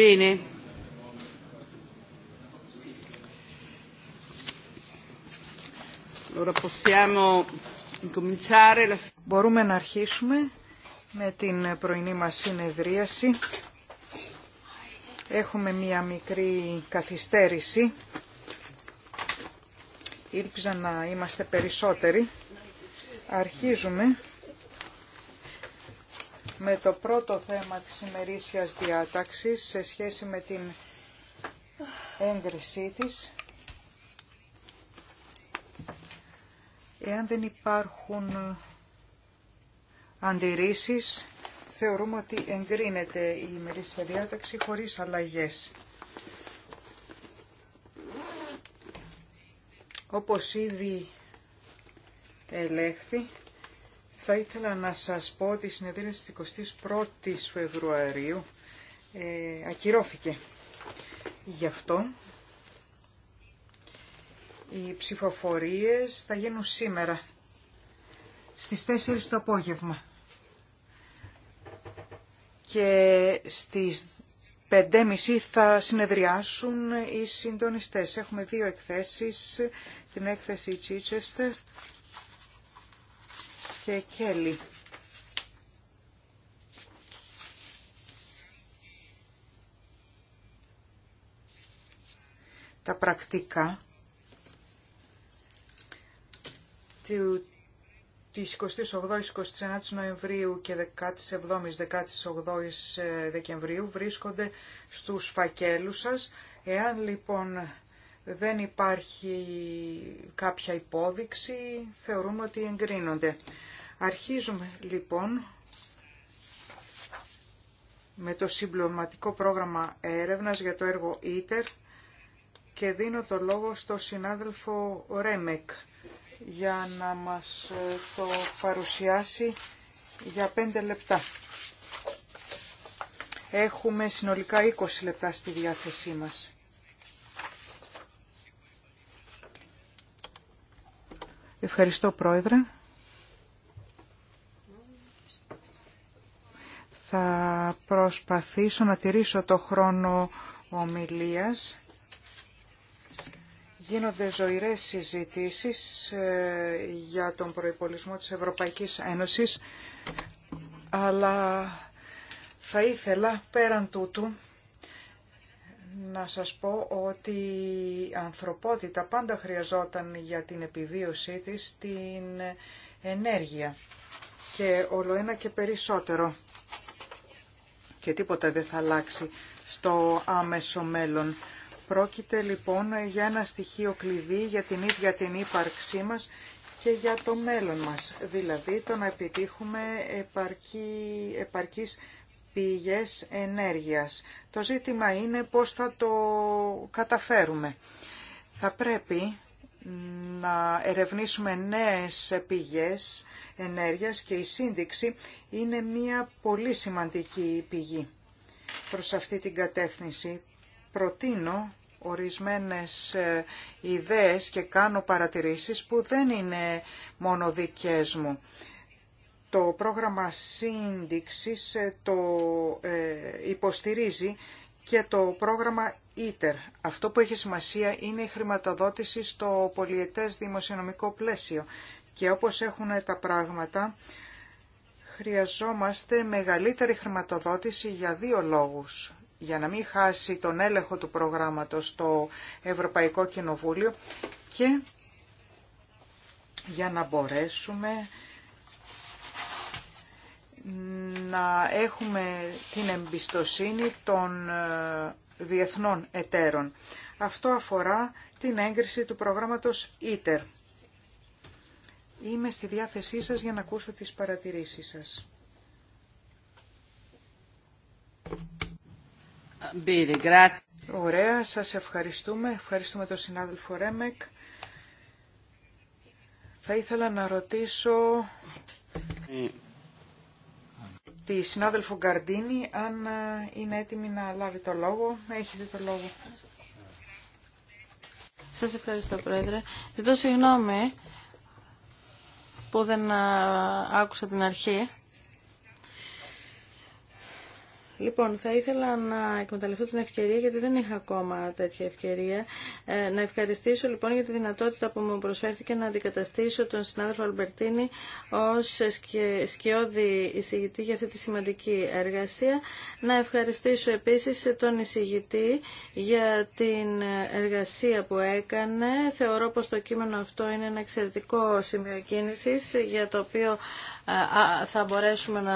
Bene. Allora possiamo Μπορούμε να αρχίσουμε με την πρωινή μας συνεδρίαση. Έχουμε μία μικρή καθυστέρηση. Ήλπιζα να είμαστε περισσότεροι. Αρχίζουμε με το πρώτο θέμα της ημερήσιας διάταξης σε σχέση με την έγκρισή της. Εάν δεν υπάρχουν αντιρρήσεις, θεωρούμε ότι εγκρίνεται η ημερήσια διάταξη χωρίς αλλαγές. Όπως ήδη ελέγχθη, θα ήθελα να σας πω ότι η συνεδρία της 21ης Φεβρουαρίου ε, ακυρώθηκε. Γι' αυτό οι ψηφοφορίες θα γίνουν σήμερα στις 4 το απόγευμα και στις 5.30 θα συνεδριάσουν οι συντονιστές. Έχουμε δύο εκθέσεις, την έκθεση Chichester και Κέλλη. Τα πρακτικά του της 28-29 Νοεμβρίου και 17-18 ε, Δεκεμβρίου βρίσκονται στους φακέλους σας. Εάν λοιπόν δεν υπάρχει κάποια υπόδειξη, θεωρούμε ότι εγκρίνονται. Αρχίζουμε λοιπόν με το συμπληρωματικό πρόγραμμα έρευνας για το έργο ΙΤΕΡ και δίνω το λόγο στο συνάδελφο Ρέμεκ για να μας ε, το παρουσιάσει για πέντε λεπτά. Έχουμε συνολικά 20 λεπτά στη διάθεσή μας. Ευχαριστώ Πρόεδρε. Θα προσπαθήσω να τηρήσω το χρόνο ομιλίας. Γίνονται ζωηρές συζητήσεις ε, για τον προϋπολισμό της Ευρωπαϊκής Ένωσης, αλλά θα ήθελα πέραν τούτου να σας πω ότι η ανθρωπότητα πάντα χρειαζόταν για την επιβίωσή της την ενέργεια και όλο ένα και περισσότερο και τίποτα δεν θα αλλάξει στο άμεσο μέλλον. Πρόκειται λοιπόν για ένα στοιχείο κλειδί για την ίδια την ύπαρξή μας και για το μέλλον μας, δηλαδή το να επιτύχουμε επαρκή, επαρκής πηγές ενέργειας. Το ζήτημα είναι πώς θα το καταφέρουμε. Θα πρέπει να ερευνήσουμε νέες πηγές ενέργειας και η σύνδεξη είναι μια πολύ σημαντική πηγή προς αυτή την κατεύθυνση. Προτείνω ορισμένες ε, ιδέες και κάνω παρατηρήσεις που δεν είναι μόνο δικές μου. Το πρόγραμμα σύνδεξης ε, το ε, υποστηρίζει και το πρόγραμμα ίτερ. Αυτό που έχει σημασία είναι η χρηματοδότηση στο πολιετές δημοσιονομικό πλαίσιο. Και όπως έχουν τα πράγματα, χρειαζόμαστε μεγαλύτερη χρηματοδότηση για δύο λόγους. Για να μην χάσει τον έλεγχο του προγράμματος στο Ευρωπαϊκό Κοινοβούλιο και για να μπορέσουμε να έχουμε την εμπιστοσύνη των ε, διεθνών εταίρων. Αυτό αφορά την έγκριση του προγράμματος ITER. Είμαι στη διάθεσή σας για να ακούσω τις παρατηρήσεις σας. Ωραία, σας ευχαριστούμε. Ευχαριστούμε τον συνάδελφο Ρέμεκ. Θα ήθελα να ρωτήσω ε, τη συνάδελφο Γκαρντίνη αν ε, είναι έτοιμη να λάβει το λόγο. Έχετε το λόγο. Σας ευχαριστώ Πρόεδρε. Ζητώ συγγνώμη που δεν ε, άκουσα την αρχή. Λοιπόν, θα ήθελα να εκμεταλλευτώ την ευκαιρία, γιατί δεν είχα ακόμα τέτοια ευκαιρία, ε, να ευχαριστήσω λοιπόν για τη δυνατότητα που μου προσφέρθηκε να αντικαταστήσω τον συνάδελφο Αλμπερτίνη ως σκιώδη εισηγητή για αυτή τη σημαντική εργασία. Να ευχαριστήσω επίσης τον εισηγητή για την εργασία που έκανε. Θεωρώ πω το κείμενο αυτό είναι ένα εξαιρετικό σημείο κίνηση για το οποίο ε, θα μπορέσουμε να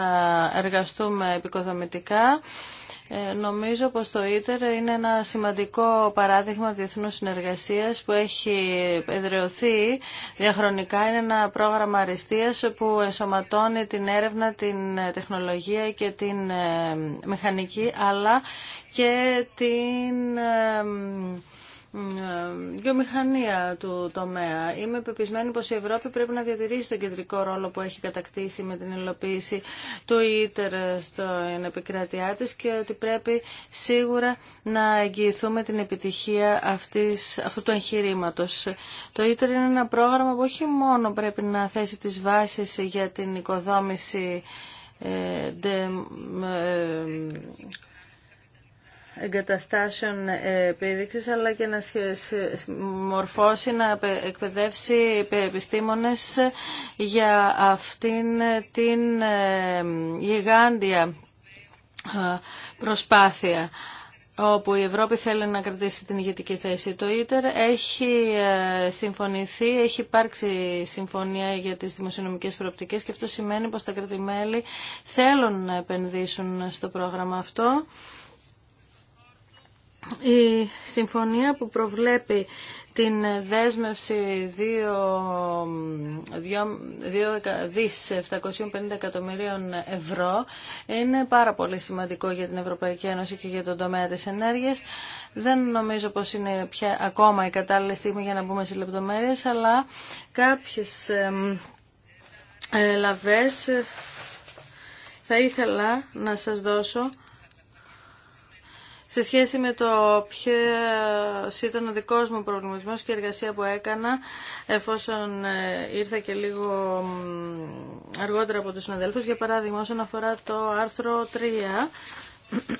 εργαστούμε επικοδομητικά. Ε, νομίζω πως το ίτερ είναι ένα σημαντικό παράδειγμα διεθνούς συνεργασίας που έχει εδρεωθεί διαχρονικά. Είναι ένα πρόγραμμα αριστείας που ενσωματώνει την έρευνα, την τεχνολογία και την ε, μηχανική αλλά και την ε, βιομηχανία του τομέα. Είμαι πεπισμένη πως η Ευρώπη πρέπει να διατηρήσει τον κεντρικό ρόλο που έχει κατακτήσει με την υλοποίηση του ΙΤΕΡ στην επικράτειά της και ότι πρέπει σίγουρα να εγγυηθούμε την επιτυχία αυτής, αυτού του εγχειρήματο. Το ΙΤΕΡ είναι ένα πρόγραμμα που όχι μόνο πρέπει να θέσει τις βάσεις για την οικοδόμηση ε, ε, εγκαταστάσεων ε, επίδειξης αλλά και να μορφώσει, να εκπαιδεύσει επιστήμονες για αυτήν την ε, γιγάντια προσπάθεια όπου η Ευρώπη θέλει να κρατήσει την ηγετική θέση. Το ΙΤΕΡ έχει ε, συμφωνηθεί, έχει υπάρξει συμφωνία για τις δημοσιονομικές προοπτικές και αυτό σημαίνει πως τα κρατημέλη θέλουν να επενδύσουν στο πρόγραμμα αυτό η συμφωνία που προβλέπει την δέσμευση 2.750 εκατομμυρίων ευρώ είναι πάρα πολύ σημαντικό για την Ευρωπαϊκή Ένωση και για τον τομέα της ενέργειας. Δεν νομίζω πως είναι πια ακόμα η κατάλληλη στιγμή για να μπούμε σε λεπτομέρειες, αλλά κάποιες ε, λαβές θα ήθελα να σας δώσω σε σχέση με το ποιο ήταν ο δικός μου προβληματισμός και η εργασία που έκανα εφόσον ε, ήρθα και λίγο αργότερα από τους συναδέλφους. Για παράδειγμα, όσον αφορά το άρθρο 3,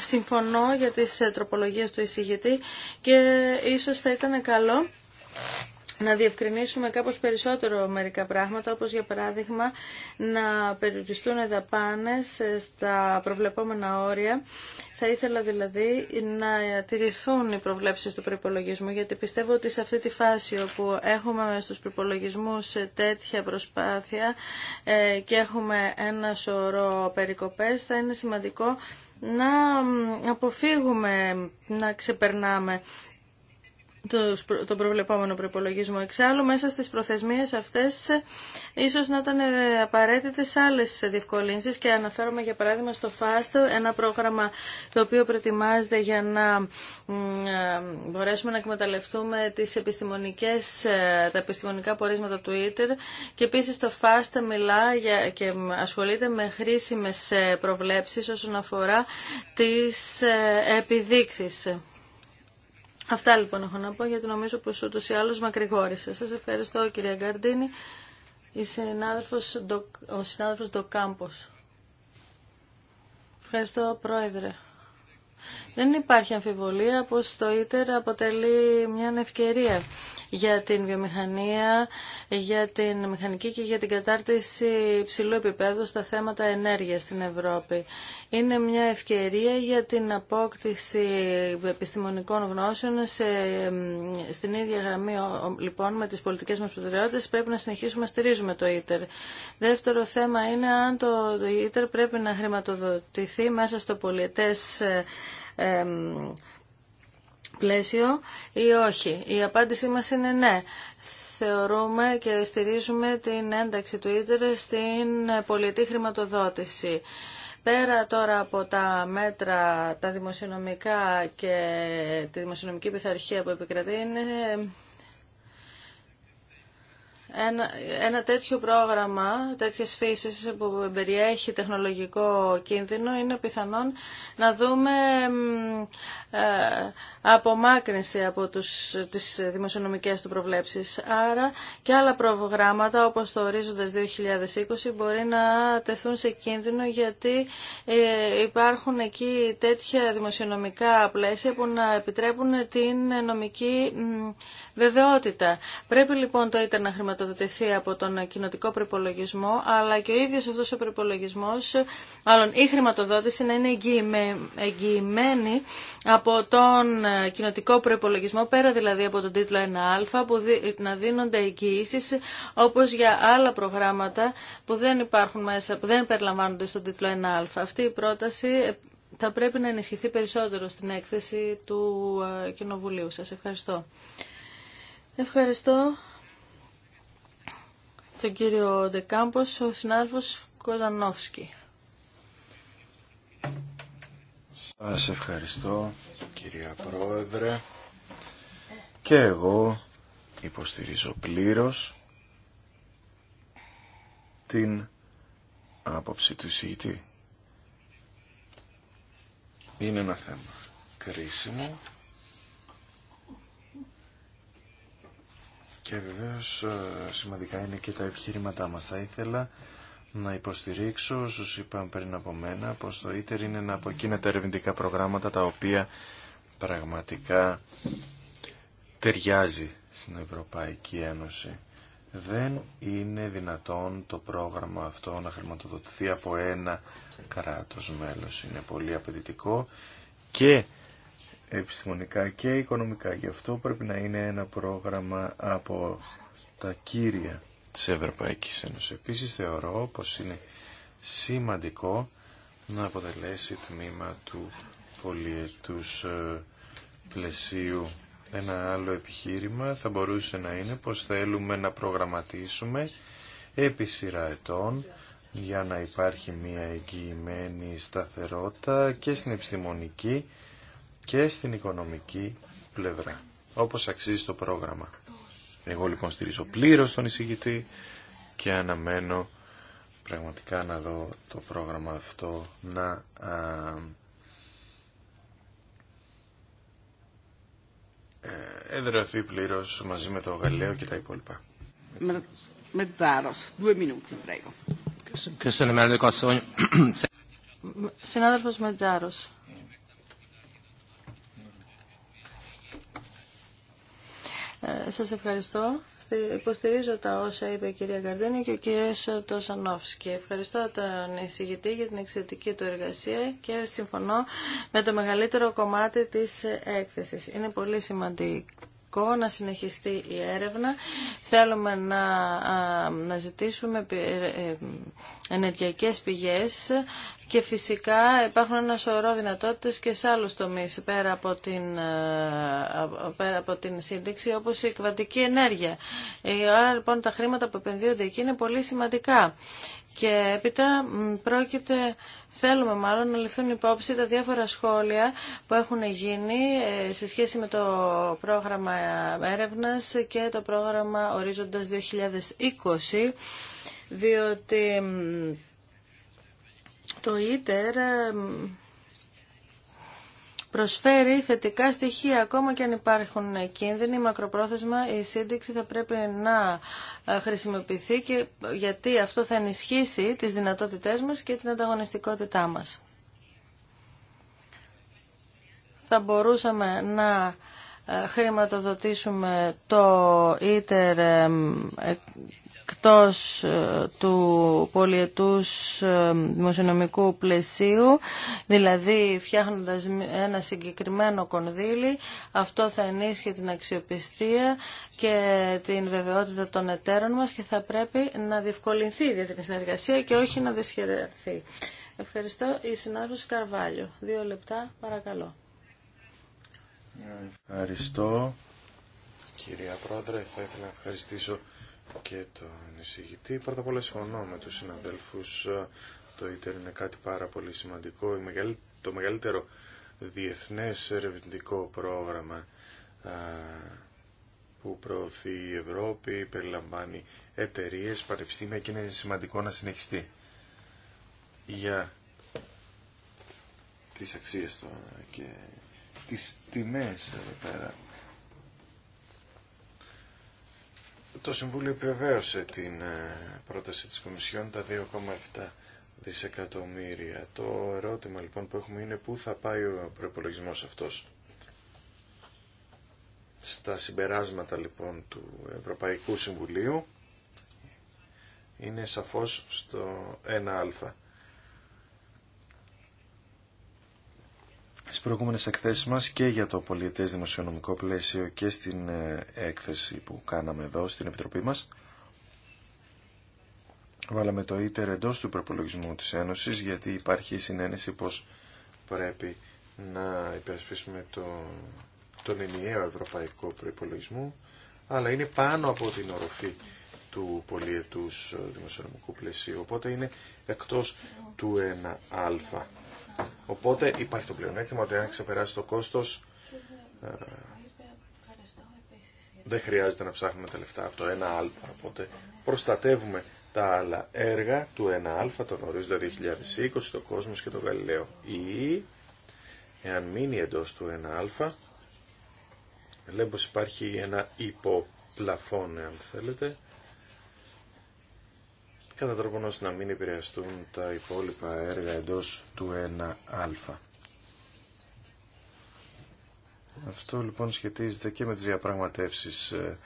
συμφωνώ για τις ε, τροπολογίες του εισηγητή και ίσως θα ήταν καλό να διευκρινίσουμε κάπως περισσότερο μερικά πράγματα, όπως για παράδειγμα να περιοριστούν πάνες στα προβλεπόμενα όρια. Θα ήθελα δηλαδή να τηρηθούν οι προβλέψεις του προϋπολογισμού, γιατί πιστεύω ότι σε αυτή τη φάση όπου έχουμε στους προϋπολογισμούς τέτοια προσπάθεια ε, και έχουμε ένα σωρό περικοπές, θα είναι σημαντικό να αποφύγουμε να ξεπερνάμε τον προβλεπόμενο προπολογισμό. Εξάλλου, μέσα στις προθεσμίες αυτές, ίσω να ήταν ε, απαραίτητες άλλες διευκολυνσει και αναφέρομαι για παράδειγμα στο FAST, ένα πρόγραμμα το οποίο προετοιμάζεται για να ε, μπορέσουμε να εκμεταλλευτούμε τις επιστημονικές, ε, τα επιστημονικά πορίσματα του Twitter και επίση το FAST μιλά και ασχολείται με χρήσιμε προβλέψεις όσον αφορά τις επιδείξεις. Αυτά λοιπόν έχω να πω γιατί νομίζω πως ούτως ή άλλως μακρηγόρησα. Σας ευχαριστώ κυρία Γκαρντίνη, η αλλως μακρηγορησα σας ευχαριστω κυρια γκαρντινη η ο συνάδελφος Ντοκάμπος. Ευχαριστώ πρόεδρε. Δεν υπάρχει αμφιβολία πως το ίτερ αποτελεί μια ευκαιρία για την βιομηχανία, για την μηχανική και για την κατάρτιση υψηλού επίπεδου στα θέματα ενέργειας στην Ευρώπη. Είναι μια ευκαιρία για την απόκτηση επιστημονικών γνώσεων στην ίδια γραμμή λοιπόν με τις πολιτικές μας προτεραιότητες πρέπει να συνεχίσουμε να στηρίζουμε το ίτερ. Δεύτερο θέμα είναι αν το ίτερ πρέπει να χρηματοδοτηθεί μέσα στο πολιετές ε, ε, πλαίσιο ή όχι. Η απάντησή μας είναι ναι. Θεωρούμε και στηρίζουμε την ένταξη του Ίντερ στην πολιτική χρηματοδότηση. Πέρα τώρα από τα μέτρα, τα δημοσιονομικά και τη δημοσιονομική πειθαρχία που επικρατεί, είναι ένα, ένα τέτοιο πρόγραμμα, τέτοιες φύσεις που περιέχει τεχνολογικό κίνδυνο, είναι πιθανόν να δούμε ε, απομάκρυνση από τους, τις δημοσιονομικές του προβλέψεις. Άρα και άλλα προγράμματα όπως το ορίζοντας 2020 μπορεί να τεθούν σε κίνδυνο γιατί ε, υπάρχουν εκεί τέτοια δημοσιονομικά πλαίσια που να επιτρέπουν την νομική βεβαιότητα. Πρέπει λοιπόν το ΙΤΕΡ να χρηματοδοτηθεί από τον κοινοτικό προπολογισμό, αλλά και ο ίδιος αυτός ο προπολογισμό, μάλλον η χρηματοδότηση να είναι εγγυημένη από τον κοινοτικό προπολογισμό, πέρα δηλαδή από τον τίτλο 1α, που να δίνονται εγγυήσει όπω για άλλα προγράμματα που δεν υπάρχουν μέσα, που δεν περιλαμβάνονται στον τίτλο 1α. Αυτή η πρόταση ε, θα πρέπει να ενισχυθεί περισσότερο στην έκθεση του ε, Κοινοβουλίου. Σας ευχαριστώ. Ευχαριστώ τον κύριο Ντεκάμπος, ο συνάδελφος Κοζανόφσκι. Σας ευχαριστώ κυρία Πρόεδρε και εγώ υποστηρίζω πλήρως την άποψη του εισηγητή. Είναι ένα θέμα κρίσιμο και βεβαίως ε, σημαντικά είναι και τα επιχείρηματά μας. Θα ήθελα να υποστηρίξω όσους είπαν πριν από μένα πως το ίτερ είναι ένα από εκείνα τα ερευνητικά προγράμματα τα οποία πραγματικά ταιριάζει στην Ευρωπαϊκή Ένωση. Δεν είναι δυνατόν το πρόγραμμα αυτό να χρηματοδοτηθεί από ένα κράτος μέλος. Είναι πολύ απαιτητικό και επιστημονικά και οικονομικά. Γι' αυτό πρέπει να είναι ένα πρόγραμμα από τα κύρια της Ευρωπαϊκής Ένωσης. Επίσης θεωρώ πως είναι σημαντικό να αποτελέσει τμήμα του πολιετούς ε, πλαισίου. Ένα άλλο επιχείρημα θα μπορούσε να είναι πως θέλουμε να προγραμματίσουμε επί σειρά ετών για να υπάρχει μια εγγυημένη σταθερότητα και στην επιστημονική και στην οικονομική πλευρά, όπως αξίζει το πρόγραμμα. Εγώ λοιπόν στηρίζω πλήρω τον εισηγητή και αναμένω πραγματικά να δω το πρόγραμμα αυτό να α, ε, εδρεωθεί πλήρως μαζί με το Γαλλίο και τα υπόλοιπα. Συνάδελφος Μετζάρος. Ε, σας ευχαριστώ. Υποστηρίζω τα όσα είπε η κυρία Καρδίνη και ο κύριος Τωσανόφσκι. Ευχαριστώ τον εισηγητή για την εξαιρετική του εργασία και συμφωνώ με το μεγαλύτερο κομμάτι της έκθεσης. Είναι πολύ σημαντικό σημαντικό να συνεχιστεί η έρευνα. Θέλουμε να, να ζητήσουμε ε, ε, ενεργειακές πηγές και φυσικά υπάρχουν ένα σωρό δυνατότητες και σε άλλους τομείς πέρα από την, ε, πέρα από την σύνδεξη όπως η κβαντική ενέργεια. Άρα λοιπόν τα χρήματα που επενδύονται εκεί είναι πολύ σημαντικά. Και έπειτα πρόκειται, θέλουμε μάλλον να ληφθούν υπόψη τα διάφορα σχόλια που έχουν γίνει ε, σε σχέση με το πρόγραμμα έρευνας και το πρόγραμμα Ορίζοντας 2020, διότι το ΙΤΕΡ προσφέρει θετικά στοιχεία. Ακόμα και αν υπάρχουν κίνδυνοι, μακροπρόθεσμα η σύνδεξη θα πρέπει να ε, χρησιμοποιηθεί και ε, γιατί αυτό θα ενισχύσει τις δυνατότητές μας και την ανταγωνιστικότητά μας. Θα μπορούσαμε να ε, χρηματοδοτήσουμε το ίτερ εκτός ε, του πολιετούς ε, δημοσιονομικού πλαισίου, δηλαδή φτιάχνοντας ένα συγκεκριμένο κονδύλι, αυτό θα ενίσχυε την αξιοπιστία και την βεβαιότητα των εταίρων μας και θα πρέπει να διευκολυνθεί η διεθνή συνεργασία και όχι να δυσχερεθεί. Ευχαριστώ. Η συνάδελφος Καρβάλιο. Δύο λεπτά, παρακαλώ. Ευχαριστώ. Κυρία Πρόεδρε, θα ήθελα να ευχαριστήσω και τον εισηγητή. Πρώτα απ' όλα συμφωνώ με τους συναδέλφους. Το ίτερ είναι κάτι πάρα πολύ σημαντικό. Το μεγαλύτερο διεθνές ερευνητικό πρόγραμμα που προωθεί η Ευρώπη, περιλαμβάνει εταιρείε, πανεπιστήμια και είναι σημαντικό να συνεχιστεί για τις αξίες των και τις τιμές εδώ πέρα το Συμβούλιο επιβεβαίωσε την ε, πρόταση της Κομισιόν τα 2,7 δισεκατομμύρια. Το ερώτημα λοιπόν που έχουμε είναι πού θα πάει ο προϋπολογισμός αυτός. Στα συμπεράσματα λοιπόν του Ευρωπαϊκού Συμβουλίου είναι σαφώς στο 1α. στις προηγούμενες εκθέσεις μας και για το πολιετές δημοσιονομικό πλαίσιο και στην ε, έκθεση που κάναμε εδώ στην Επιτροπή μας. Βάλαμε το ίτερ εντό του προπολογισμού της Ένωσης γιατί υπάρχει συνένεση πως πρέπει να υπερασπίσουμε το, τον ενιαίο ευρωπαϊκό προπολογισμό αλλά είναι πάνω από την οροφή του πολιετούς ε, δημοσιονομικού πλαισίου οπότε είναι εκτός του 1α Οπότε υπάρχει το πλεονέκτημα ότι αν ξεπεράσει το κόστος ε, δεν χρειάζεται να ψάχνουμε τα λεφτά από το 1α. Οπότε προστατεύουμε τα άλλα έργα του 1α, τον ορίζοντα 2020, το κόσμος και το Γαλιλαίο. Ή, εάν μείνει εντό του 1α, λέμε πως υπάρχει ένα υποπλαφόν, αν θέλετε, κατά τρόπον ώστε να μην επηρεαστούν τα υπόλοιπα έργα εντός του 1α. Αυτό λοιπόν σχετίζεται και με τις διαπραγματεύσεις ε,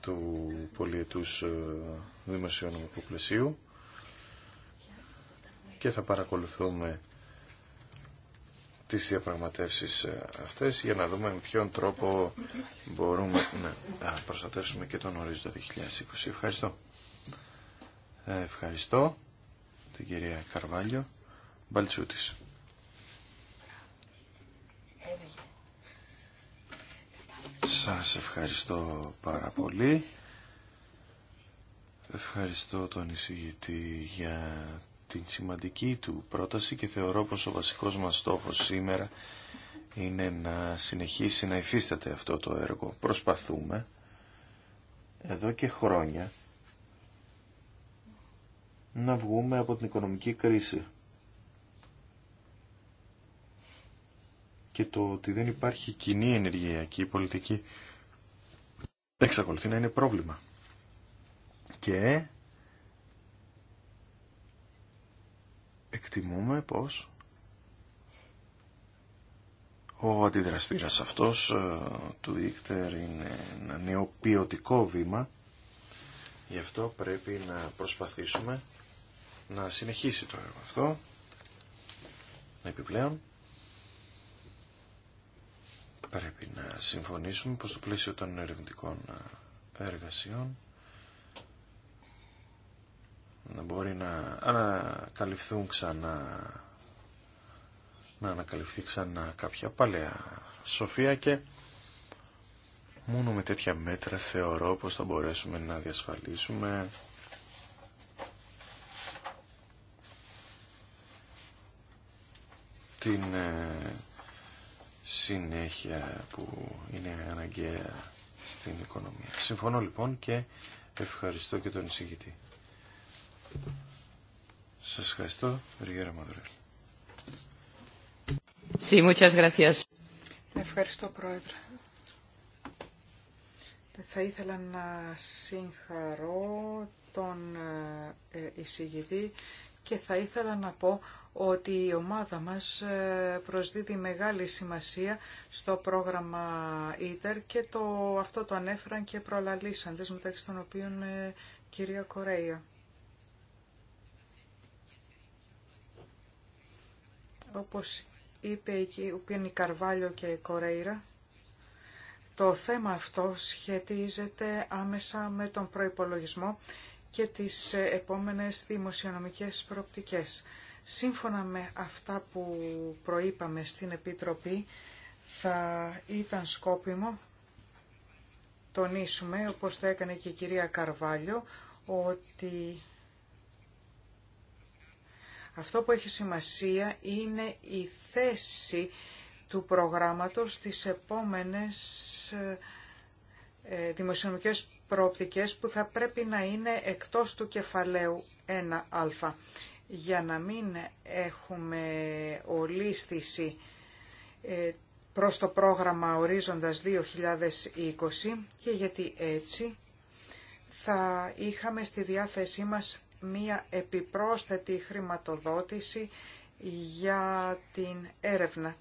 του πολιετούς ε, δημοσιονομικού πλαισίου και θα παρακολουθούμε τις διαπραγματεύσεις ε, αυτές για να δούμε με ποιον τρόπο μπορούμε να προστατεύσουμε και τον ορίζοντα 2020. Ευχαριστώ. Ευχαριστώ την κυρία Καρβάλιο Μπαλτσούτης. Σας ευχαριστώ πάρα πολύ. Ευχαριστώ τον εισηγητή για την σημαντική του πρόταση και θεωρώ πως ο βασικός μας στόχος σήμερα είναι να συνεχίσει να υφίσταται αυτό το έργο. Προσπαθούμε εδώ και χρόνια να βγούμε από την οικονομική κρίση. Και το ότι δεν υπάρχει κοινή ενεργειακή πολιτική εξακολουθεί να είναι πρόβλημα. Και εκτιμούμε πως ο αντιδραστήρας αυτός ε, του Ίκτερ είναι ένα νεοποιωτικό βήμα γι' αυτό πρέπει να προσπαθήσουμε να συνεχίσει το έργο αυτό επιπλέον πρέπει να συμφωνήσουμε πως το πλαίσιο των ερευνητικών ε, εργασιών να μπορεί να ανακαλυφθούν ξανά να ανακαλυφθεί ξανά κάποια παλαιά σοφία και μόνο με τέτοια μέτρα θεωρώ πως θα μπορέσουμε να διασφαλίσουμε την ε, συνέχεια που είναι αναγκαία στην οικονομία. Συμφωνώ λοιπόν και ευχαριστώ και τον εισηγητή. Σας ευχαριστώ, Ριγέρα Μαδουρέλ. Sí, muchas gracias. Ευχαριστώ, Πρόεδρε. Θα ήθελα να συγχαρώ τον ε, εισηγητή και θα ήθελα να πω ότι η ομάδα μας ε, προσδίδει μεγάλη σημασία στο πρόγραμμα ITER και το, αυτό το ανέφεραν και προλαλήσαντες μεταξύ των οποίων ε, κυρία Κορέια. Όπως είπε η η Καρβάλιο και η Κορέιρα, το θέμα αυτό σχετίζεται άμεσα με τον προϋπολογισμό και τις ε, επόμενες δημοσιονομικές προοπτικές. Σύμφωνα με αυτά που προείπαμε στην Επιτροπή, θα ήταν σκόπιμο τονίσουμε, όπως το έκανε και η κυρία Καρβάλιο, ότι αυτό που έχει σημασία είναι η θέση του προγράμματος στις επόμενες ε, ε, δημοσιονομικές προοπτικές που θα πρέπει να είναι εκτός του κεφαλαίου 1α για να μην έχουμε ολίσθηση ε, προς το πρόγραμμα Ορίζοντας 2020 και γιατί έτσι θα είχαμε στη διάθεσή μας μία επιπρόσθετη χρηματοδότηση για την έρευνα.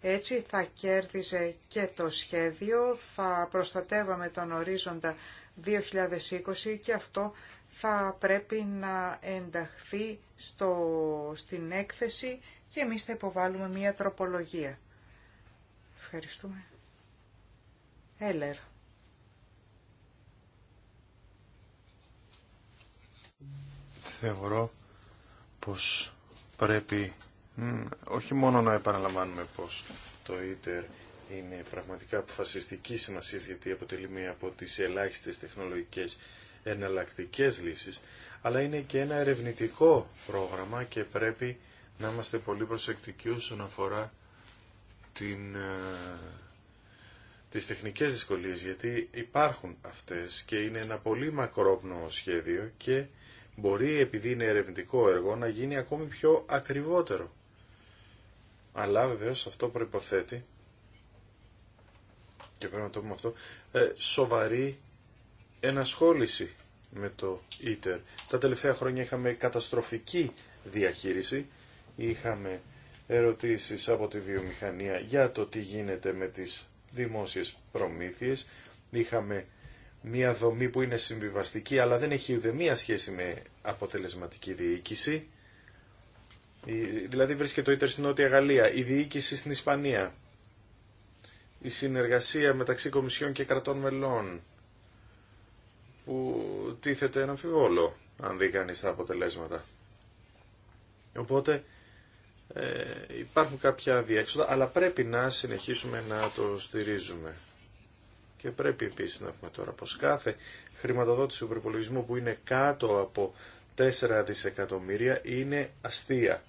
Έτσι θα κέρδιζε και το σχέδιο, θα προστατεύαμε τον ορίζοντα 2020 και αυτό θα πρέπει να ενταχθεί στο, στην έκθεση και εμείς θα υποβάλουμε μία τροπολογία. Ευχαριστούμε. Έλερ. Θεωρώ πως πρέπει όχι μόνο να επαναλαμβάνουμε πως το ίτερ είναι πραγματικά αποφασιστική σημασία γιατί αποτελεί μία από τις ελάχιστες τεχνολογικές εναλλακτικέ λύσεις, αλλά είναι και ένα ερευνητικό πρόγραμμα και πρέπει να είμαστε πολύ προσεκτικοί όσον αφορά την, ε, τις τεχνικές δυσκολίες, γιατί υπάρχουν αυτές και είναι ένα πολύ μακρόπνο σχέδιο και μπορεί επειδή είναι ερευνητικό έργο να γίνει ακόμη πιο ακριβότερο. Αλλά βεβαίως αυτό προϋποθέτει και πρέπει να το πούμε αυτό, ε, σοβαρή ενασχόληση με το ίτερ. Τα τελευταία χρόνια είχαμε καταστροφική διαχείριση, είχαμε ερωτήσεις από τη βιομηχανία για το τι γίνεται με τις δημόσιες προμήθειες, είχαμε μια δομή που είναι συμβιβαστική αλλά δεν έχει ουδεμία σχέση με αποτελεσματική διοίκηση. Δηλαδή βρίσκεται το ίτερ στην Νότια Γαλλία, η διοίκηση στην Ισπανία η συνεργασία μεταξύ Κομισιών και κρατών μελών που τίθεται ένα αμφιβόλο αν δει κανεί τα αποτελέσματα. Οπότε ε, υπάρχουν κάποια διέξοδα, αλλά πρέπει να συνεχίσουμε να το στηρίζουμε. Και πρέπει επίσης να πούμε τώρα πως κάθε χρηματοδότηση του προπολογισμού που είναι κάτω από 4 δισεκατομμύρια είναι αστεία.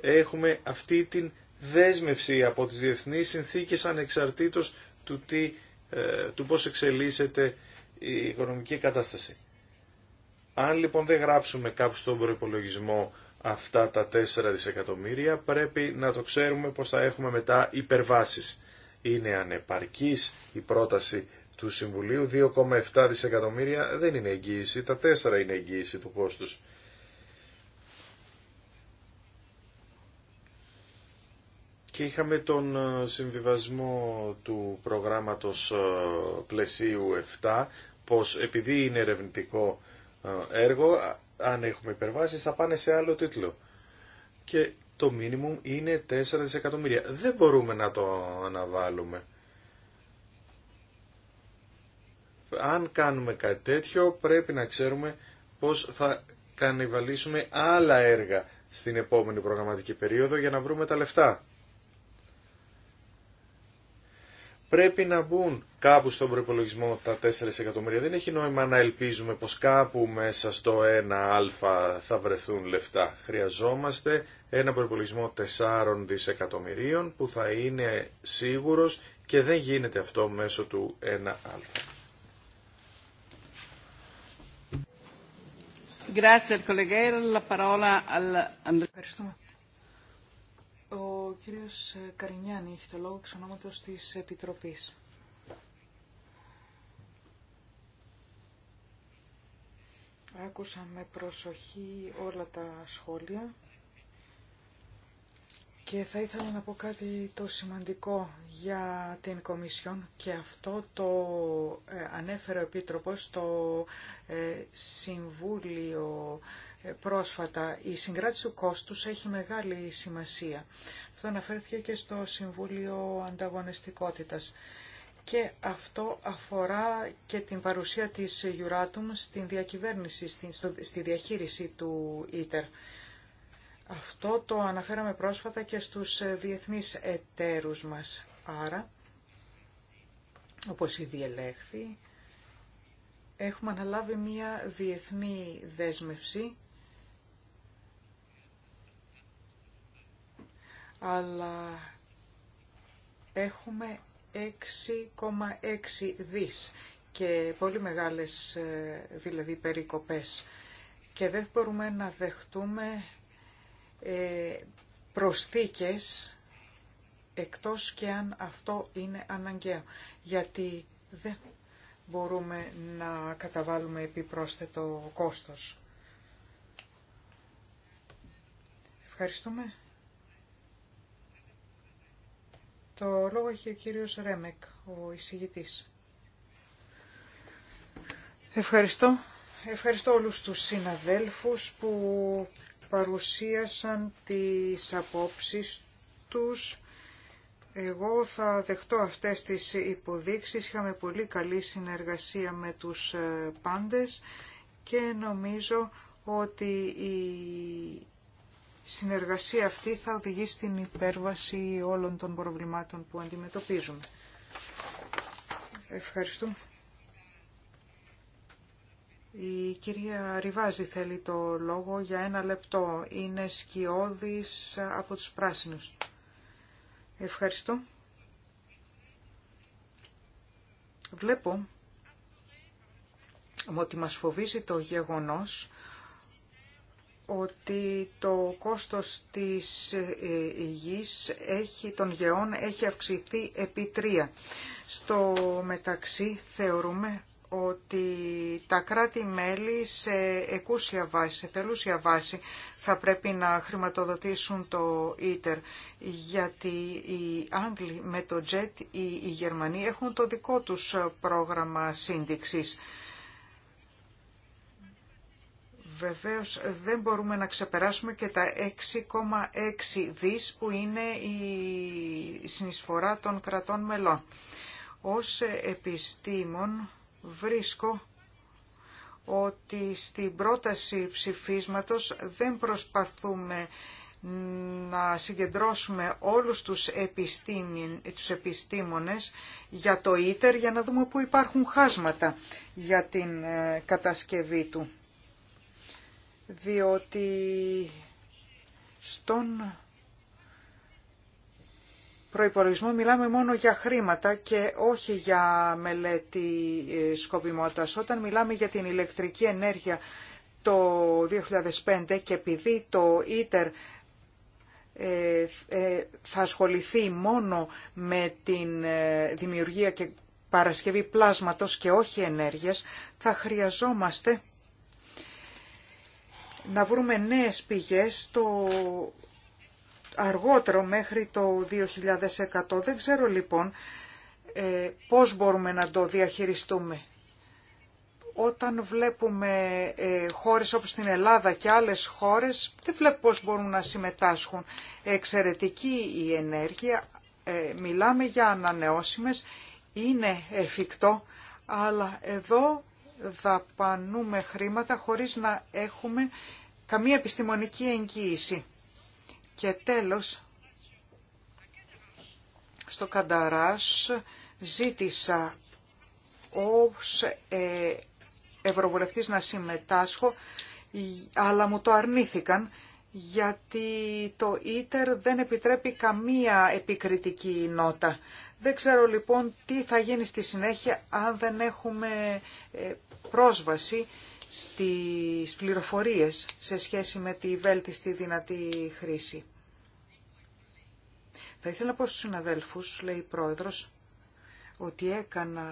Έχουμε αυτή την δέσμευση από τις διεθνείς συνθήκες ανεξαρτήτως του, τι, ε, του πώς εξελίσσεται η οικονομική κατάσταση. Αν λοιπόν δεν γράψουμε κάπου στον προπολογισμό αυτά τα 4 δισεκατομμύρια, πρέπει να το ξέρουμε πως θα έχουμε μετά υπερβάσεις. Είναι ανεπαρκής η πρόταση του Συμβουλίου, 2,7 δισεκατομμύρια δεν είναι εγγύηση, τα 4 είναι εγγύηση του κόστους. Και είχαμε τον ε, συμβιβασμό του προγράμματος ε, πλαισίου 7, πως επειδή είναι ερευνητικό ε, έργο, αν έχουμε υπερβάσεις θα πάνε σε άλλο τίτλο. Και το μίνιμουμ είναι 4 δισεκατομμύρια. Δεν μπορούμε να το αναβάλουμε. Αν κάνουμε κάτι τέτοιο πρέπει να ξέρουμε πως θα κανιβαλίσουμε άλλα έργα στην επόμενη προγραμματική περίοδο για να βρούμε τα λεφτά. πρέπει να μπουν κάπου στον προπολογισμό τα 4 εκατομμύρια. Δεν έχει νόημα να ελπίζουμε πως κάπου μέσα στο 1α θα βρεθούν λεφτά. Χρειαζόμαστε ένα προπολογισμό 4 δισεκατομμυρίων που θα είναι σίγουρος και δεν γίνεται αυτό μέσω του 1α. Grazie al collega la parola al Andrea. Ο κύριος Καρινιάνη έχει το λόγο εξ ονόματος της Επιτροπής. Άκουσα με προσοχή όλα τα σχόλια και θα ήθελα να πω κάτι το σημαντικό για την Κομισιόν και αυτό το ε, ανέφερε ο Επίτροπος στο ε, Συμβούλιο ε, πρόσφατα. Η συγκράτηση του κόστους έχει μεγάλη σημασία. Αυτό αναφέρθηκε και στο Συμβούλιο Ανταγωνιστικότητας. Και αυτό αφορά και την παρουσία της Euratom στην διακυβέρνηση, στη διαχείριση του ΙΤΕΡ. Αυτό το αναφέραμε πρόσφατα και στους ε, διεθνείς εταίρους μας. Άρα, όπως ήδη ελέγχθη, έχουμε αναλάβει μία διεθνή δέσμευση αλλά έχουμε 6,6 δις και πολύ μεγάλες ε, δηλαδή περικοπές και δεν μπορούμε να δεχτούμε ε, προσθήκες εκτός και αν αυτό είναι αναγκαίο γιατί δεν μπορούμε να καταβάλουμε επιπρόσθετο κόστος. Ευχαριστούμε. Το λόγο έχει ο κύριος Ρέμεκ, ο εισηγητής. Ευχαριστώ. Ευχαριστώ όλους τους συναδέλφους που παρουσίασαν τις απόψεις τους. Εγώ θα δεχτώ αυτές τις υποδείξεις. Είχαμε πολύ καλή συνεργασία με τους ε, πάντες και νομίζω ότι η η συνεργασία αυτή θα οδηγεί στην υπέρβαση όλων των προβλημάτων που αντιμετωπίζουμε. Ευχαριστούμε. Η κυρία Ριβάζη θέλει το λόγο για ένα λεπτό. Είναι σκιώδης από τους πράσινους. Ευχαριστώ. Βλέπω ότι μας φοβίζει το γεγονός ότι το κόστος της ε, γης έχει, των γεών έχει αυξηθεί επί τρία. Στο μεταξύ θεωρούμε ότι τα κράτη-μέλη σε εκούσια βάση, σε θελούσια βάση θα πρέπει να χρηματοδοτήσουν το ίτερ γιατί οι Άγγλοι με το JET ή οι Γερμανοί έχουν το δικό τους ε, πρόγραμμα σύνδεξης βεβαίως δεν μπορούμε να ξεπεράσουμε και τα 6,6 δις που είναι η συνεισφορά των κρατών μελών. Ως επιστήμων βρίσκω ότι στην πρόταση ψηφίσματος δεν προσπαθούμε να συγκεντρώσουμε όλους τους, τους επιστήμονες για το ίτερ για να δούμε πού υπάρχουν χάσματα για την ε, κατασκευή του διότι στον προϋπολογισμό μιλάμε μόνο για χρήματα και όχι για μελέτη ε, σκοπιμότητας. Όταν μιλάμε για την ηλεκτρική ενέργεια το 2005 και επειδή το ίτερ ε, ε, θα ασχοληθεί μόνο με την δημιουργία και παρασκευή πλάσματος και όχι ενέργειας, θα χρειαζόμαστε να βρούμε νέες πηγές το αργότερο μέχρι το 2100. Δεν ξέρω λοιπόν ε, πώς μπορούμε να το διαχειριστούμε. Όταν βλέπουμε ε, χώρες όπως την Ελλάδα και άλλες χώρες, δεν βλέπω πώς μπορούν να συμμετάσχουν. Εξαιρετική η ενέργεια, ε, μιλάμε για ανανεώσιμες, είναι εφικτό, αλλά εδώ δαπανούμε χρήματα χωρίς να έχουμε καμία επιστημονική εγγύηση. Και τέλος, στο Κανταράς ζήτησα ως ε, ευρωβουλευτής να συμμετάσχω, αλλά μου το αρνήθηκαν γιατί το ίτερ δεν επιτρέπει καμία επικριτική νότα. Δεν ξέρω λοιπόν τι θα γίνει στη συνέχεια αν δεν έχουμε ε, πρόσβαση στις πληροφορίες σε σχέση με τη βέλτιστη δυνατή χρήση. Θα ήθελα να πω στους συναδέλφους, λέει η Πρόεδρος, ότι έκανα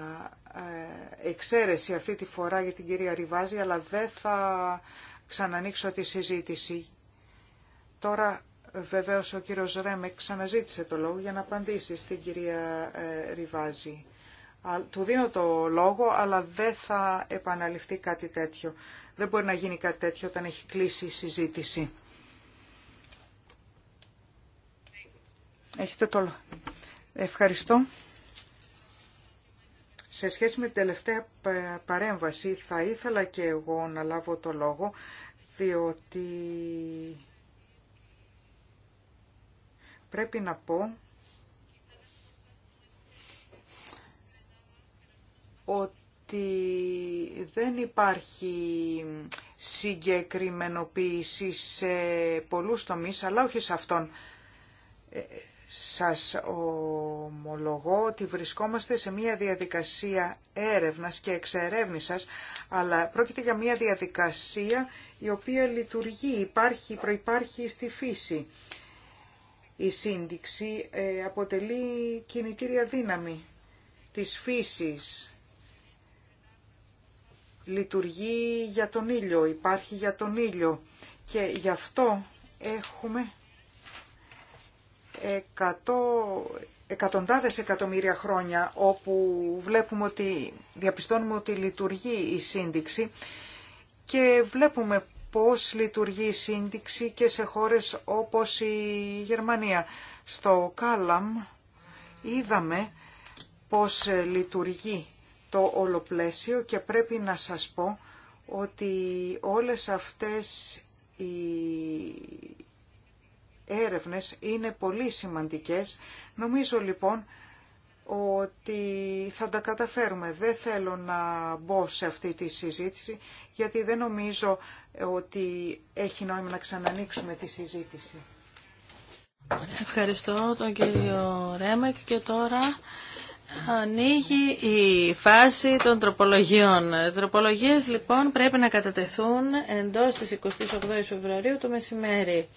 ε, εξαίρεση αυτή τη φορά για την κυρία Ριβάζη, αλλά δεν θα ξανανοίξω τη συζήτηση. Τώρα βεβαίως ο κύριος Ρέμε ξαναζήτησε το λόγο για να απαντήσει στην κυρία ε, Ριβάζη του δίνω το λόγο, αλλά δεν θα επαναληφθεί κάτι τέτοιο. Δεν μπορεί να γίνει κάτι τέτοιο όταν έχει κλείσει η συζήτηση. Έχετε το λόγο. Ευχαριστώ. Σε σχέση με την τελευταία παρέμβαση θα ήθελα και εγώ να λάβω το λόγο διότι πρέπει να πω ότι δεν υπάρχει συγκεκριμενοποίηση σε πολλούς τομείς, αλλά όχι σε αυτόν. Ε, σας ομολογώ ότι βρισκόμαστε σε μια διαδικασία έρευνας και εξερεύνησας, αλλά πρόκειται για μια διαδικασία η οποία λειτουργεί, υπάρχει, προϋπάρχει στη φύση. Η σύνδεξη ε, αποτελεί κινητήρια δύναμη της φύσης λειτουργεί για τον ήλιο, υπάρχει για τον ήλιο και γι' αυτό έχουμε εκατό, εκατοντάδες εκατομμύρια χρόνια όπου βλέπουμε ότι, διαπιστώνουμε ότι λειτουργεί η σύνδεξη και βλέπουμε πώς λειτουργεί η σύνδεξη και σε χώρες όπως η Γερμανία. Στο Κάλαμ είδαμε πώς λειτουργεί το ολοπλαίσιο και πρέπει να σας πω ότι όλες αυτές οι έρευνες είναι πολύ σημαντικές. Νομίζω λοιπόν ότι θα τα καταφέρουμε. Δεν θέλω να μπω σε αυτή τη συζήτηση, γιατί δεν νομίζω ότι έχει νόημα να ξανανοίξουμε τη συζήτηση. Ευχαριστώ τον κύριο Ρέμεκ και τώρα Ανοίγει η φάση των τροπολογιών. Οι τροπολογίες λοιπόν πρέπει να κατατεθούν εντός της 28 Φεβρουαρίου το μεσημέρι.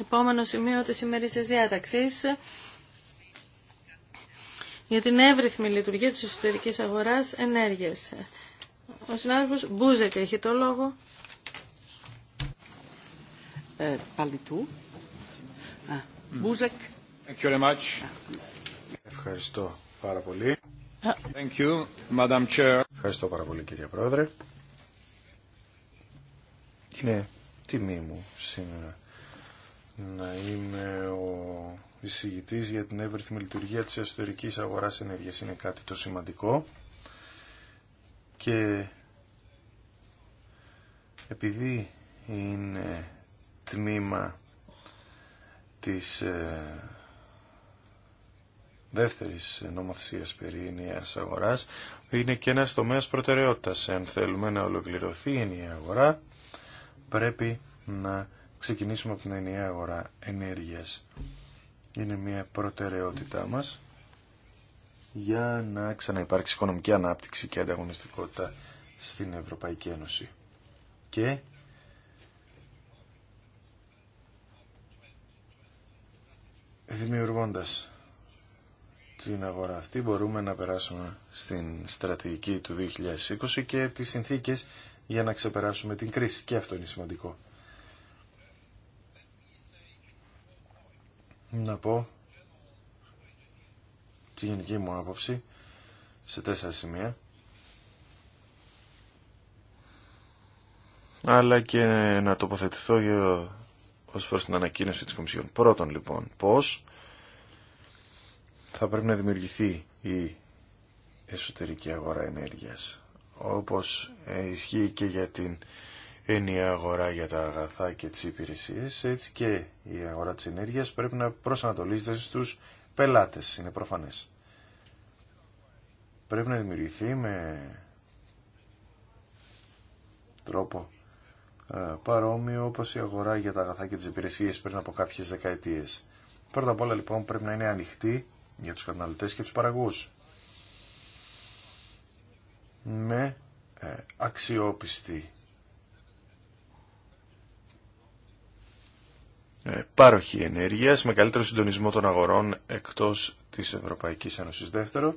Επόμενο σημείο της της διάταξης για την εύρυθμη λειτουργία της εσωτερικής αγοράς ενέργειας. Ο συνάδελφος Μπούζεκ έχει το λόγο. Ε, Μπούζεκ. Ευχαριστώ πάρα πολύ. Thank you, Madam Chair. Ευχαριστώ πάρα πολύ κύριε Πρόεδρε. Είναι τιμή μου σήμερα να είμαι ο εισηγητής για την εύρυθμη λειτουργία της εσωτερικής αγοράς ενέργειας. Είναι κάτι το σημαντικό και επειδή είναι τμήμα της ε, Δεύτερη νομοθεσία περί ενιαία αγοράς είναι και ένα τομέα προτεραιότητα. Αν θέλουμε να ολοκληρωθεί η ενιαία αγορά πρέπει να ξεκινήσουμε από την ενιαία αγορά ενέργειας. Είναι μια προτεραιότητά μας για να ξαναυπάρξει οικονομική ανάπτυξη και ανταγωνιστικότητα στην Ευρωπαϊκή Ένωση. Και δημιουργώντας την αγορά αυτή μπορούμε να περάσουμε στην στρατηγική του 2020 και τις συνθήκες για να ξεπεράσουμε την κρίση. Και αυτό είναι σημαντικό. Να πω τη γενική μου άποψη σε τέσσερα σημεία. Αλλά και να τοποθετηθώ για ως προς την ανακοίνωση της Κομισιόν. Πρώτον λοιπόν, πώς θα πρέπει να δημιουργηθεί η εσωτερική αγορά ενέργειας, όπως ε, ισχύει και για την ενιαία αγορά για τα αγαθά και τις υπηρεσίες, έτσι και η αγορά της ενέργειας πρέπει να προσανατολίζεται στους πελάτες, είναι προφανές. Πρέπει να δημιουργηθεί με τρόπο ε, παρόμοιο όπως η αγορά για τα αγαθά και τις υπηρεσίες πριν από κάποιες δεκαετίες. Πρώτα απ' όλα λοιπόν πρέπει να είναι ανοιχτή για τους καταναλωτές και τους παραγωγούς. Με ε, αξιόπιστη ε, πάροχη ενέργειας με καλύτερο συντονισμό των αγορών εκτός της Ευρωπαϊκής Ένωσης. Δεύτερο,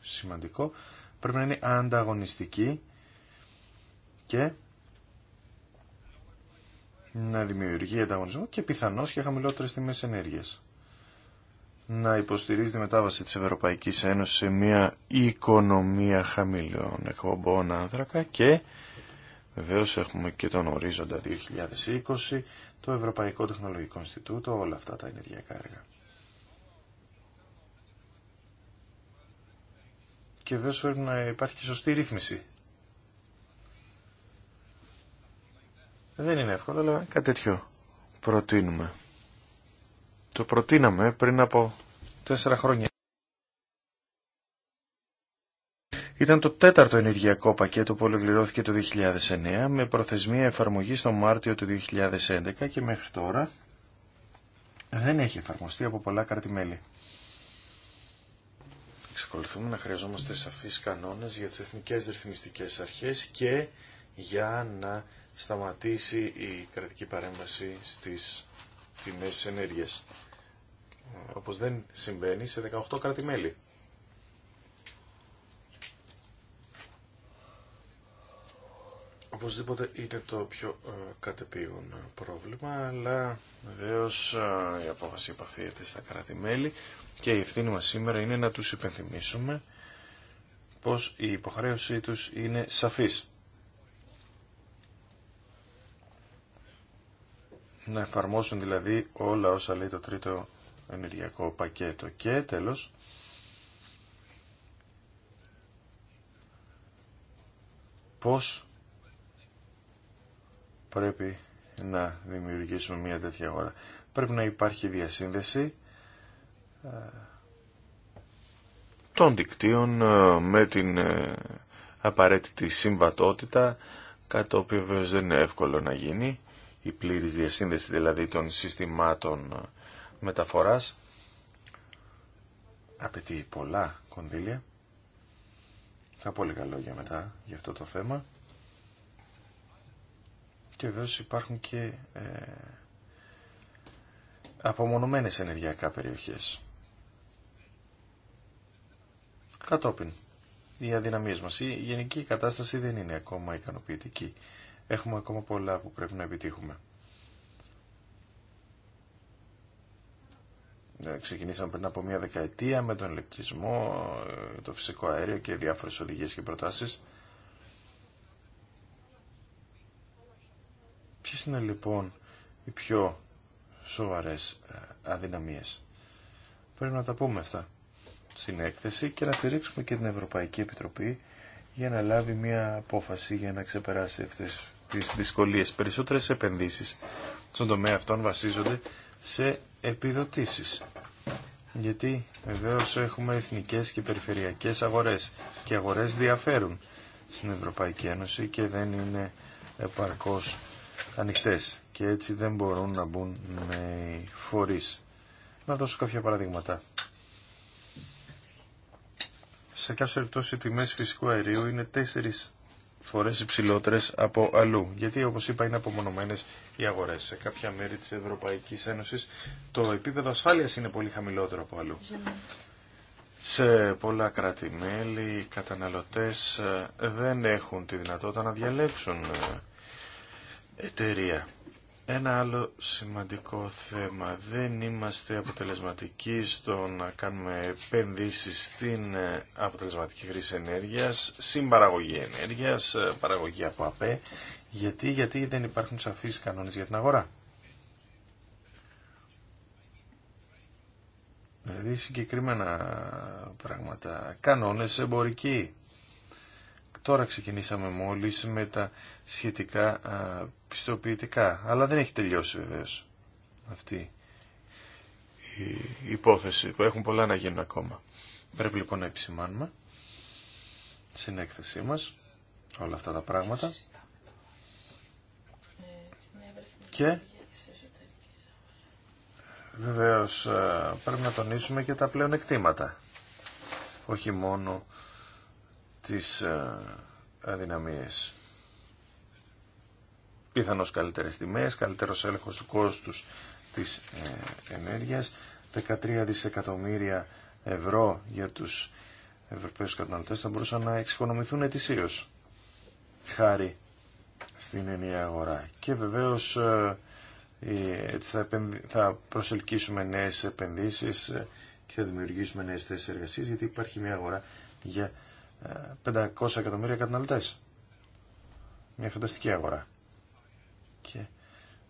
σημαντικό, πρέπει να είναι ανταγωνιστική και να δημιουργεί ανταγωνισμό και πιθανώς και χαμηλότερες τιμές ενέργειας να υποστηρίζει τη μετάβαση της Ευρωπαϊκής Ένωσης σε μια οικονομία χαμηλών εκπομπών άνθρακα και βεβαίω έχουμε και τον ορίζοντα 2020, το Ευρωπαϊκό Τεχνολογικό Ινστιτούτο, όλα αυτά τα ενεργειακά έργα. Και βέβαια πρέπει να υπάρχει και σωστή ρύθμιση. Δεν είναι εύκολο, αλλά κάτι τέτοιο προτείνουμε. Το προτείναμε πριν από τέσσερα χρόνια. Ήταν το τέταρτο ενεργειακό πακέτο που ολοκληρώθηκε το 2009 με προθεσμία εφαρμογή στο Μάρτιο του 2011 και μέχρι τώρα δεν έχει εφαρμοστεί από πολλά κράτη-μέλη. Εξακολουθούμε να χρειαζόμαστε σαφείς κανόνες για τις εθνικές ρυθμιστικές αρχές και για να σταματήσει η κρατική παρέμβαση στις τιμές ενέργειας. Όπως δεν συμβαίνει σε 18 κράτη-μέλη. Οπωσδήποτε είναι το πιο ε, πρόβλημα, αλλά βεβαίω ε, η απόφαση επαφείεται στα κράτη-μέλη και η ευθύνη μας σήμερα είναι να τους υπενθυμίσουμε πως η υποχρέωσή τους είναι σαφής. να εφαρμόσουν δηλαδή όλα όσα λέει το τρίτο ενεργειακό πακέτο. Και τέλος, πώς πρέπει να δημιουργήσουμε μια τέτοια αγορά. Πρέπει να υπάρχει διασύνδεση ε, των δικτύων ε, με την ε, απαραίτητη συμβατότητα, κάτι το οποίο βέβαια δεν είναι εύκολο να γίνει η πλήρης διασύνδεση δηλαδή των συστημάτων ε, μεταφοράς απαιτεί πολλά κονδύλια. Θα πω λίγα λόγια μετά για αυτό το θέμα. Και βέβαια υπάρχουν και ε, απομονωμένες ενεργειακά περιοχές. Κατόπιν, οι αδυναμίες μας. Η γενική κατάσταση δεν είναι ακόμα ικανοποιητική. Έχουμε ακόμα πολλά που πρέπει να επιτύχουμε. Ε, ξεκινήσαμε πριν από μια δεκαετία με τον λεπτισμό, ε, το φυσικό αέριο και διάφορες οδηγίες και προτάσεις. Ποιες είναι λοιπόν οι πιο σοβαρές ε, αδυναμίες. Πρέπει να τα πούμε αυτά στην έκθεση και να στηρίξουμε και την Ευρωπαϊκή Επιτροπή για να λάβει μια απόφαση για να ξεπεράσει αυτές τις δυσκολίες. Περισσότερες επενδύσει στον τομέα αυτών βασίζονται σε επιδοτήσεις. Γιατί βεβαίω έχουμε εθνικές και περιφερειακές αγορές και αγορές διαφέρουν στην Ευρωπαϊκή Ένωση και δεν είναι επαρκώς ανοιχτέ. και έτσι δεν μπορούν να μπουν με φορείς. Να δώσω κάποια παραδείγματα. Σε κάποιε περιπτώσει οι τιμέ φυσικού αερίου είναι τέσσερι φορές υψηλότερες από αλλού. Γιατί όπως είπα είναι απομονωμένες οι αγορές. Σε κάποια μέρη της Ευρωπαϊκής Ένωσης το επίπεδο ασφάλειας είναι πολύ χαμηλότερο από αλλού. Σε πολλά κράτη-μέλη οι καταναλωτές ε, δεν έχουν τη δυνατότητα να διαλέξουν ε, εταιρεία. Ένα άλλο σημαντικό θέμα. Δεν είμαστε αποτελεσματικοί στο να κάνουμε επενδύσει στην ε, αποτελεσματική χρήση ενέργειας, συμπαραγωγή ενέργεια, ε, παραγωγή από ΑΠΕ. Γιατί, γιατί δεν υπάρχουν σαφείς κανόνες για την αγορά. Δηλαδή συγκεκριμένα πράγματα, κανόνες εμπορικοί. Τώρα ξεκινήσαμε μόλις με τα σχετικά πιστοποιητικά. Αλλά δεν έχει τελειώσει βεβαίως αυτή η υπόθεση που έχουν πολλά να γίνουν ακόμα. Πρέπει λοιπόν να επισημάνουμε στην έκθεσή μας όλα αυτά τα πράγματα και βεβαίως ε, πρέπει να τονίσουμε και τα πλέον εκτήματα όχι μόνο τις ε, αδυναμίες πιθανώ καλύτερε τιμέ, καλύτερο έλεγχο του κόστου της ε, ενέργειας, 13 δισεκατομμύρια ευρώ για τους ευρωπαίου καταναλωτέ θα μπορούσαν να εξοικονομηθούν ετησίω. χάρη στην ενιαία αγορά. Και βεβαίως ε, ε, θα, προσελκύσουμε νέες επενδύσεις και θα δημιουργήσουμε νέες θέσει εργασίας γιατί υπάρχει μια αγορά για 500 εκατομμύρια καταναλωτές. Μια φανταστική αγορά και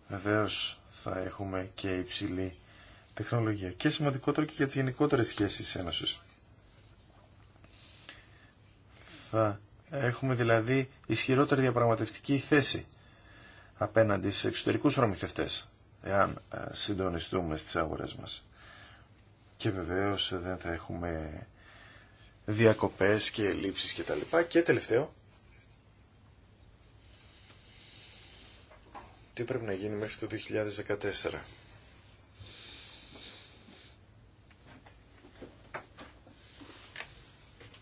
βεβαίως θα έχουμε και υψηλή τεχνολογία και σημαντικότερο και για τις γενικότερες σχέσεις Ένωσης. Θα έχουμε δηλαδή ισχυρότερη διαπραγματευτική θέση απέναντι σε εξωτερικούς προμηθευτές εάν ε, συντονιστούμε στις αγορές μας. Και βεβαίως δεν θα έχουμε διακοπές και λήψεις και τα λοιπά. Και τελευταίο, τι πρέπει να γίνει μέχρι το 2014.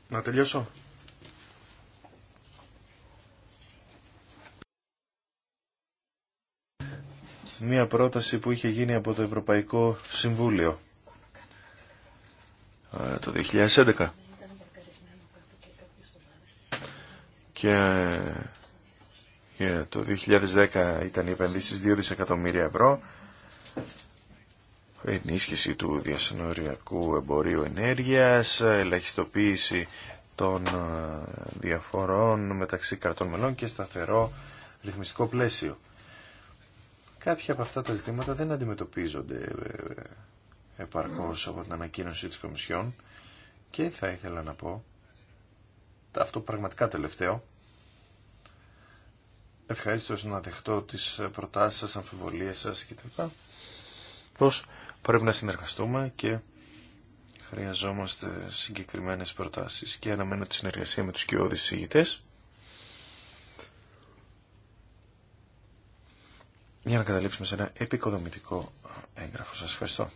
Να τελειώσω. Μία πρόταση που είχε γίνει από το Ευρωπαϊκό Συμβούλιο ε, το 2011. Και ε, ε, το 2010 ήταν οι επενδύσεις 2 δισεκατομμύρια ευρώ, ενίσχυση του διασυνοριακού εμπορίου ενέργειας, ελαχιστοποίηση των ε, διαφορών μεταξύ κρατών μελών και σταθερό ρυθμιστικό πλαίσιο. Κάποια από αυτά τα ζητήματα δεν αντιμετωπίζονται ε, επαρκώς από την ανακοίνωση της Κομισιόν και θα ήθελα να πω αυτό πραγματικά τελευταίο ευχαρίστω να δεχτώ τις προτάσεις σας, αμφιβολίες σας κτλ. Πώς πρέπει να συνεργαστούμε και χρειαζόμαστε συγκεκριμένες προτάσεις και αναμένω τη συνεργασία με τους κοιόδης συγητές για να καταλήξουμε σε ένα επικοδομητικό έγγραφο. Σας ευχαριστώ.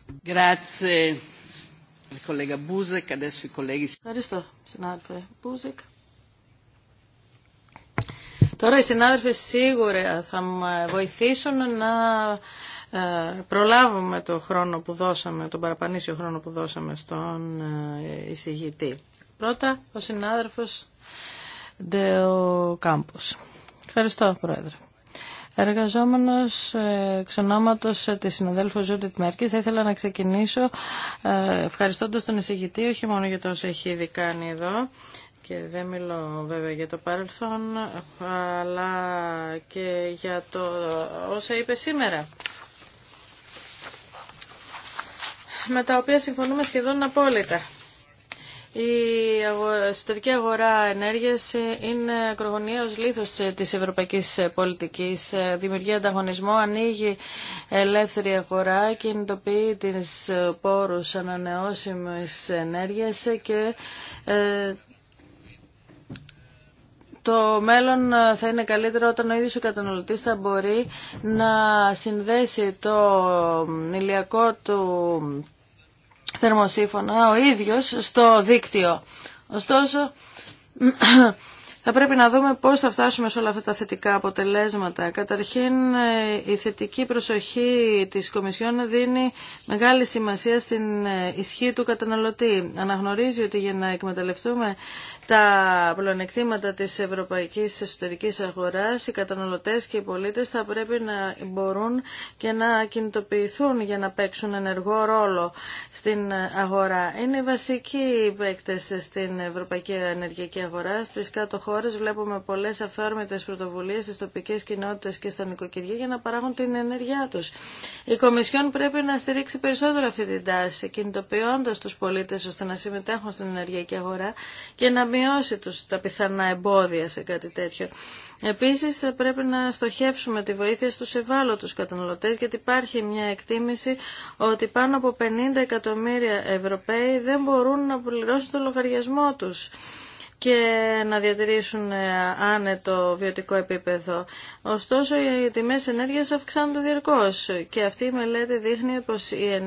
Ευχαριστώ, συνάδελφε Μπούζεκ. Τώρα οι συνάδελφοι σίγουρα θα με βοηθήσουν να ε, προλάβουμε το χρόνο που δώσαμε, τον παραπανήσιο χρόνο που δώσαμε στον ε, εισηγητή. Πρώτα ο συνάδελφος Ντεο Ευχαριστώ Πρόεδρε. Εργαζόμενος ε, εξ ονόματος της συναδέλφου Ζούντιτ Μέρκη. θα ήθελα να ξεκινήσω ευχαριστώντας τον εισηγητή, όχι μόνο για το όσο έχει ήδη κάνει εδώ, και δεν μιλώ βέβαια για το παρελθόν, αλλά και για το όσα είπε σήμερα. Με τα οποία συμφωνούμε σχεδόν απόλυτα. Η εσωτερική αγορά ενέργειας είναι κρογωνίος λίθος της ευρωπαϊκής πολιτικής. Δημιουργεί ανταγωνισμό, ανοίγει ελεύθερη αγορά, κινητοποιεί τις πόρους ανανεώσιμης ενέργειας και ε, το μέλλον θα είναι καλύτερο όταν ο ίδιος ο καταναλωτής θα μπορεί να συνδέσει το ηλιακό του θερμοσύφωνα ο ίδιος στο δίκτυο. Ωστόσο, θα πρέπει να δούμε πώς θα φτάσουμε σε όλα αυτά τα θετικά αποτελέσματα. Καταρχήν, η θετική προσοχή της Κομισιόν δίνει μεγάλη σημασία στην ισχύ του καταναλωτή. Αναγνωρίζει ότι για να εκμεταλλευτούμε τα πλονεκτήματα της ευρωπαϊκής εσωτερικής αγοράς, οι καταναλωτές και οι πολίτες θα πρέπει να μπορούν και να κινητοποιηθούν για να παίξουν ενεργό ρόλο στην αγορά. Είναι οι βασικοί παίκτες στην ευρωπαϊκή ενεργειακή αγορά. Στις κάτω χώρες βλέπουμε πολλές αυθόρμητες πρωτοβουλίες στις τοπικές κοινότητες και στα νοικοκυριά για να παράγουν την ενέργειά τους. Η Κομισιόν πρέπει να στηρίξει περισσότερο αυτή την τάση, κινητοποιώντας τους πολίτες ώστε να συμμετέχουν στην ενεργειακή αγορά και να μειώσει τους τα πιθανά εμπόδια σε κάτι τέτοιο. Επίσης πρέπει να στοχεύσουμε τη βοήθεια στους ευάλωτους καταναλωτές γιατί υπάρχει μια εκτίμηση ότι πάνω από 50 εκατομμύρια Ευρωπαίοι δεν μπορούν να πληρώσουν το λογαριασμό τους και να διατηρήσουν ε, άνετο βιωτικό επίπεδο. Ωστόσο, οι τιμές ενέργειας αυξάνονται διαρκώς και αυτή η μελέτη δείχνει πως οι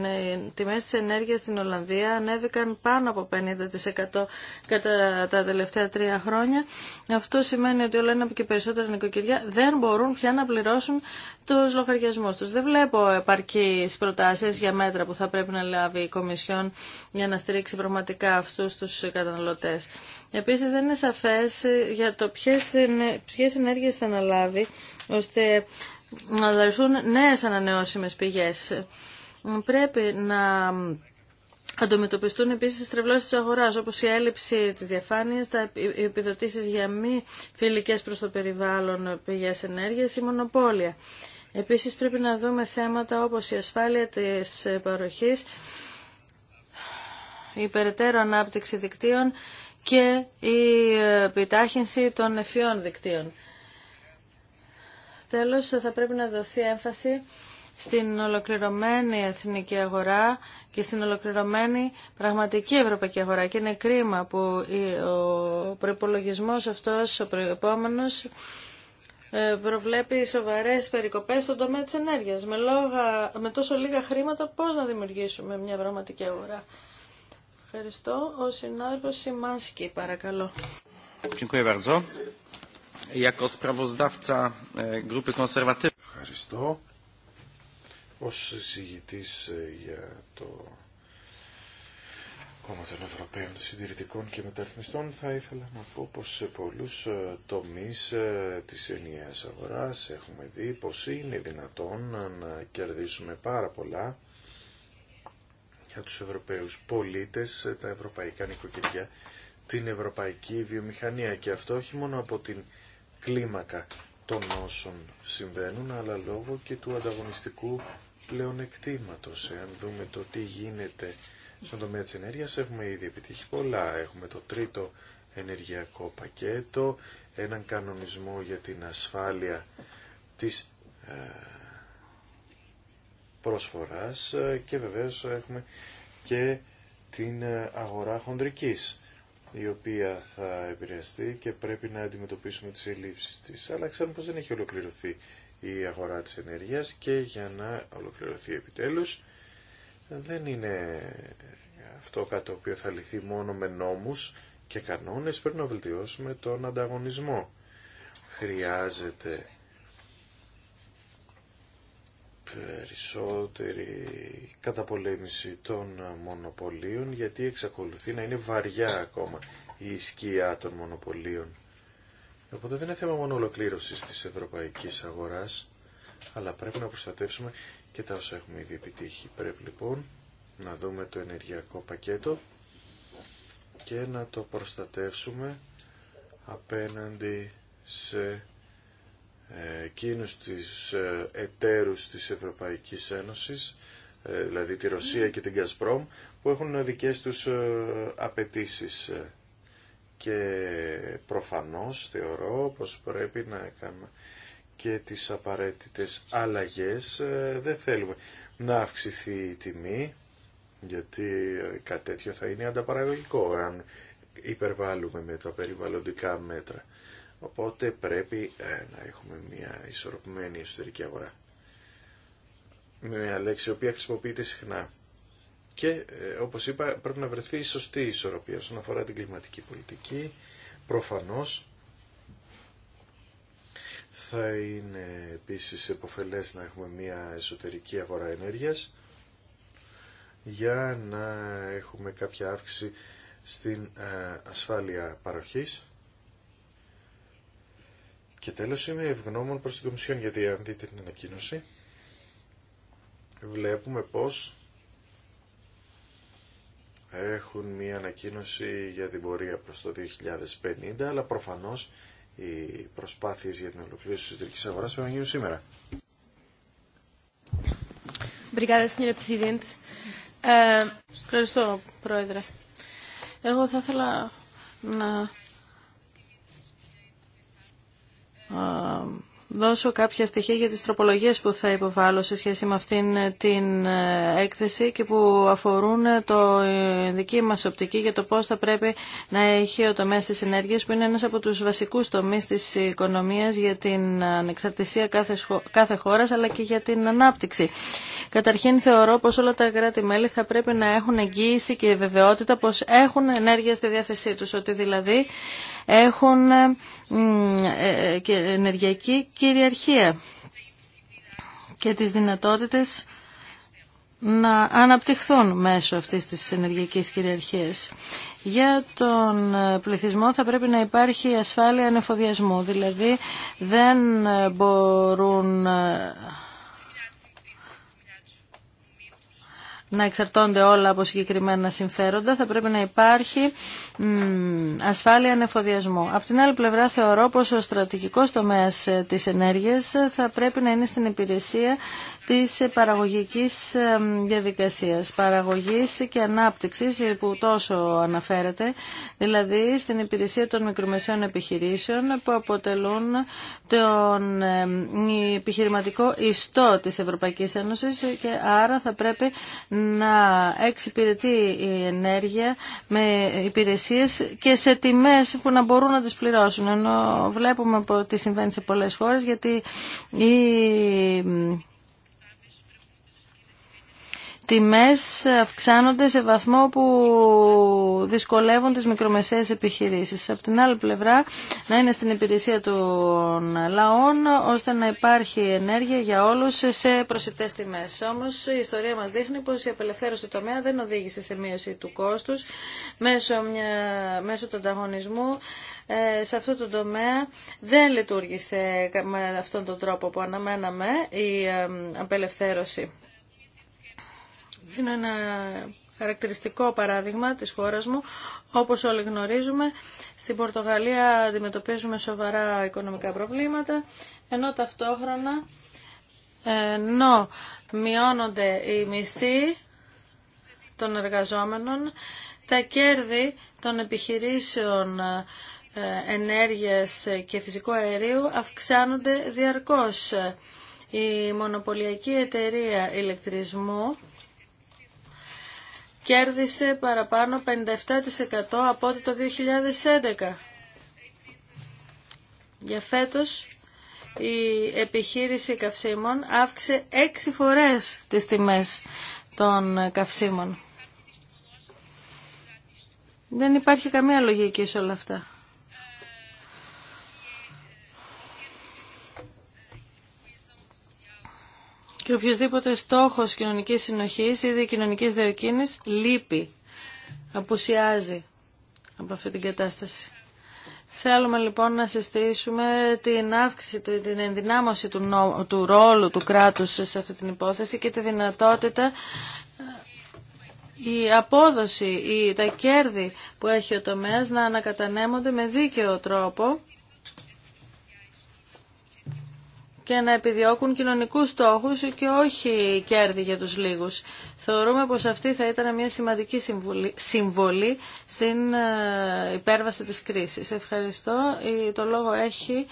τιμές της ενέργειας στην Ολλανδία ανέβηκαν πάνω από 50% κατά τα τελευταία τρία χρόνια. Αυτό σημαίνει ότι όλα ένα και περισσότερα νοικοκυριά δεν μπορούν πια να πληρώσουν τους λογαριασμούς τους. Δεν βλέπω επαρκείς προτάσεις για μέτρα που θα πρέπει να λάβει η Κομισιόν για να στηρίξει πραγματικά αυτού του καταναλωτέ δεν είναι σαφές ε, για το ποιες, ενέργειε ενέργειες θα αναλάβει ώστε να δαρθούν νέες ανανεώσιμες πηγές. Πρέπει να Αντιμετωπιστούν επίση τι τρευλώσει τη αγορά, όπω η έλλειψη τη διαφάνεια, τα επιδοτήσει για μη φιλικές προ το περιβάλλον πηγέ ενέργεια ή μονοπόλια. Επίση πρέπει να δούμε θέματα όπω η ασφάλεια τη θεματα οπως η περαιτέρω ανάπτυξη δικτύων και η επιτάχυνση των ευφυών δικτύων. Τέλος, θα πρέπει να δοθεί έμφαση στην ολοκληρωμένη εθνική αγορά και στην ολοκληρωμένη πραγματική ευρωπαϊκή αγορά. Και είναι κρίμα που ο προπολογισμό αυτός, ο προϋπόμενος, ε, προβλέπει σοβαρές περικοπές στον τομέα της ενέργειας. Με, λόγα, με τόσο λίγα χρήματα πώς να δημιουργήσουμε μια πραγματική αγορά. Ευχαριστώ. Ο συνάδελφο Σιμάνσκι, παρακαλώ. E, Ευχαριστώ. Ω συζητητή ε, για το Κόμμα των Ευρωπαίων Συντηρητικών και Μεταρρυθμιστών θα ήθελα να πω πω σε πολλού ε, τομεί ε, τη ενιαία αγορά έχουμε δει πω είναι δυνατόν να κερδίσουμε πάρα πολλά για τους Ευρωπαίους πολίτες, τα ευρωπαϊκά νοικοκυριά, την ευρωπαϊκή βιομηχανία και αυτό όχι μόνο από την κλίμακα των όσων συμβαίνουν, αλλά λόγω και του ανταγωνιστικού πλεονεκτήματος. Εάν δούμε το τι γίνεται στον τομέα της ενέργειας, έχουμε ήδη επιτύχει πολλά. Έχουμε το τρίτο ενεργειακό πακέτο, έναν κανονισμό για την ασφάλεια της ε, προσφοράς ε, και βεβαίως έχουμε και την ε, αγορά χοντρικής η οποία θα επηρεαστεί και πρέπει να αντιμετωπίσουμε τις ελλείψεις της. Αλλά ξέρουμε πως δεν έχει ολοκληρωθεί η αγορά της ενέργειας και για να ολοκληρωθεί επιτέλους δεν είναι αυτό κάτι το οποίο θα λυθεί μόνο με νόμους και κανόνες, πρέπει να βελτιώσουμε τον ανταγωνισμό. Χρειάζεται περισσότερη καταπολέμηση των μονοπωλίων γιατί εξακολουθεί να είναι βαριά ακόμα η σκιά των μονοπωλίων. Οπότε δεν είναι θέμα μόνο ολοκλήρωσης της ευρωπαϊκής αγοράς αλλά πρέπει να προστατεύσουμε και τα όσα έχουμε ήδη επιτύχει. Πρέπει λοιπόν να δούμε το ενεργειακό πακέτο και να το προστατεύσουμε απέναντι σε ε, εκείνους τις ε, εταίρους της Ευρωπαϊκής Ένωσης, ε, δηλαδή τη Ρωσία και την Κασπρόμ, που έχουν δικές τους απαιτήσει. Και προφανώς θεωρώ πως πρέπει να κάνουμε και τις απαραίτητες αλλαγές. Δεν θέλουμε να αυξηθεί η τιμή, γιατί κάτι τέτοιο θα είναι ανταπαραγωγικό αν υπερβάλλουμε με τα περιβαλλοντικά μέτρα. Οπότε πρέπει ε, να έχουμε μια ισορροπημένη εσωτερική αγορά. Μια λέξη η οποία χρησιμοποιείται συχνά. Και ε, όπως είπα πρέπει να βρεθεί η σωστή ισορροπία όσον αφορά την κλιματική πολιτική. Προφανώς θα είναι επίσης επωφελές να έχουμε μια εσωτερική αγορά ενέργειας για να έχουμε κάποια αύξηση στην ε, ασφάλεια παροχής και τέλος είμαι ευγνώμων προς την Κομισιόν, γιατί αν δείτε την ανακοίνωση, βλέπουμε πως έχουν μία ανακοίνωση για την πορεία προς το 2050, αλλά προφανώς οι προσπάθειες για την ολοκλήρωση της εσωτερικής αγοράς πρέπει να γίνουν σήμερα. Ε, ευχαριστώ, Πρόεδρε. Εγώ θα ήθελα να Αμ δώσω κάποια στοιχεία για τις τροπολογίες που θα υποβάλω σε σχέση με αυτήν ε, την ε, έκθεση και που αφορούν ε, το δική μας οπτική για το πώς θα πρέπει να έχει ο τομέας της ενέργειας που είναι ένας από τους βασικούς τομείς της οικονομίας για την ανεξαρτησία κάθε, κάθε χώρας αλλά και για την ανάπτυξη. Καταρχήν θεωρώ πως όλα τα κράτη-μέλη θα πρέπει να έχουν εγγύηση και βεβαιότητα πως έχουν ενέργεια στη διάθεσή τους, ότι δηλαδή έχουν ενεργειακή και κυριαρχία και τις δυνατότητες να αναπτυχθούν μέσω αυτής της ενεργειακής κυριαρχίας. Για τον ε, πληθυσμό θα πρέπει να υπάρχει ασφάλεια ανεφοδιασμού, δηλαδή δεν ε, μπορούν ε, να εξαρτώνται όλα από συγκεκριμένα συμφέροντα. Θα πρέπει να υπάρχει ασφάλεια ανεφοδιασμού. Απ' την άλλη πλευρά θεωρώ πως ο στρατηγικός τομέας ε, της ενέργειας ε, θα πρέπει να είναι στην υπηρεσία της ε, παραγωγικής διαδικασίας, παραγωγής και ανάπτυξης που τόσο αναφέρεται, δηλαδή στην υπηρεσία των μικρομεσαίων επιχειρήσεων που αποτελούν τον επιχειρηματικό ιστό της Ευρωπαϊκής Ένωσης και άρα θα πρέπει να εξυπηρετεί η ενέργεια με υπηρεσίες και σε τιμές που να μπορούν να τις πληρώσουν. Ενώ βλέπουμε τι συμβαίνει σε πολλές χώρες γιατί η τιμές αυξάνονται σε βαθμό που δυσκολεύουν τις μικρομεσαίες επιχειρήσεις. Από την άλλη πλευρά να είναι στην υπηρεσία των λαών ώστε να υπάρχει ενέργεια για όλους σε προσιτές τιμές. Όμως η ιστορία μας δείχνει πως η απελευθέρωση τομέα δεν οδήγησε σε μείωση του κόστους μέσω, μια, μέσω του ανταγωνισμού ε, σε αυτό το τομέα δεν λειτουργήσε με αυτόν τον τρόπο που αναμέναμε η ε, απελευθέρωση είναι ένα χαρακτηριστικό παράδειγμα της χώρας μου. Όπως όλοι γνωρίζουμε, στην Πορτογαλία αντιμετωπίζουμε σοβαρά οικονομικά προβλήματα, ενώ ταυτόχρονα ενώ μειώνονται οι μισθοί των εργαζόμενων, τα κέρδη των επιχειρήσεων ε, ενέργειας και φυσικού αερίου αυξάνονται διαρκώς. Η μονοπωλιακή εταιρεία ηλεκτρισμού κέρδισε παραπάνω 57% από ό,τι το 2011. Για φέτος η επιχείρηση καυσίμων αύξησε 6 φορές τις τιμές των καυσίμων. Δεν υπάρχει καμία λογική σε όλα αυτά. και οποιοδήποτε στόχος κοινωνικής συνοχής ή κοινωνικής δεοκίνης λείπει, απουσιάζει από αυτή την κατάσταση. Θέλουμε λοιπόν να συστήσουμε την αύξηση, την ενδυνάμωση του, του ρόλου του κράτους σε αυτή την υπόθεση και τη δυνατότητα ε, η απόδοση, η, τα κέρδη που έχει ο τομέας να ανακατανέμονται με δίκαιο τρόπο και να επιδιώκουν κοινωνικούς στόχους και όχι κέρδη για τους λίγους. Θεωρούμε πως αυτή θα ήταν μια σημαντική συμβολή στην ε, υπέρβαση της κρίσης. Ευχαριστώ. Το λόγο έχει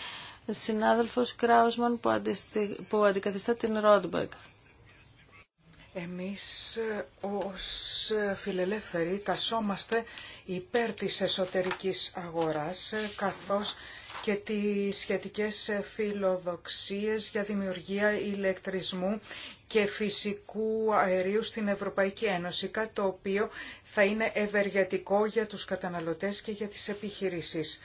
συνάδελφος Κράουσμαν που αντικαθιστά την Ρόντμπεκ. Εμείς ε, ως ε, φιλελεύθεροι τασόμαστε υπέρ της εσωτερικής αγοράς καθώς και τις σχετικές φιλοδοξίες για δημιουργία ηλεκτρισμού και φυσικού αερίου στην Ευρωπαϊκή Ένωση, κάτι το οποίο θα είναι ευεργετικό για τους καταναλωτές και για τις επιχειρήσεις.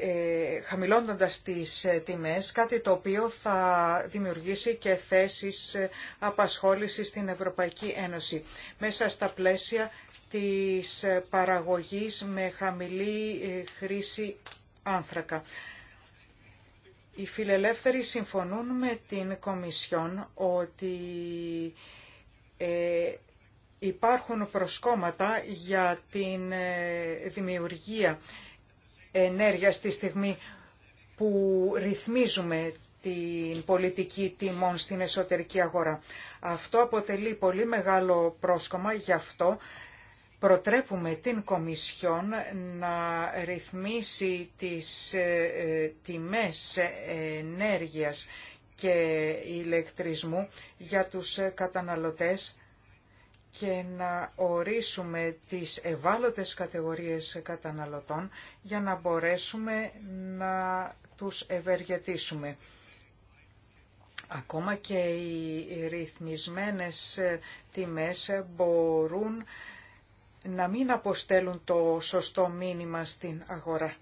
Ε, χαμηλώνοντας τις ε, τιμές, κάτι το οποίο θα δημιουργήσει και θέσεις ε, απασχόλησης στην Ευρωπαϊκή Ένωση μέσα στα πλαίσια της παραγωγής με χαμηλή ε, χρήση άνθρακα. Οι φιλελεύθεροι συμφωνούν με την Κομισιόν ότι ε, υπάρχουν προσκόμματα για την ε, δημιουργία ενέργεια στη στιγμή που ρυθμίζουμε την πολιτική τιμών στην εσωτερική αγορά. Αυτό αποτελεί πολύ μεγάλο πρόσκομα, γι' αυτό προτρέπουμε την Κομισιόν να ρυθμίσει τις ε, ε, τιμές ενέργειας και ηλεκτρισμού για τους ε, καταναλωτές και να ορίσουμε τις ευάλωτες κατηγορίες καταναλωτών για να μπορέσουμε να τους ευεργετήσουμε. Ακόμα και οι ρυθμισμένες τιμές μπορούν να μην αποστέλουν το σωστό μήνυμα στην αγορά.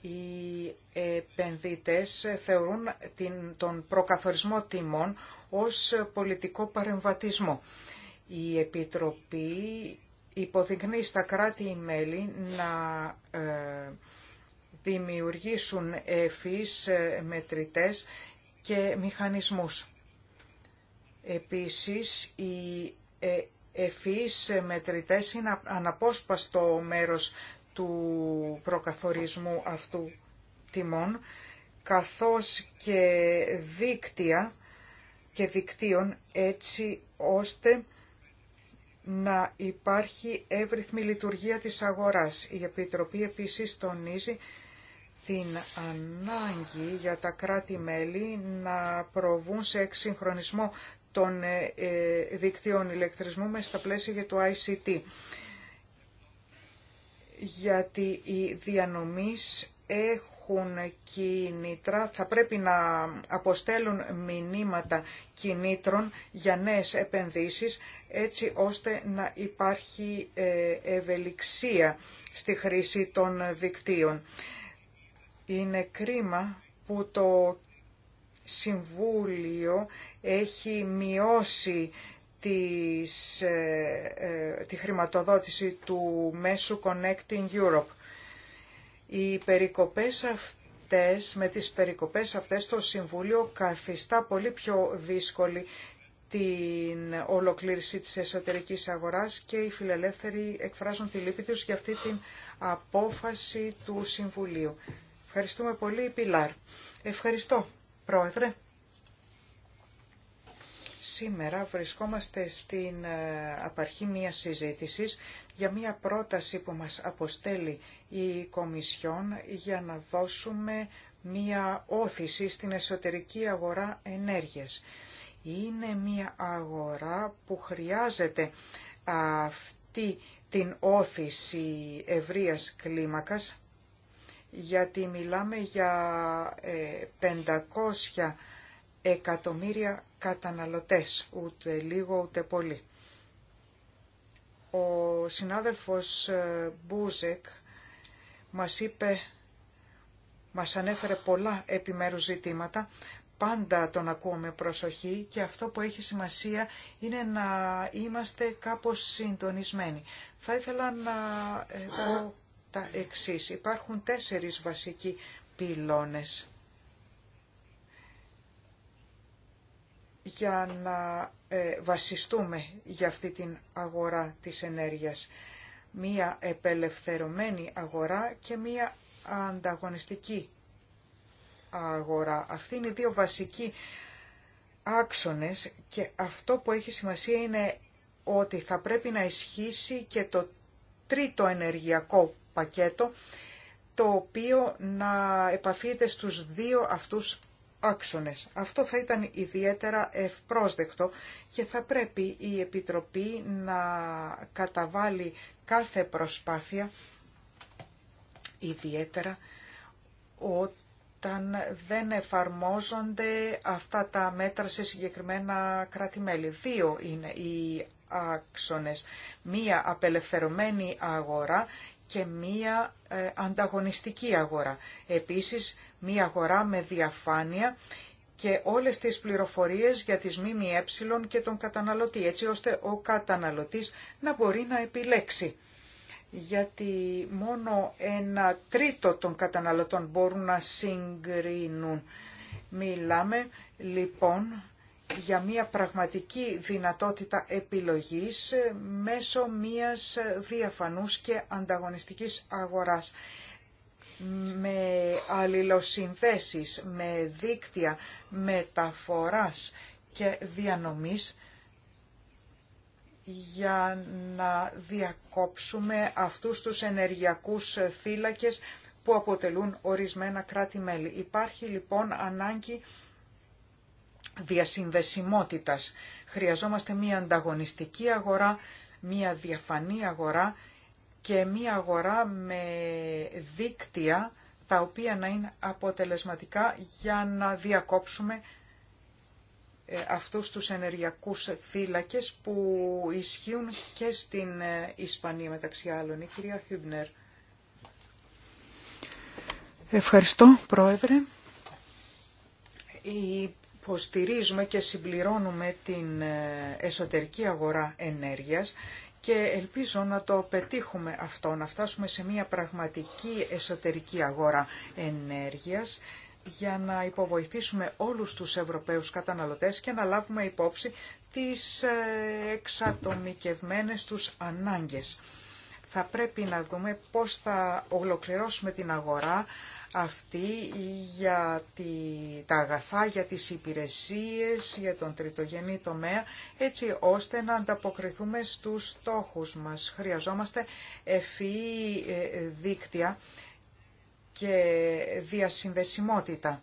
Οι επενδυτές θεωρούν την, τον προκαθορισμό τιμών ως πολιτικό παρεμβατισμό. Η Επιτροπή υποδεικνύει στα κράτη-μέλη να ε, δημιουργήσουν εφείς ε, μετρητές και μηχανισμούς. Επίσης, η ε, ευφυείς μετρητές είναι αναπόσπαστο μέρος του προκαθορισμού αυτού τιμών, καθώς και δίκτυα και δικτύων έτσι ώστε να υπάρχει εύρυθμη λειτουργία της αγοράς. Η Επιτροπή επίσης τονίζει την ανάγκη για τα κράτη-μέλη να προβούν σε εξυγχρονισμό των ε, ε, δικτύων ηλεκτρισμού μέσα στα πλαίσια για το ICT. Γιατί οι διανομής έχουν κίνητρα, θα πρέπει να αποστέλουν μηνύματα κινήτρων για νέες επενδύσεις, έτσι ώστε να υπάρχει ε, ευελιξία στη χρήση των δικτύων. Είναι κρίμα που το Συμβούλιο έχει μειώσει ε, ε, τη χρηματοδότηση του μέσου Connecting Europe. Οι περικοπές αυτές, με τις περικοπές αυτές το Συμβούλιο καθιστά πολύ πιο δύσκολη την ολοκλήρωση της εσωτερικής αγοράς και οι φιλελεύθεροι εκφράζουν τη λύπη τους για αυτή την απόφαση του Συμβουλίου. Ευχαριστούμε πολύ, Πιλάρ. Ευχαριστώ. Πρόεδρε, σήμερα βρισκόμαστε στην ε, απαρχή μιας συζήτησης για μια πρόταση που μας αποστέλει η Κομισιόν για να δώσουμε μια όθηση στην εσωτερική αγορά ενέργειας. Είναι μια αγορά που χρειάζεται αυτή την όθηση ευρείας κλίμακας γιατί μιλάμε για 500 ε, εκατομμύρια καταναλωτές, ούτε λίγο ούτε πολύ. Ο συνάδελφος ε, Μπούζεκ μας είπε, μας ανέφερε πολλά επιμέρους ζητήματα, πάντα τον ακούω με προσοχή και αυτό που έχει σημασία είναι να είμαστε κάπως συντονισμένοι. Θα ήθελα να ε, τα εξής. Υπάρχουν τέσσερις βασικοί πυλώνες για να ε, βασιστούμε για αυτή την αγορά της ενέργειας. Μία επελευθερωμένη αγορά και μία ανταγωνιστική αγορά. Αυτοί είναι οι δύο βασικοί άξονες και αυτό που έχει σημασία είναι ότι θα πρέπει να ισχύσει και το τρίτο ενεργειακό πακέτο το οποίο να επαφείται στους δύο αυτούς άξονες. Αυτό θα ήταν ιδιαίτερα ευπρόσδεκτο και θα πρέπει η Επιτροπή να καταβάλει κάθε προσπάθεια ιδιαίτερα όταν δεν εφαρμόζονται αυτά τα μέτρα σε συγκεκριμένα κράτη-μέλη. Δύο είναι οι άξονες. Μία απελευθερωμένη αγορά και μία ε, ανταγωνιστική αγορά. Επίσης, μία αγορά με διαφάνεια και όλες τις πληροφορίες για τις ΜΜΕ και τον καταναλωτή, έτσι ώστε ο καταναλωτής να μπορεί να επιλέξει. Γιατί μόνο ένα τρίτο των καταναλωτών μπορούν να συγκρίνουν. Μιλάμε λοιπόν για μια πραγματική δυνατότητα επιλογής ε, μέσω μιας ε, διαφανούς και ανταγωνιστικής αγοράς με αλληλοσυνθέσεις, με δίκτυα μεταφοράς και διανομής για να διακόψουμε αυτούς τους ενεργειακούς ε, θύλακες που αποτελούν ορισμένα κράτη-μέλη. Υπάρχει λοιπόν ανάγκη διασυνδεσιμότητας. Χρειαζόμαστε μία ανταγωνιστική αγορά, μία διαφανή αγορά και μία αγορά με δίκτυα τα οποία να είναι αποτελεσματικά για να διακόψουμε ε, αυτούς τους ενεργειακούς θύλακες που ισχύουν και στην ε, Ισπανία μεταξύ άλλων. Η κυρία Χιμπνερ. Ευχαριστώ, Πρόεδρε. Η υποστηρίζουμε και συμπληρώνουμε την ε, εσωτερική αγορά ενέργειας και ελπίζω να το πετύχουμε αυτό, να φτάσουμε σε μια πραγματική εσωτερική αγορά ενέργειας για να υποβοηθήσουμε όλους τους Ευρωπαίους καταναλωτές και να λάβουμε υπόψη τις ε, εξατομικευμένες τους ανάγκες. Θα πρέπει να δούμε πώς θα ολοκληρώσουμε την αγορά αυτή για τη, τα αγαθά, για τις υπηρεσίες, για τον τριτογενή τομέα, έτσι ώστε να ανταποκριθούμε στους στόχους μας. Χρειαζόμαστε ευφυή ε, ε, δίκτυα και διασυνδεσιμότητα,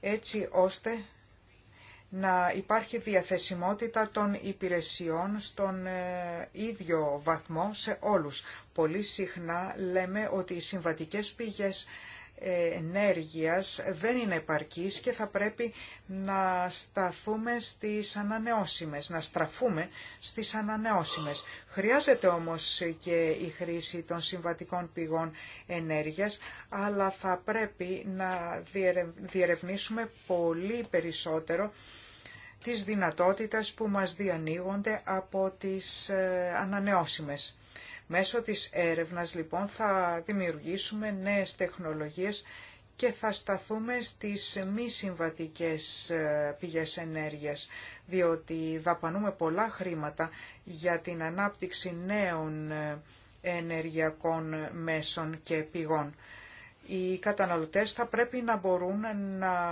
έτσι ώστε να υπάρχει διαθεσιμότητα των υπηρεσιών στον ε, ίδιο βαθμό σε όλους. Πολύ συχνά λέμε ότι οι συμβατικές πηγές ε, ενέργειας δεν είναι επαρκείς και θα πρέπει να σταθούμε στις ανανεώσιμες, να στραφούμε στις ανανεώσιμες. Χρειάζεται όμως και η χρήση των συμβατικών πηγών ενέργειας, αλλά θα πρέπει να διερευνήσουμε πολύ περισσότερο τις δυνατότητες που μας διανοίγονται από τις ε, ανανεώσιμες. Μέσω της έρευνας λοιπόν θα δημιουργήσουμε νέες τεχνολογίες και θα σταθούμε στις μη συμβατικές ε, πηγές ενέργειας, διότι δαπανούμε πολλά χρήματα για την ανάπτυξη νέων ε, ενεργειακών μέσων και πηγών. Οι καταναλωτές θα πρέπει να μπορούν να,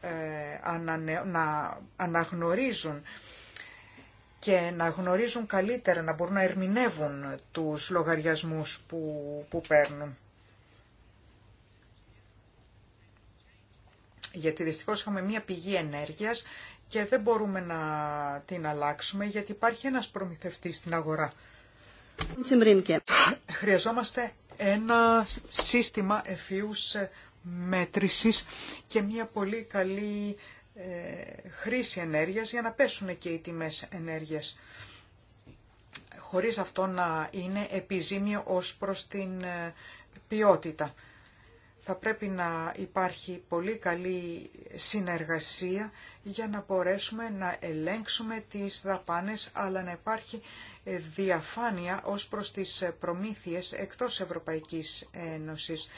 ε, να αναγνωρίζουν και να γνωρίζουν καλύτερα, να μπορούν να ερμηνεύουν τους λογαριασμούς που, που παίρνουν. Γιατί δυστυχώς έχουμε μία πηγή ενέργειας και δεν μπορούμε να την αλλάξουμε γιατί υπάρχει ένας προμηθευτής στην αγορά. Χρειαζόμαστε ένα σύστημα εφίους μέτρησης και μία πολύ καλή ε, χρήση ενέργειας για να πέσουν και οι τιμές ενέργειας χωρίς αυτό να είναι επιζήμιο ως προς την ε, ποιότητα. Θα πρέπει να υπάρχει πολύ καλή συνεργασία για να μπορέσουμε να ελέγξουμε τις δαπάνες αλλά να υπάρχει ε, διαφάνεια ως προς τις προμήθειες εκτός Ευρωπαϊκής Ένωσης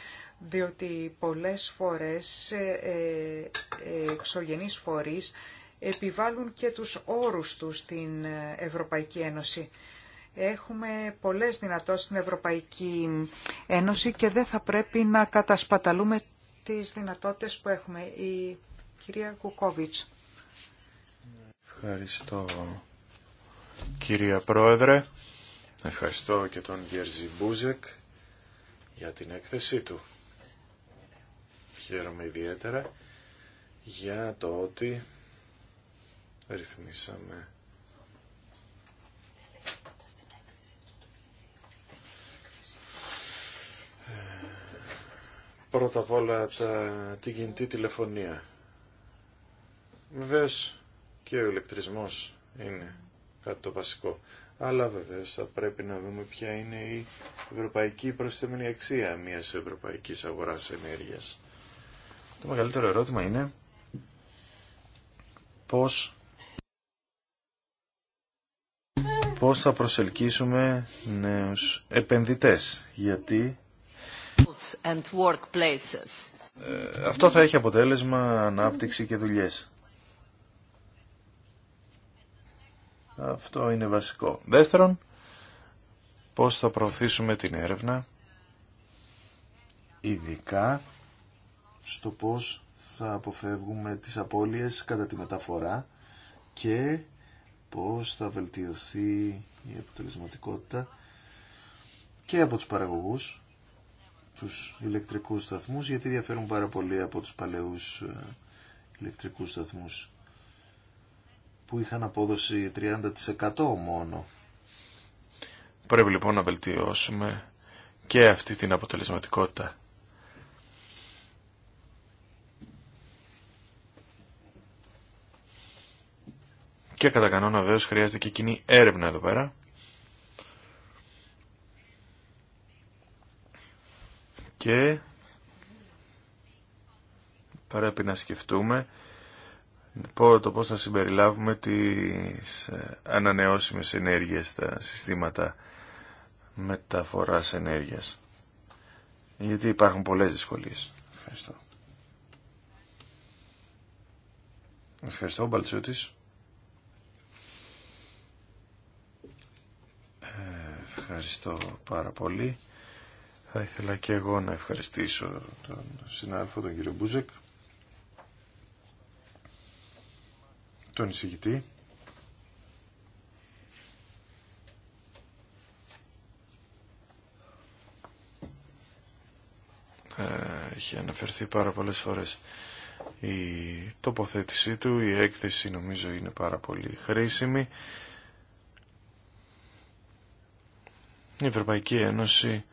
διότι πολλές φορές ε, ε, εξωγενείς φορείς επιβάλλουν και τους όρους τους στην ε, Ευρωπαϊκή Ένωση. Έχουμε πολλές δυνατότητες στην Ευρωπαϊκή Ένωση και δεν θα πρέπει να κατασπαταλούμε τις δυνατότητες που έχουμε. Η κυρία Κουκόβιτς. Ευχαριστώ κυρία Πρόεδρε. Ευχαριστώ και τον Γερζι Μπούζεκ για την έκθεσή του χαίρομαι ιδιαίτερα για το ότι ρυθμίσαμε ε, πρώτα απ' όλα τα, την κινητή τηλεφωνία. Βεβαίω και ο ηλεκτρισμός είναι κάτι το βασικό. Αλλά βεβαίω θα πρέπει να δούμε ποια είναι η ευρωπαϊκή προσθέμενη αξία μιας ευρωπαϊκής αγοράς ενέργειας. Το μεγαλύτερο ερώτημα είναι πώς, πώς θα προσελκύσουμε νέους επενδυτές, γιατί ε, αυτό θα έχει αποτέλεσμα ανάπτυξη και δουλειές. Αυτό είναι βασικό. Δεύτερον, πώς θα προωθήσουμε την έρευνα, ειδικά στο πώς θα αποφεύγουμε τις απώλειες κατά τη μεταφορά και πώς θα βελτιωθεί η αποτελεσματικότητα και από τους παραγωγούς, τους ηλεκτρικούς σταθμούς, γιατί διαφέρουν πάρα πολύ από τους παλαιούς ε, ηλεκτρικούς σταθμούς που είχαν απόδοση 30% μόνο. Πρέπει λοιπόν να βελτιώσουμε και αυτή την αποτελεσματικότητα και κατά κανόνα βέβαια χρειάζεται και κοινή έρευνα εδώ πέρα. Και πρέπει να σκεφτούμε το πώς θα συμπεριλάβουμε τις ε, ανανεώσιμες ενέργειες στα συστήματα μεταφοράς ενέργειας. Γιατί υπάρχουν πολλές δυσκολίες. Ευχαριστώ. Ευχαριστώ, Μπαλτσούτης. Ευχαριστώ πάρα πολύ. Θα ήθελα και εγώ να ευχαριστήσω τον συνάδελφο, τον κύριο Μπούζεκ, τον εισηγητή. Έχει ε, αναφερθεί πάρα πολλές φορές η τοποθέτησή του, η έκθεση νομίζω είναι πάρα πολύ χρήσιμη. Η Ευρωπαϊκή Ένωση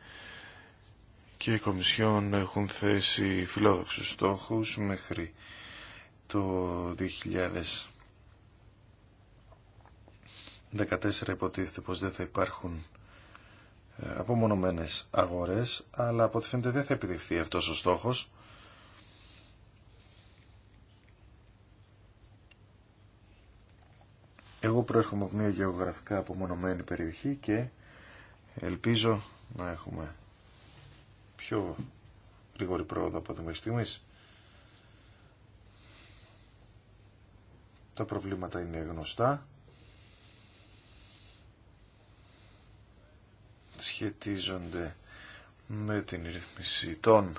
και η Κομισιόν έχουν θέσει φιλόδοξους στόχους μέχρι το 2014 υποτίθεται πως δεν θα υπάρχουν ε, απομονωμένες αγορές, αλλά από δεν θα επιτευχθεί αυτός ο στόχος. Εγώ προέρχομαι από μια γεωγραφικά απομονωμένη περιοχή και Ελπίζω να έχουμε πιο γρήγορη πρόοδο από το μέχρι στιγμής. Τα προβλήματα είναι γνωστά. Σχετίζονται με την ρυθμίση των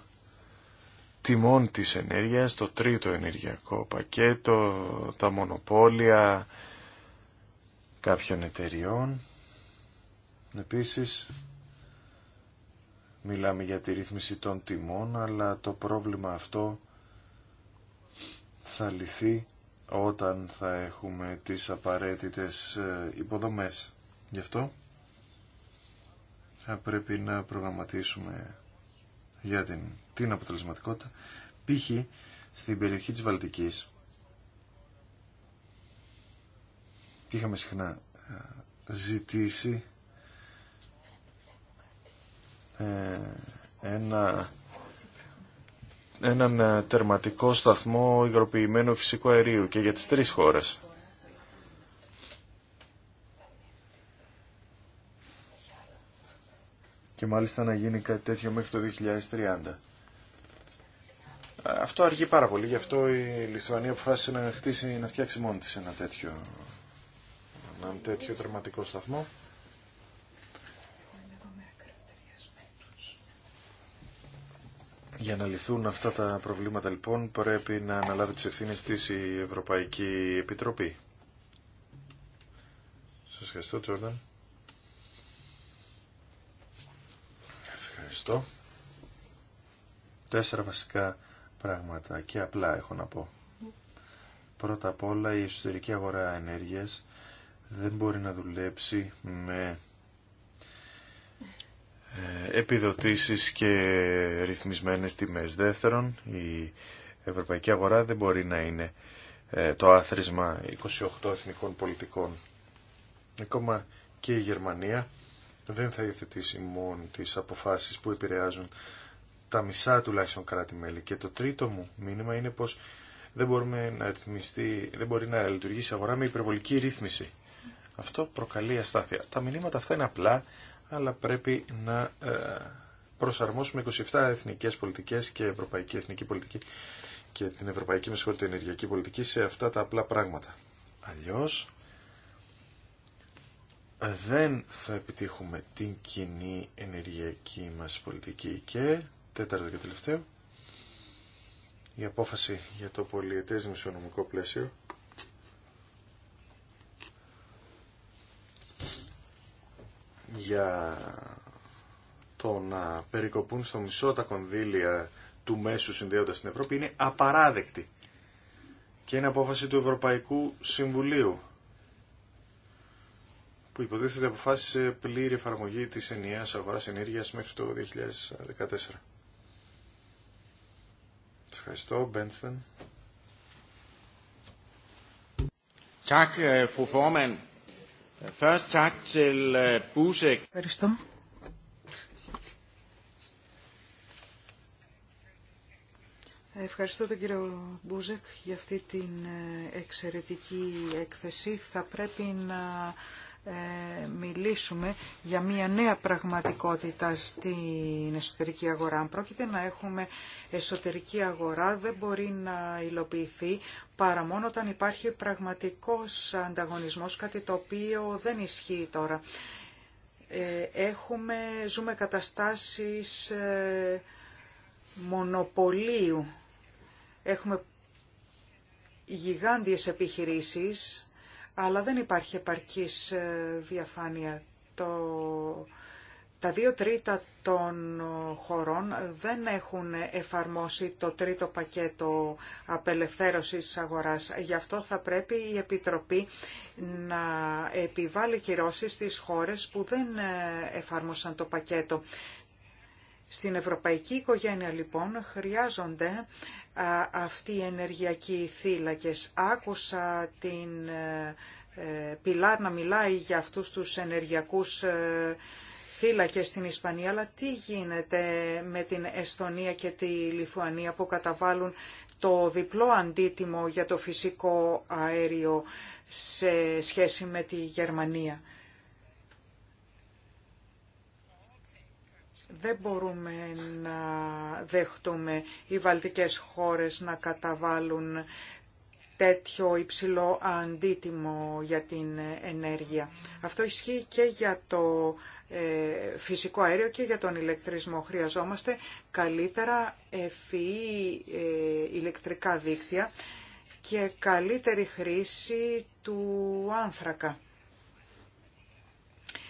τιμών της ενέργειας, το τρίτο ενεργειακό πακέτο, τα μονοπόλια κάποιων εταιριών Επίσης, μιλάμε για τη ρύθμιση των τιμών, αλλά το πρόβλημα αυτό θα λυθεί όταν θα έχουμε τις απαραίτητες ε, υποδομές. Γι' αυτό θα πρέπει να προγραμματίσουμε για την, την αποτελεσματικότητα. Π.χ. στην περιοχή της Βαλτικής είχαμε συχνά ε, ζητήσει ε, ένα, έναν ε, τερματικό σταθμό υγροποιημένου φυσικού αερίου και για τις τρεις χώρες. Και μάλιστα να γίνει κάτι τέτοιο μέχρι το 2030. Αυτό αργεί πάρα πολύ, γι' αυτό η Λιθουανία αποφάσισε να χτίσει, να φτιάξει μόνη της ένα τέτοιο, ένα τέτοιο τερματικό σταθμό. Για να λυθούν αυτά τα προβλήματα λοιπόν πρέπει να αναλάβει τις ευθύνες της η Ευρωπαϊκή Επιτροπή. Σας ευχαριστώ Τζόρνταν. Ευχαριστώ. Τέσσερα βασικά πράγματα και απλά έχω να πω. Πρώτα απ' όλα η εσωτερική αγορά ενέργειας δεν μπορεί να δουλέψει με ε, επιδοτήσεις και ρυθμισμένες τιμές. Δεύτερον, η ευρωπαϊκή αγορά δεν μπορεί να είναι ε, το άθροισμα 28 εθνικών πολιτικών. Ακόμα και η Γερμανία δεν θα υιοθετήσει μόνο τις αποφάσεις που επηρεάζουν τα μισά τουλάχιστον κράτη-μέλη. Και το τρίτο μου μήνυμα είναι πως δεν, μπορούμε να δεν μπορεί να λειτουργήσει η αγορά με υπερβολική ρύθμιση. Αυτό προκαλεί αστάθεια. Τα μηνύματα αυτά είναι απλά, αλλά πρέπει να ε, προσαρμόσουμε 27 εθνικές πολιτικές και ευρωπαϊκή εθνική πολιτική και την ευρωπαϊκή μεσχόλητη ενεργειακή πολιτική σε αυτά τα απλά πράγματα. Αλλιώς δεν θα επιτύχουμε την κοινή ενεργειακή μας πολιτική και τέταρτο και τελευταίο η απόφαση για το πολιετές μισονομικό πλαίσιο για το να περικοπούν στο μισό τα κονδύλια του μέσου συνδέοντας στην Ευρώπη είναι απαράδεκτη. Και είναι απόφαση του Ευρωπαϊκού Συμβουλίου που υποτίθεται αποφάσισε πλήρη εφαρμογή της ενιαίας αγοράς ενέργειας μέχρι το 2014. Ευχαριστώ, Μπένστεν. Eh, Øh, Ευχαριστώ. Ευχαριστώ τον κύριο Μπούζεκ για αυτή την ε, εξαιρετική έκθεση. Θα πρέπει να ε, μιλήσουμε για μια νέα πραγματικότητα στην εσωτερική αγορά. Αν πρόκειται να έχουμε εσωτερική αγορά δεν μπορεί να υλοποιηθεί παρά μόνο όταν υπάρχει πραγματικός ανταγωνισμός, κάτι το οποίο δεν ισχύει τώρα. Ε, έχουμε, ζούμε καταστάσεις ε, μονοπωλίου. Έχουμε γιγάντιες επιχειρήσεις αλλά δεν υπάρχει επαρκής ε, διαφάνεια. Το... Τα δύο τρίτα των ε, χωρών ε, δεν έχουν εφαρμόσει το τρίτο πακέτο απελευθέρωσης αγοράς. Γι' αυτό θα πρέπει η Επιτροπή να επιβάλλει κυρώσεις στις χώρες που δεν εφάρμοσαν το πακέτο. Στην ευρωπαϊκή οικογένεια λοιπόν χρειάζονται αυτοί οι ενεργειακοί θύλακες. Άκουσα την ε, ε, Πιλάρ να μιλάει για αυτούς τους ενεργειακούς ε, θύλακες στην Ισπανία, αλλά τι γίνεται με την Εστονία και τη Λιθουανία που καταβάλουν το διπλό αντίτιμο για το φυσικό αέριο σε σχέση με τη Γερμανία. δεν μπορούμε να δεχτούμε οι βαλτικές χώρες να καταβάλουν τέτοιο υψηλό αντίτιμο για την ενέργεια. Αυτό ισχύει και για το ε, φυσικό αέριο και για τον ηλεκτρισμό. Χρειαζόμαστε καλύτερα ευφυή ε, ηλεκτρικά δίκτυα και καλύτερη χρήση του άνθρακα.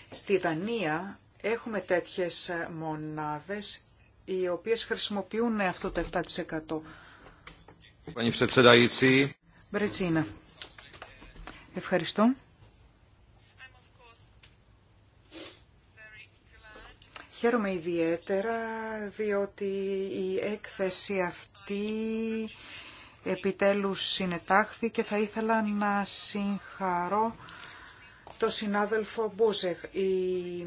Στη Δανία Έχουμε τέτοιες μονάδες οι οποίες χρησιμοποιούν αυτό το 7%. Μπρετσίνα. Ευχαριστώ. Χαίρομαι ιδιαίτερα διότι η έκθεση αυτή επιτέλους συνετάχθη και θα ήθελα να συγχαρώ το συνάδελφο Μπούζεχ. Η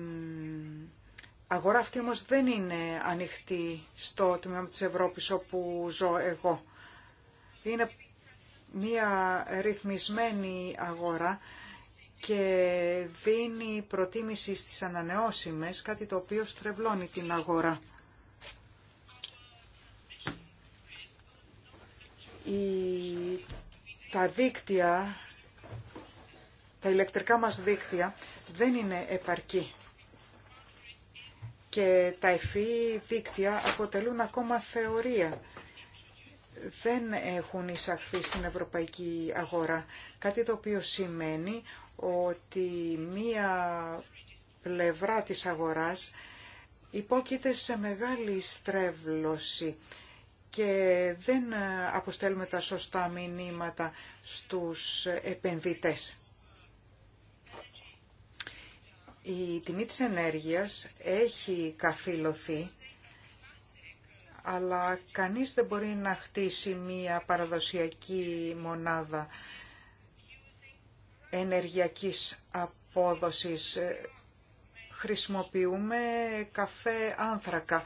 αγορά αυτή όμως δεν είναι ανοιχτή στο τμήμα της Ευρώπης όπου ζω εγώ. Είναι μια ρυθμισμένη αγορά και δίνει προτίμηση στις ανανεώσιμες, κάτι το οποίο στρεβλώνει την αγορά. Η... Τα δίκτυα τα ηλεκτρικά μας δίκτυα δεν είναι επαρκή και τα ευφύ δίκτυα αποτελούν ακόμα θεωρία. Δεν έχουν εισαχθεί στην ευρωπαϊκή αγορά. Κάτι το οποίο σημαίνει ότι μία πλευρά της αγοράς υπόκειται σε μεγάλη στρέβλωση και δεν αποστέλουμε τα σωστά μηνύματα στους επενδυτές. Η τιμή της ενέργειας έχει καθήλωθεί, αλλά κανείς δεν μπορεί να χτίσει μία παραδοσιακή μονάδα ενεργειακής απόδοσης. Χρησιμοποιούμε καφέ άνθρακα.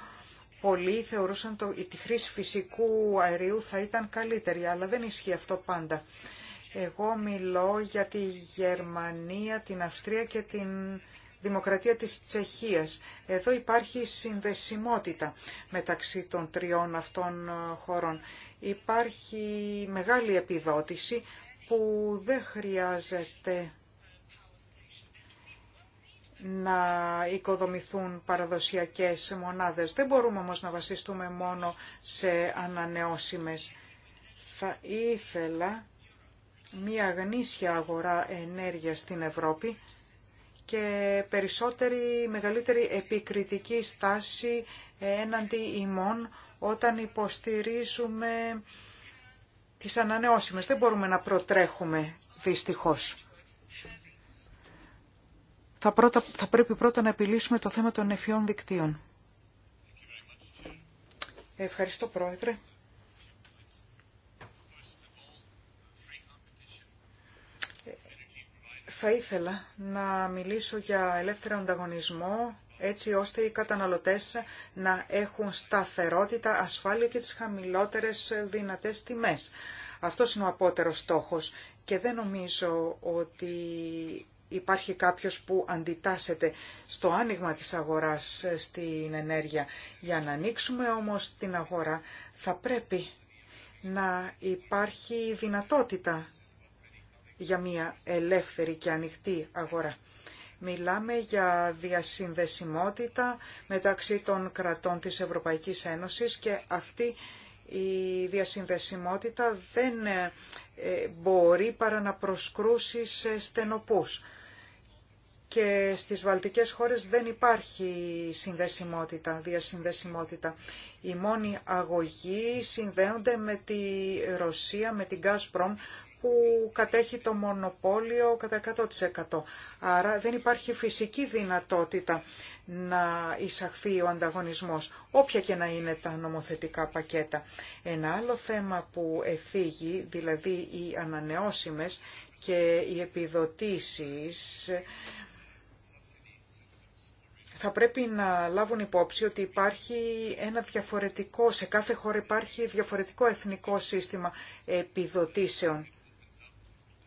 Πολλοί θεωρούσαν το, τη χρήση φυσικού αερίου θα ήταν καλύτερη, αλλά δεν ισχύει αυτό πάντα. Εγώ μιλώ για τη Γερμανία, την Αυστρία και την Δημοκρατία της Τσεχίας. Εδώ υπάρχει συνδεσιμότητα μεταξύ των τριών αυτών ε, χωρών. Υπάρχει μεγάλη επιδότηση που δεν χρειάζεται να οικοδομηθούν παραδοσιακές μονάδες. Δεν μπορούμε όμως να βασιστούμε μόνο σε ανανεώσιμες. Θα ήθελα μια γνήσια αγορά ενέργειας στην Ευρώπη και περισσότερη, μεγαλύτερη επικριτική στάση έναντι ημών όταν υποστηρίζουμε τις ανανεώσιμες. Δεν μπορούμε να προτρέχουμε δυστυχώς. Θα, πρώτα, θα πρέπει πρώτα να επιλύσουμε το θέμα των εφιών δικτύων. Ευχαριστώ Πρόεδρε. Θα ήθελα να μιλήσω για ελεύθερο ανταγωνισμό έτσι ώστε οι καταναλωτές να έχουν σταθερότητα, ασφάλεια και τις χαμηλότερες δυνατές τιμές. Αυτό είναι ο απότερος στόχος και δεν νομίζω ότι υπάρχει κάποιος που αντιτάσσεται στο άνοιγμα της αγοράς στην ενέργεια. Για να ανοίξουμε όμως την αγορά θα πρέπει να υπάρχει δυνατότητα για μια ελεύθερη και ανοιχτή αγορά. Μιλάμε για διασυνδεσιμότητα μεταξύ των κρατών της Ευρωπαϊκής Ένωσης και αυτή η διασυνδεσιμότητα δεν ε, μπορεί παρά να προσκρούσει σε στενοπούς. Και στις βαλτικές χώρες δεν υπάρχει συνδεσιμότητα, διασυνδεσιμότητα. Οι μόνοι αγωγοί συνδέονται με τη Ρωσία, με την Gazprom που κατέχει το μονοπόλιο κατά 100%. Άρα δεν υπάρχει φυσική δυνατότητα να εισαχθεί ο ανταγωνισμός, όποια και να είναι τα νομοθετικά πακέτα. Ένα άλλο θέμα που εφήγει, δηλαδή οι ανανεώσιμες και οι επιδοτήσεις, θα πρέπει να λάβουν υπόψη ότι υπάρχει ένα διαφορετικό, σε κάθε χώρο υπάρχει διαφορετικό εθνικό σύστημα επιδοτήσεων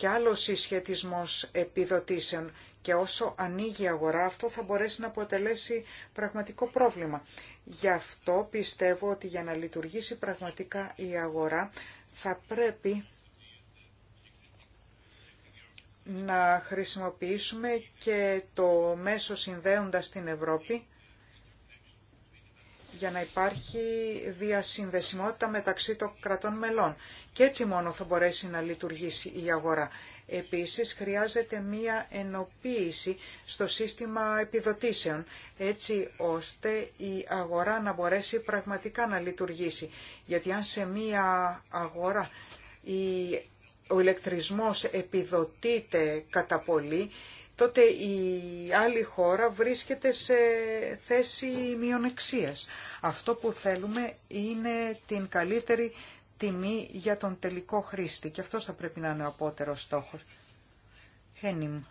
και άλλο συσχετισμό επιδοτήσεων και όσο ανοίγει η αγορά αυτό θα μπορέσει να αποτελέσει πραγματικό πρόβλημα. Γι' αυτό πιστεύω ότι για να λειτουργήσει πραγματικά η αγορά θα πρέπει να χρησιμοποιήσουμε και το μέσο συνδέοντας την Ευρώπη για να υπάρχει διασυνδεσιμότητα μεταξύ των κρατών μελών. Και έτσι μόνο θα μπορέσει να λειτουργήσει η αγορά. Επίσης, χρειάζεται μία ενοποίηση στο σύστημα επιδοτήσεων, έτσι ώστε η αγορά να μπορέσει πραγματικά να λειτουργήσει. Γιατί αν σε μία αγορά η, ο ηλεκτρισμός επιδοτείται κατά πολύ, τότε η άλλη χώρα βρίσκεται σε θέση μειονεξίας. Αυτό που θέλουμε είναι την καλύτερη τιμή για τον τελικό χρήστη και αυτός θα πρέπει να είναι ο απότερος στόχος. Χένιμ.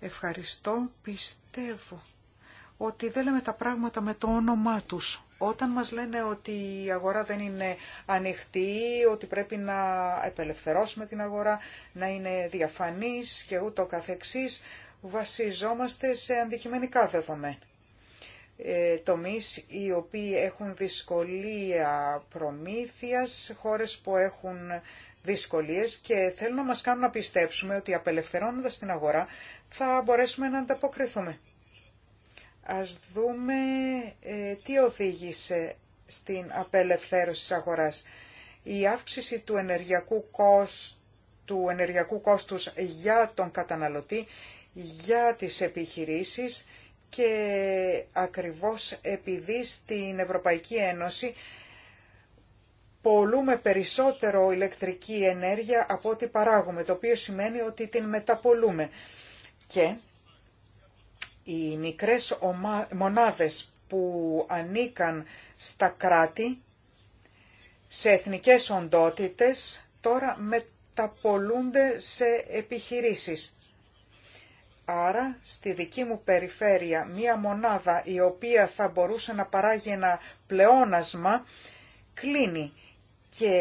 Ευχαριστώ, πιστεύω ότι δεν τα πράγματα με το όνομά τους. Όταν μας λένε ότι η αγορά δεν είναι ανοιχτή, ότι πρέπει να επελευθερώσουμε την αγορά, να είναι διαφανής και ούτω καθεξής, βασιζόμαστε σε αντικειμενικά δεδομένα. Ε, τομείς οι οποίοι έχουν δυσκολία προμήθειας, χώρες που έχουν δυσκολίες και θέλουν να μας κάνουν να πιστέψουμε ότι απελευθερώνοντας την αγορά θα μπορέσουμε να ανταποκριθούμε. Ας δούμε ε, τι οδήγησε στην απελευθέρωση της αγοράς. Η αύξηση του ενεργειακού, κόστου, του ενεργειακού κόστους για τον καταναλωτή, για τις επιχειρήσεις και ακριβώς επειδή στην Ευρωπαϊκή Ένωση πολλούμε περισσότερο ηλεκτρική ενέργεια από ό,τι παράγουμε, το οποίο σημαίνει ότι την μεταπολούμε. Και οι μικρές μονάδες που ανήκαν στα κράτη, σε εθνικές οντότητες, τώρα μεταπολούνται σε επιχειρήσεις. Άρα, στη δική μου περιφέρεια, μία μονάδα η οποία θα μπορούσε να παράγει ένα πλεόνασμα, κλείνει και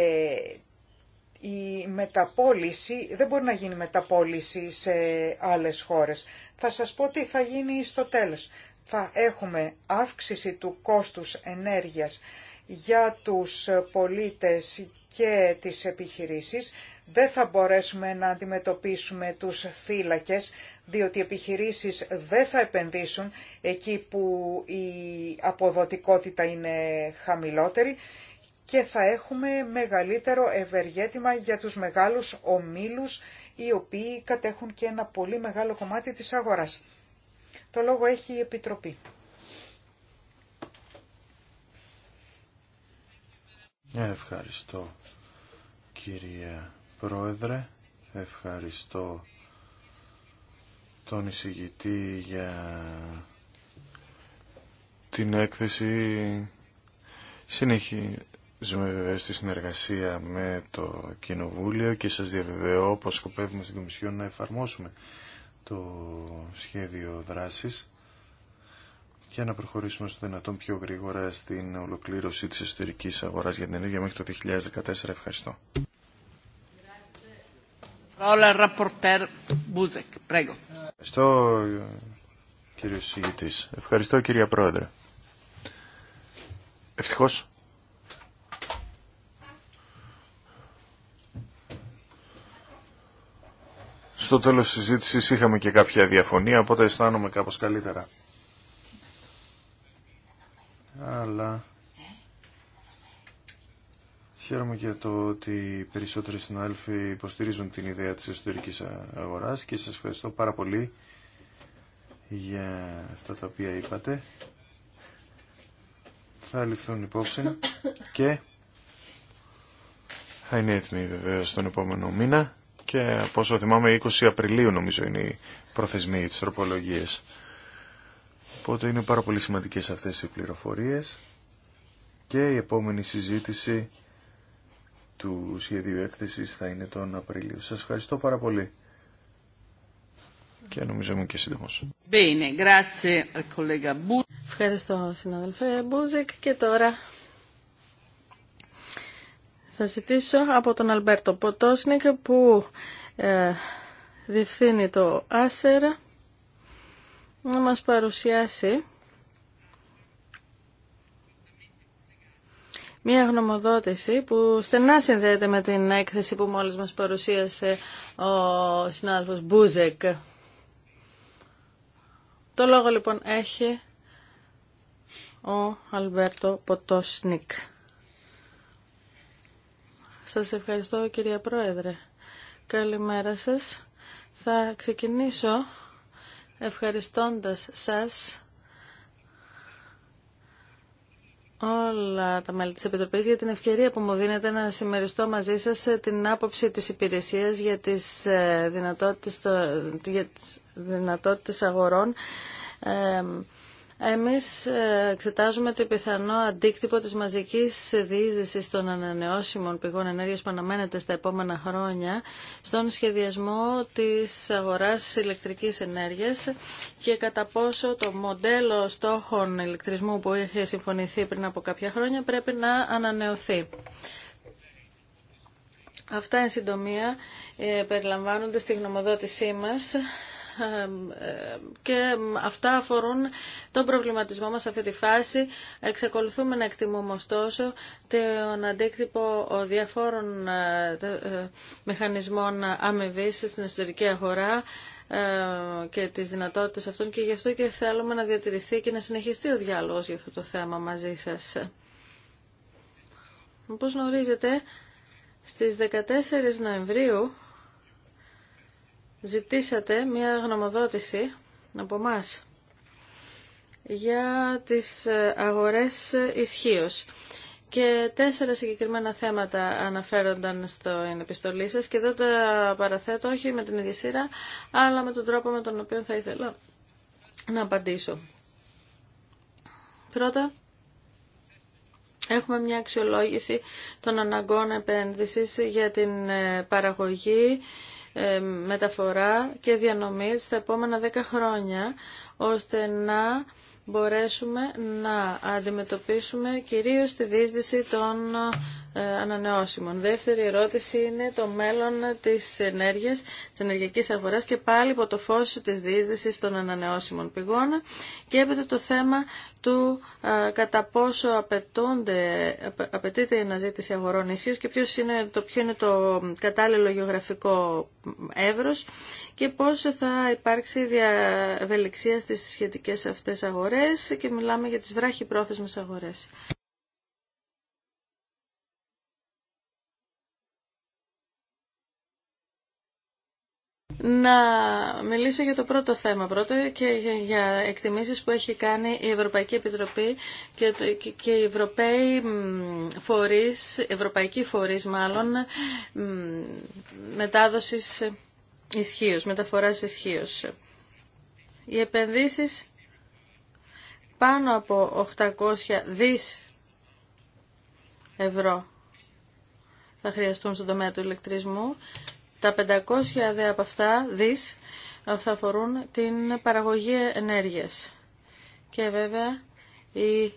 η μεταπόληση δεν μπορεί να γίνει μεταπόληση σε άλλες χώρες. Θα σας πω τι θα γίνει στο τέλος. Θα έχουμε αύξηση του κόστους ενέργειας για τους πολίτες και τις επιχειρήσεις. Δεν θα μπορέσουμε να αντιμετωπίσουμε τους φύλακες, διότι οι επιχειρήσεις δεν θα επενδύσουν εκεί που η αποδοτικότητα είναι χαμηλότερη και θα έχουμε μεγαλύτερο ευεργέτημα για τους μεγάλους ομίλους οι οποίοι κατέχουν και ένα πολύ μεγάλο κομμάτι της αγοράς. Το λόγο έχει η Επιτροπή. Ευχαριστώ κυρία Πρόεδρε, ευχαριστώ τον εισηγητή για την έκθεση συνεχί. Ζούμε βέβαια στη συνεργασία με το Κοινοβούλιο και σας διαβεβαιώ πως σκοπεύουμε στην Κομισιόν να εφαρμόσουμε το σχέδιο δράσης και να προχωρήσουμε στο δυνατόν πιο γρήγορα στην ολοκλήρωση της εσωτερικής αγοράς για την ενέργεια μέχρι το 2014. Ευχαριστώ. Ευχαριστώ κύριο Συγητής. Ευχαριστώ κυρία Πρόεδρε. Ευτυχώς στο τέλος της συζήτησης είχαμε και κάποια διαφωνία, οπότε αισθάνομαι κάπως καλύτερα. Αλλά χαίρομαι και το ότι οι περισσότεροι συνάδελφοι υποστηρίζουν την ιδέα της εσωτερικής αγοράς και σας ευχαριστώ πάρα πολύ για αυτά τα οποία είπατε. Θα ληφθούν υπόψη και θα είναι έτοιμοι βεβαίως τον επόμενο μήνα και πόσο θυμάμαι 20 Απριλίου νομίζω είναι οι προθεσμοί της τροπολογίας. Οπότε είναι πάρα πολύ σημαντικές αυτές οι πληροφορίες και η επόμενη συζήτηση του σχεδίου έκθεσης θα είναι τον Απρίλιο. Σας ευχαριστώ πάρα πολύ. Και νομίζω ήμουν και σύντομος. Ευχαριστώ συναδελφέ Μπούζεκ και τώρα θα ζητήσω από τον Αλμπέρτο Ποτόσνικ που ε, διευθύνει το Άσερ να μας παρουσιάσει μια γνωμοδότηση που στενά συνδέεται με την έκθεση που μόλις μας παρουσίασε ο συνάδελφος Μπούζεκ. Το λόγο λοιπόν έχει ο Αλμπέρτο Ποτόσνικ. Σας ευχαριστώ κυρία Πρόεδρε. Καλημέρα σας. Θα ξεκινήσω ευχαριστώντας σας όλα τα μέλη της Επιτροπής για την ευκαιρία που μου δίνετε να συμμεριστώ μαζί σας την άποψη της υπηρεσίας για τις ε, δυνατότητες, για τις δυνατότητες αγορών ε, εμείς ε, εξετάζουμε το πιθανό αντίκτυπο της μαζικής διείσδυσης των ανανεώσιμων πηγών ενέργειας που αναμένεται στα επόμενα χρόνια στον σχεδιασμό της αγοράς ηλεκτρικής ενέργειας και κατά πόσο το μοντέλο στόχων ηλεκτρισμού που είχε συμφωνηθεί πριν από κάποια χρόνια πρέπει να ανανεωθεί. Αυτά εν συντομία ε, περιλαμβάνονται στη γνωμοδότησή μας και αυτά αφορούν τον προβληματισμό μας σε αυτή τη φάση. Εξακολουθούμε να εκτιμούμε ωστόσο τον αντίκτυπο διαφόρων ε, ε, μηχανισμών αμοιβή στην εσωτερική αγορά ε, και τις δυνατότητες αυτών και γι' αυτό και θέλουμε να διατηρηθεί και να συνεχιστεί ο διάλογος για αυτό το θέμα μαζί σας. Όπως γνωρίζετε, στις 14 Νοεμβρίου ζητήσατε μια γνωμοδότηση από εμά για τις ε, αγορές ισχύω. Και τέσσερα συγκεκριμένα θέματα αναφέρονταν στην επιστολή σα και εδώ τα παραθέτω όχι με την ίδια σειρά, αλλά με τον τρόπο με τον οποίο θα ήθελα να απαντήσω. Πρώτα, έχουμε μια αξιολόγηση των αναγκών επένδυσης για την ε, παραγωγή ε, μεταφορά και διανομή στα επόμενα δέκα χρόνια, ώστε να μπορέσουμε να αντιμετωπίσουμε κυρίως τη δίσδυση των ε, ανανεώσιμων. Δεύτερη ερώτηση είναι το μέλλον της ενέργειας, της ενεργειακής αγοράς και πάλι υπό το φως της δίσδυσης των ανανεώσιμων πηγών και έπειτα το θέμα του ε, κατά πόσο απαιτείται η αναζήτηση αγορών ισχύως και ποιος είναι το, ποιο είναι το κατάλληλο γεωγραφικό εύρος και πώς θα υπάρξει διαβελιξία στις σχετικές αυτές αγορές αγορές και μιλάμε για τις βράχοι πρόθεσμες αγορές. Να μιλήσω για το πρώτο θέμα πρώτο και για εκτιμήσεις που έχει κάνει η Ευρωπαϊκή Επιτροπή και, και οι Ευρωπαίοι φορείς, Ευρωπαϊκοί φορείς μάλλον, μετάδοσης ισχύω, μεταφοράς ισχύω. Οι επενδύσεις πάνω από 800 δις ευρώ θα χρειαστούν στον τομέα του ηλεκτρισμού. Τα 500 δε από αυτά δις θα αφορούν την παραγωγή ενέργειας. Και βέβαια η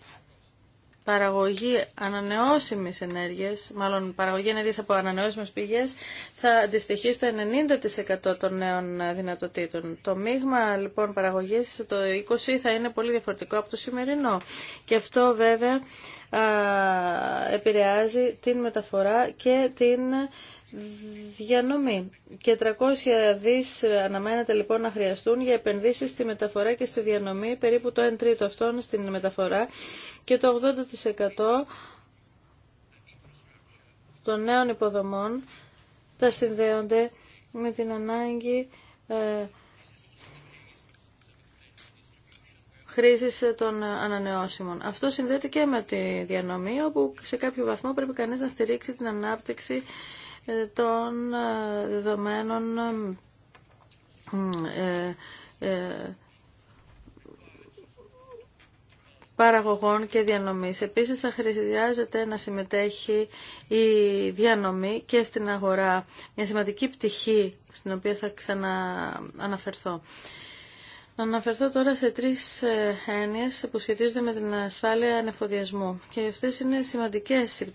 παραγωγή ανανεώσιμης ενέργειας, μάλλον παραγωγή ενέργειας από ανανεώσιμες πηγές, θα αντιστοιχεί στο 90% των νέων δυνατοτήτων. Το μείγμα λοιπόν παραγωγής το 20 θα είναι πολύ διαφορετικό από το σημερινό. Και αυτό βέβαια α, επηρεάζει την μεταφορά και την Διανομή. Και 300 δις αναμένεται λοιπόν να χρειαστούν για επενδύσεις στη μεταφορά και στη διανομή, περίπου το 1 τρίτο αυτών στην μεταφορά και το 80% των νέων υποδομών θα συνδέονται με την ανάγκη ε, χρήσης των ανανεώσιμων. Αυτό συνδέεται και με τη διανομή, όπου σε κάποιο βαθμό πρέπει κανείς να στηρίξει την ανάπτυξη των ε, δεδομένων ε, ε, παραγωγών και διανομής. Επίσης θα χρειάζεται να συμμετέχει η διανομή και στην αγορά. Μια σημαντική πτυχή στην οποία θα ξανααναφερθώ. Να αναφερθώ τώρα σε τρεις ε, έννοιες που σχετίζονται με την ασφάλεια ανεφοδιασμού. Και αυτές είναι σημαντικές οι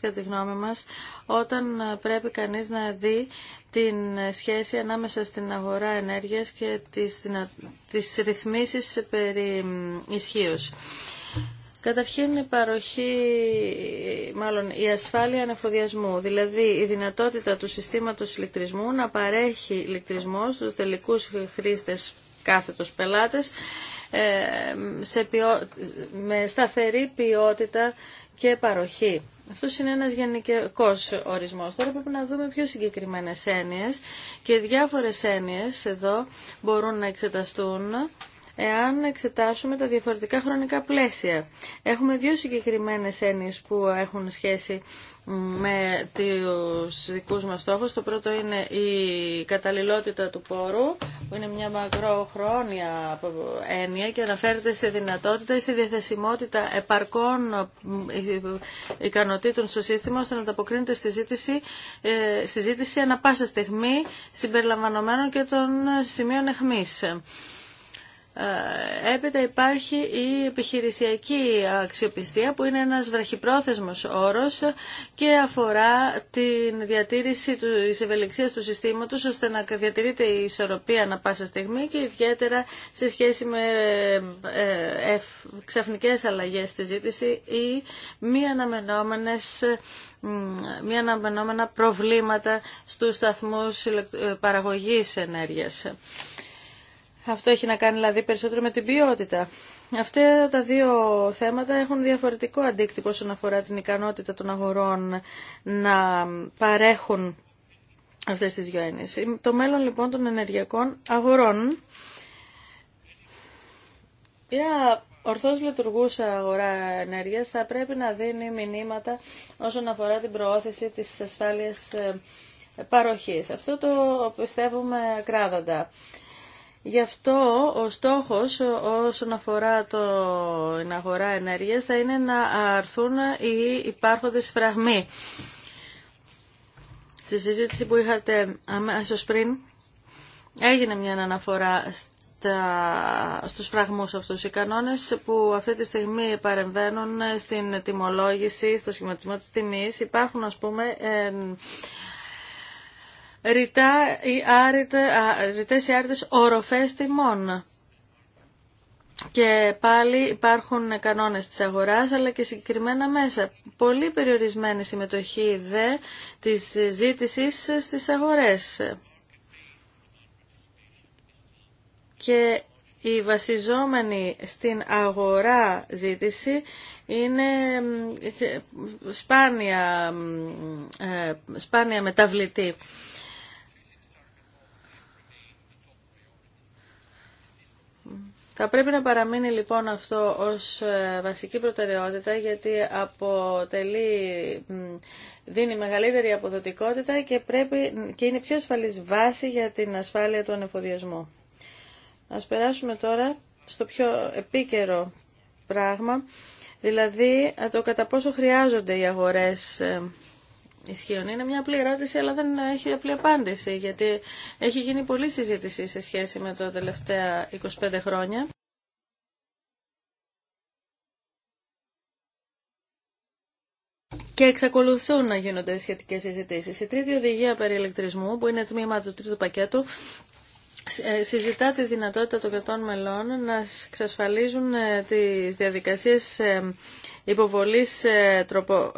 κατά τη γνώμη μας, όταν ε, πρέπει κανείς να δει την ε, σχέση ανάμεσα στην αγορά ενέργειας και τις, τις ρυθμίσεις περί ισχύως. Καταρχήν η παροχή, μάλλον η ασφάλεια ανεφοδιασμού, δηλαδή η δυνατότητα του συστήματος ηλεκτρισμού να παρέχει ηλεκτρισμό στους τελικούς χρήστες κάθετος πελάτες ε, σε με σταθερή ποιότητα και παροχή. Αυτό είναι ένας γενικός ορισμός. Τώρα πρέπει να δούμε πιο συγκεκριμένες έννοιες και διάφορες έννοιες εδώ μπορούν να εξεταστούν εάν εξετάσουμε τα διαφορετικά χρονικά πλαίσια. Έχουμε δύο συγκεκριμένες έννοιες που έχουν σχέση με τους δικούς μας στόχους. Το πρώτο είναι η καταλληλότητα του πόρου, που είναι μια μακροχρόνια έννοια και αναφέρεται στη δυνατότητα ή στη διαθεσιμότητα επαρκών ικανοτήτων στο σύστημα ώστε να ανταποκρίνεται στη ζήτηση, ε, στη ζήτηση ανα πάσα στιγμή συμπεριλαμβανομένων και των σημείων εχμής. Ε, έπειτα υπάρχει η επιχειρησιακή αξιοπιστία που είναι ένας βραχυπρόθεσμος όρος και αφορά την διατήρηση της ευελιξίας του συστήματος ώστε να διατηρείται η ισορροπία ανα πάσα στιγμή και ιδιαίτερα σε σχέση με ε, ε, ξαφνικές αλλαγές στη ζήτηση ή μη, αναμενόμενες, μη αναμενόμενα προβλήματα στους σταθμούς παραγωγής ενέργειας. Αυτό έχει να κάνει δηλαδή περισσότερο με την ποιότητα. Αυτά τα δύο θέματα έχουν διαφορετικό αντίκτυπο όσον αφορά την ικανότητα των αγορών να παρέχουν αυτές τις δυο Το μέλλον λοιπόν των ενεργειακών αγορών για ορθώς λειτουργούσα αγορά ενέργειας θα πρέπει να δίνει μηνύματα όσον αφορά την προώθηση της ασφάλειας ε, παροχής. Αυτό το πιστεύουμε κράδαντα. Γι' αυτό ο στόχος όσον αφορά την αγορά ενέργειας θα είναι να αρθούν οι υπάρχοντες φραγμοί. Στη συζήτηση που είχατε αμέσως πριν έγινε μια αναφορά στα, στους φραγμούς αυτούς οι κανόνες που αυτή τη στιγμή παρεμβαίνουν στην τιμολόγηση, στο σχηματισμό της τιμής. Υπάρχουν ας πούμε ρητά ή ρητές ή άρρητες οροφές τιμών. Και πάλι υπάρχουν κανόνες της αγοράς αλλά και συγκεκριμένα μέσα. Πολύ περιορισμένη συμμετοχή δε της ζήτησης στις αγορές. Και η βασιζόμενη στην αγορά ζήτηση είναι σπάνια, ε, σπάνια μεταβλητή. Θα πρέπει να παραμείνει λοιπόν αυτό ως ε, βασική προτεραιότητα γιατί αποτελεί, δίνει μεγαλύτερη αποδοτικότητα και, πρέπει, και είναι πιο ασφαλής βάση για την ασφάλεια του ανεφοδιασμού. Ας περάσουμε τώρα στο πιο επίκαιρο πράγμα, δηλαδή το κατά πόσο χρειάζονται οι αγορές ε, είναι μια απλή ερώτηση, αλλά δεν έχει απλή απάντηση, γιατί έχει γίνει πολλή συζήτηση σε σχέση με τα τελευταία 25 χρόνια. Και εξακολουθούν να γίνονται σχετικές συζητήσει. Η τρίτη οδηγία περί ηλεκτρισμού, που είναι τμήμα του τρίτου πακέτου, ε, συζητά τη δυνατότητα των κρατών μελών να εξασφαλίζουν ε, τις διαδικασίες ε, υποβολής τροπο,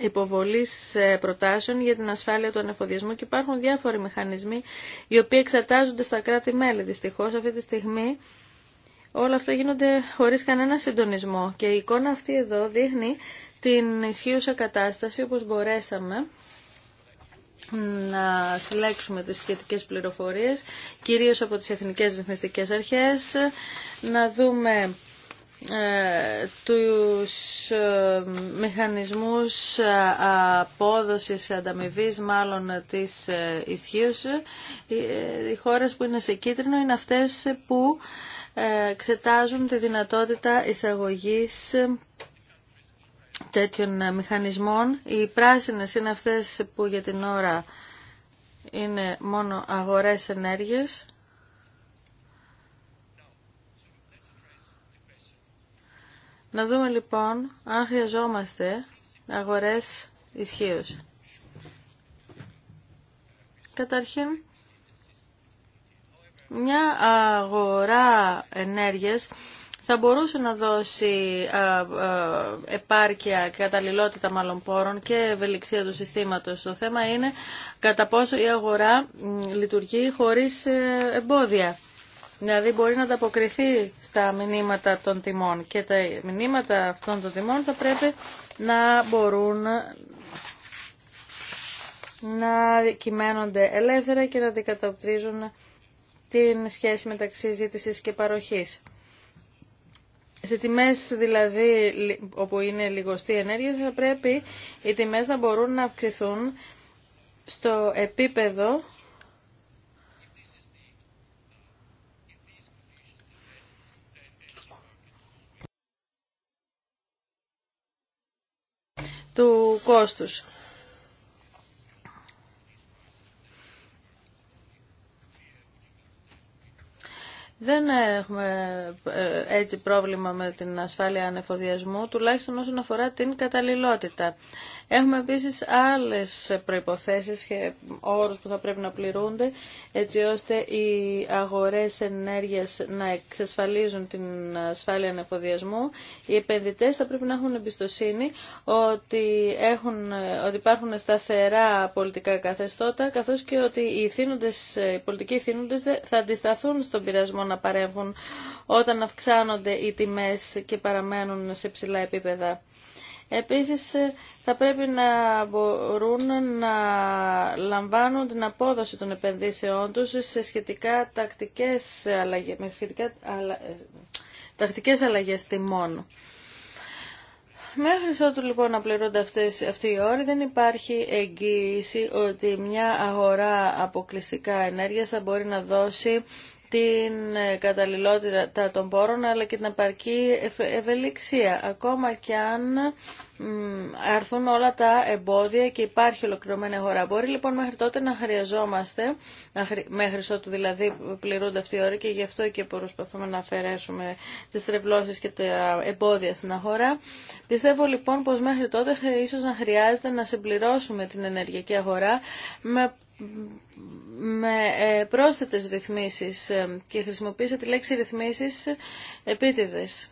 Υποβολή ε, προτάσεων για την ασφάλεια του ανεφοδιασμού και υπάρχουν διάφοροι μηχανισμοί οι οποίοι εξετάζονται στα κράτη-μέλη. Δυστυχώ, αυτή τη στιγμή όλα αυτά γίνονται χωρίς κανένα συντονισμό και η εικόνα αυτή εδώ δείχνει την ισχύουσα κατάσταση όπως μπορέσαμε να συλλέξουμε τις σχετικές πληροφορίες, κυρίως από τις Εθνικές Ρυθμιστικές Αρχές, να δούμε ε, τους ε, μηχανισμούς ε, απόδοσης ανταμοιβή μάλλον της ισχύω. Οι χώρες που είναι σε κίτρινο είναι αυτές που εξετάζουν τη δυνατότητα εισαγωγής τέτοιων μηχανισμών. Οι πράσινες είναι αυτές που για την ώρα είναι μόνο αγορές ενέργειας. Να δούμε λοιπόν αν χρειαζόμαστε αγορές ισχύω. Καταρχήν, μια αγορά ενέργειας θα μπορούσε να δώσει επάρκεια και επάρκεια, καταλληλότητα μάλλον πόρων και ευελιξία του συστήματος. Το θέμα είναι κατά πόσο η αγορά λειτουργεί χωρίς ε, εμπόδια. Δηλαδή μπορεί να ανταποκριθεί στα μηνύματα των τιμών και τα μηνύματα αυτών των τιμών θα πρέπει να μπορούν να κυμαίνονται ελεύθερα και να αντικατοπτρίζουν την σχέση μεταξύ ζήτηση και παροχής. Σε τιμές δηλαδή όπου είναι λιγοστή ενέργεια θα πρέπει οι τιμές να μπορούν να αυξηθούν στο επίπεδο του κόστους. δεν έχουμε ε, έτσι πρόβλημα με την ασφάλεια ανεφοδιασμού, τουλάχιστον όσον αφορά την καταλληλότητα. Έχουμε επίσης άλλες προϋποθέσεις και όρους που θα πρέπει να πληρούνται, έτσι ώστε οι αγορές ενέργειας να εξασφαλίζουν την ασφάλεια ανεφοδιασμού. Οι επενδυτές θα πρέπει να έχουν εμπιστοσύνη ότι, έχουν, ότι υπάρχουν σταθερά πολιτικά καθεστώτα, καθώς και ότι οι, οι πολιτικοί θύνοντες θα αντισταθούν στον πειρασμό να παρεύουν όταν αυξάνονται οι τιμές και παραμένουν σε ψηλά επίπεδα. Επίσης θα πρέπει να μπορούν να λαμβάνουν την απόδοση των επενδύσεών τους σε σχετικά τακτικές αλλαγές, σχετικά αλλα... Ε, τακτικές αλλαγές τιμών. Μέχρι ότου λοιπόν να πληρούνται αυτές, αυτοί οι όροι δεν υπάρχει εγγύηση ότι μια αγορά αποκλειστικά ενέργειας θα μπορεί να δώσει την ε, καταλληλότητα των πόρων αλλά και την επαρκή ευελιξία. Ακόμα και αν αρθούν όλα τα εμπόδια και υπάρχει ολοκληρωμένη αγορά. Μπορεί λοιπόν μέχρι τότε να χρειαζόμαστε, μέχρι ότου δηλαδή πληρούνται αυτοί οι όροι και γι' αυτό και προσπαθούμε να αφαιρέσουμε τις τρευλώσεις και τα εμπόδια στην αγορά. Πιστεύω λοιπόν πως μέχρι τότε ίσως να χρειάζεται να συμπληρώσουμε την ενεργειακή αγορά με με ε, πρόσθετες ρυθμίσεις ε, και χρησιμοποίησα τη λέξη ρυθμίσεις επίτηδες.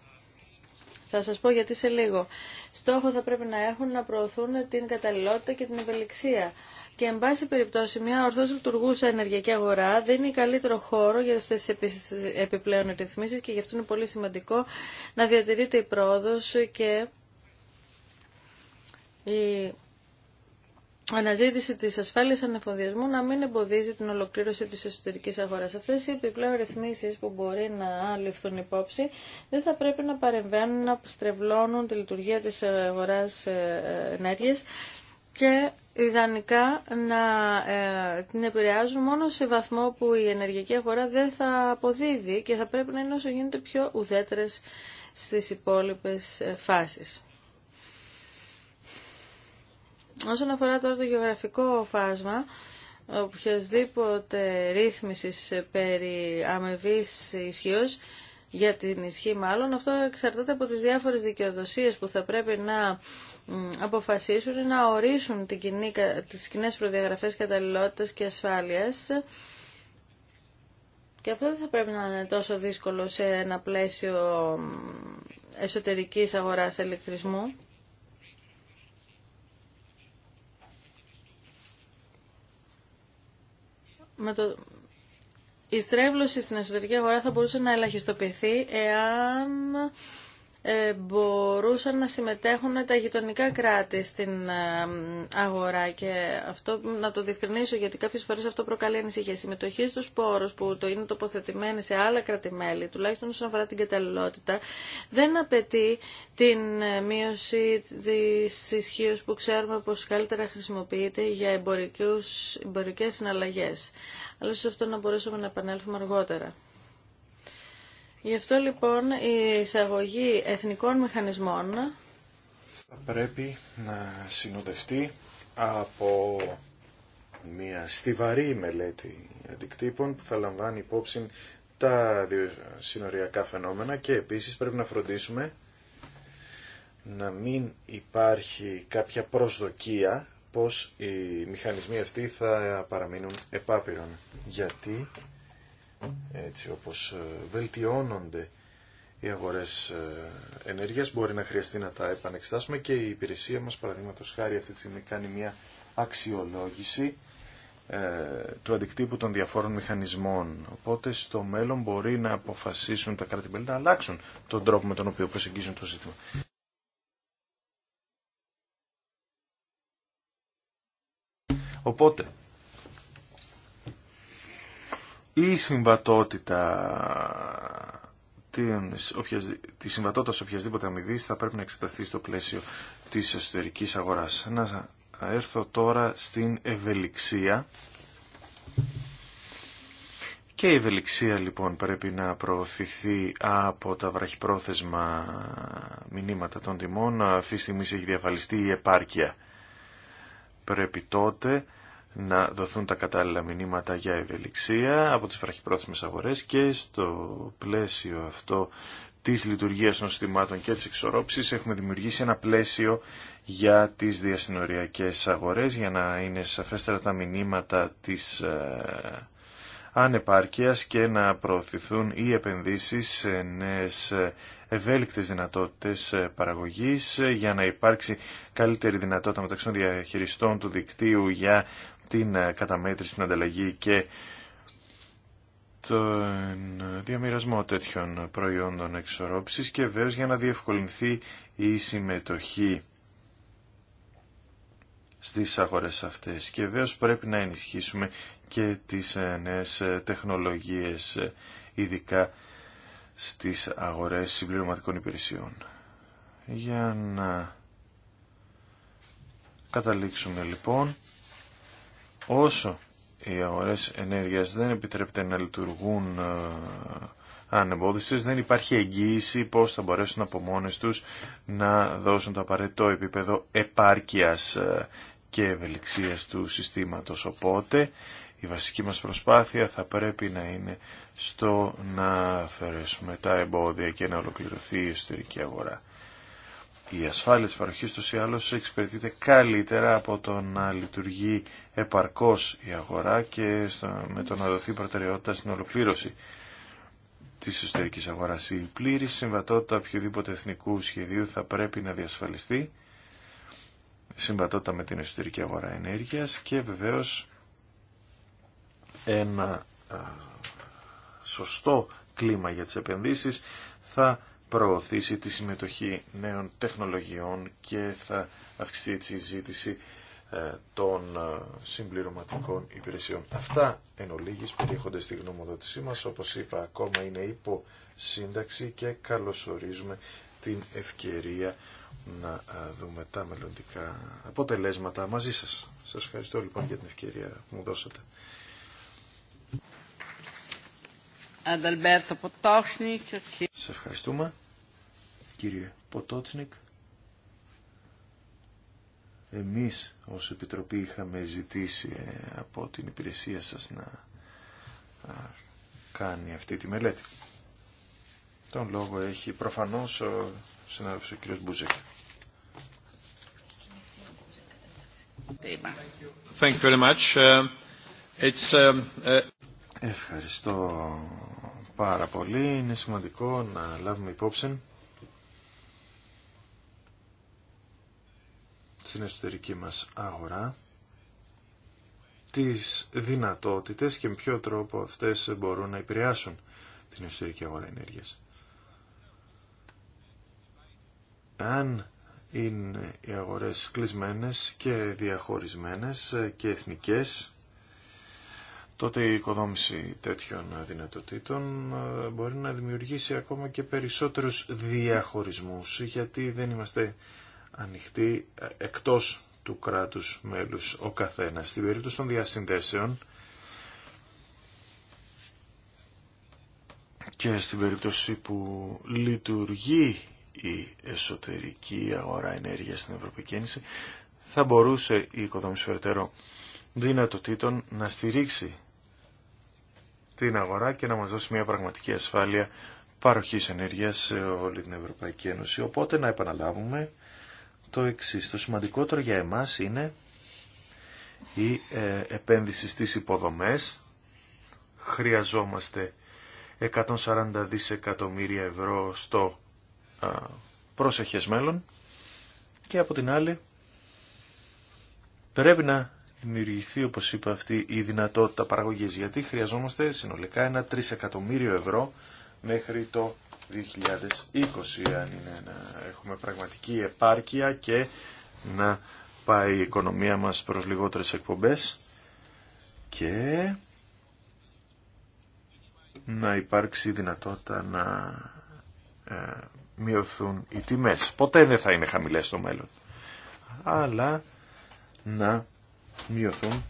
Θα σας πω γιατί σε λίγο. Στόχο θα πρέπει να έχουν να προωθούν την καταλληλότητα και την ευελιξία. Και εν πάση περιπτώσει μια ορθώς λειτουργούσα ενεργειακή αγορά δίνει καλύτερο χώρο για αυτές τις επιπλέον ρυθμίσεις και γι' αυτό είναι πολύ σημαντικό να διατηρείται η πρόοδος και η αναζήτηση τη ασφάλεια ανεφοδιασμού να μην εμποδίζει την ολοκλήρωση της εσωτερικής αγοράς. Αυτέ οι επιπλέον ρυθμίσει που μπορεί να ληφθούν υπόψη δεν θα πρέπει να παρεμβαίνουν, να στρεβλώνουν τη λειτουργία της αγοράς ε, ενέργειας και ιδανικά να ε, την επηρεάζουν μόνο σε βαθμό που η ενεργειακή αγορά δεν θα αποδίδει και θα πρέπει να είναι όσο γίνεται πιο ουδέτερε στις υπόλοιπες ε, φάσεις. Όσον αφορά τώρα το γεωγραφικό φάσμα, οποιασδήποτε ρύθμιση περί αμοιβή ισχύω, για την ισχύ μάλλον, αυτό εξαρτάται από τις διάφορες δικαιοδοσίες που θα πρέπει να αποφασίσουν ή να ορίσουν την τις κοινέ προδιαγραφές καταλληλότητας και ασφάλειας. Και αυτό δεν θα πρέπει να είναι τόσο δύσκολο σε ένα πλαίσιο εσωτερικής αγοράς ηλεκτρισμού. με η στρέβλωση στην εσωτερική αγορά θα μπορούσε να ελαχιστοποιηθεί εάν ε, μπορούσαν να συμμετέχουν τα γειτονικά κράτη στην ε, αγορά και αυτό να το διευκρινίσω γιατί κάποιες φορές αυτό προκαλεί ανησυχία. Η συμμετοχή στους πόρους που το είναι τοποθετημένοι σε άλλα κρατημέλη, τουλάχιστον όσον αφορά την καταλληλότητα, δεν απαιτεί την ε, μείωση της ισχύω που ξέρουμε πως καλύτερα χρησιμοποιείται για εμπορικές συναλλαγές. Αλλά σε αυτό να μπορέσουμε να επανέλθουμε αργότερα. Γι' αυτό λοιπόν η εισαγωγή εθνικών μηχανισμών θα πρέπει να συνοδευτεί από μια στιβαρή μελέτη αντικτύπων που θα λαμβάνει υπόψη τα συνοριακά φαινόμενα και επίσης πρέπει να φροντίσουμε να μην υπάρχει κάποια προσδοκία πως οι μηχανισμοί αυτοί θα παραμείνουν επάπειρον. Γιατί έτσι όπως ε, βελτιώνονται οι αγορές ε, ενέργειας μπορεί να χρειαστεί να τα επανεξετάσουμε και η υπηρεσία μας παραδείγματο χάρη αυτή τη στιγμή κάνει μια αξιολόγηση ε, του αντικτύπου των διαφόρων μηχανισμών. Οπότε στο μέλλον μπορεί να αποφασίσουν τα κράτη-μέλη να αλλάξουν τον τρόπο με τον οποίο προσεγγίζουν το ζήτημα. Οπότε, η συμβατότητα τη συμβατότητα οποιασδήποτε αμοιβή θα πρέπει να εξεταστεί στο πλαίσιο της εσωτερικής αγοράς. Να έρθω τώρα στην ευελιξία. Και η ευελιξία λοιπόν πρέπει να προωθηθεί από τα βραχυπρόθεσμα μηνύματα των τιμών. Αυτή τη στιγμή έχει διαφαλιστεί η επάρκεια. Πρέπει τότε να δοθούν τα κατάλληλα μηνύματα για ευελιξία από τις βραχυπρόθεσμες αγορές και στο πλαίσιο αυτό της λειτουργίας των συστημάτων και της εξορρόψης έχουμε δημιουργήσει ένα πλαίσιο για τις διασυνοριακές αγορές για να είναι σαφέστερα τα μηνύματα της ε, ανεπάρκειας και να προωθηθούν οι επενδύσεις σε νέες ε, ευέλικτες δυνατότητες ε, παραγωγής για να υπάρξει καλύτερη δυνατότητα μεταξύ των διαχειριστών του δικτύου για την ε, καταμέτρηση, την ανταλλαγή και τον διαμοιρασμό τέτοιων προϊόντων εξορόψης και βέβαια για να διευκολυνθεί η συμμετοχή στις αγορές αυτές. Και βέβαια πρέπει να ενισχύσουμε και τις ε, νέες ε, τεχνολογίες, ειδικά στις αγορές συμπληρωματικών υπηρεσιών. Για να καταλήξουμε λοιπόν όσο οι αγορές ενέργειας δεν επιτρέπεται να λειτουργούν ε, ανεμπόδιστες, δεν υπάρχει εγγύηση πώς θα μπορέσουν από μόνες τους να δώσουν το απαραίτητο επίπεδο επάρκειας ε, και ευελιξίας του συστήματος. Οπότε η βασική μας προσπάθεια θα πρέπει να είναι στο να αφαιρέσουμε τα εμπόδια και να ολοκληρωθεί η εσωτερική αγορά η ασφάλεια της παροχής του ή εξυπηρετείται καλύτερα από το να λειτουργεί επαρκώς η αγορά και με το να δοθεί προτεραιότητα στην ολοκλήρωση της εσωτερικής αγοράς. Η πλήρη συμβατότητα οποιοδήποτε εθνικού σχεδίου θα πρέπει να διασφαλιστεί συμβατότητα με την εσωτερική αγορά ενέργειας και βεβαίως ένα σωστό κλίμα για τις επενδύσεις θα προωθήσει τη συμμετοχή νέων τεχνολογιών και θα αυξηθεί έτσι η ζήτηση ε, των ε, συμπληρωματικών υπηρεσιών. Αυτά εν ολίγης περιέχονται στη γνωμοδότησή μας, όπως είπα ακόμα είναι υπό σύνταξη και καλωσορίζουμε την ευκαιρία να ε, δούμε τα μελλοντικά αποτελέσματα μαζί σας. Σας ευχαριστώ λοιπόν για την ευκαιρία που μου δώσατε. Σας ευχαριστούμε, κύριε Ποτότσνικ. Εμείς ως Επιτροπή είχαμε ζητήσει ε, από την υπηρεσία σας να κάνει αυτή τη μελέτη. Τον λόγο έχει προφανώς ο συνάδελφος ο κύριος Μπουζέκ. Uh, um, uh, Ευχαριστώ πάρα πολύ. Είναι σημαντικό να λάβουμε υπόψη στην εσωτερική μας αγορά τις δυνατότητες και με ποιο τρόπο αυτές μπορούν να επηρεάσουν την εσωτερική αγορά ενέργειας. Αν είναι οι αγορές κλεισμένες και διαχωρισμένες και εθνικές, τότε η οικοδόμηση τέτοιων δυνατοτήτων ε, μπορεί να δημιουργήσει ακόμα και περισσότερους διαχωρισμούς, γιατί δεν είμαστε ανοιχτοί ε, εκτός του κράτους μέλους ο καθένας. Στην περίπτωση των διασυνδέσεων και στην περίπτωση που λειτουργεί η εσωτερική αγορά ενέργειας στην Ευρωπαϊκή Ένωση, θα μπορούσε η οικοδόμηση περαιτέρω δυνατοτήτων να στηρίξει την αγορά και να μας δώσει μια πραγματική ασφάλεια παροχής ενέργειας σε όλη την Ευρωπαϊκή Ένωση. Οπότε να επαναλάβουμε το εξή. Το σημαντικότερο για εμάς είναι η ε, επένδυση στις υποδομές. Χρειαζόμαστε 140 δισεκατομμύρια ευρώ στο πρόσεχες μέλλον και από την άλλη πρέπει να δημιουργηθεί, όπω είπα, αυτή η δυνατότητα παραγωγή Γιατί χρειαζόμαστε συνολικά ένα 3 εκατομμύριο ευρώ μέχρι το 2020, αν είναι να έχουμε πραγματική επάρκεια και να πάει η οικονομία μας προς λιγότερες εκπομπές και να υπάρξει δυνατότητα να ε, μειωθούν οι τιμές. Ποτέ δεν θα είναι χαμηλές στο μέλλον. Αλλά να μειωθούν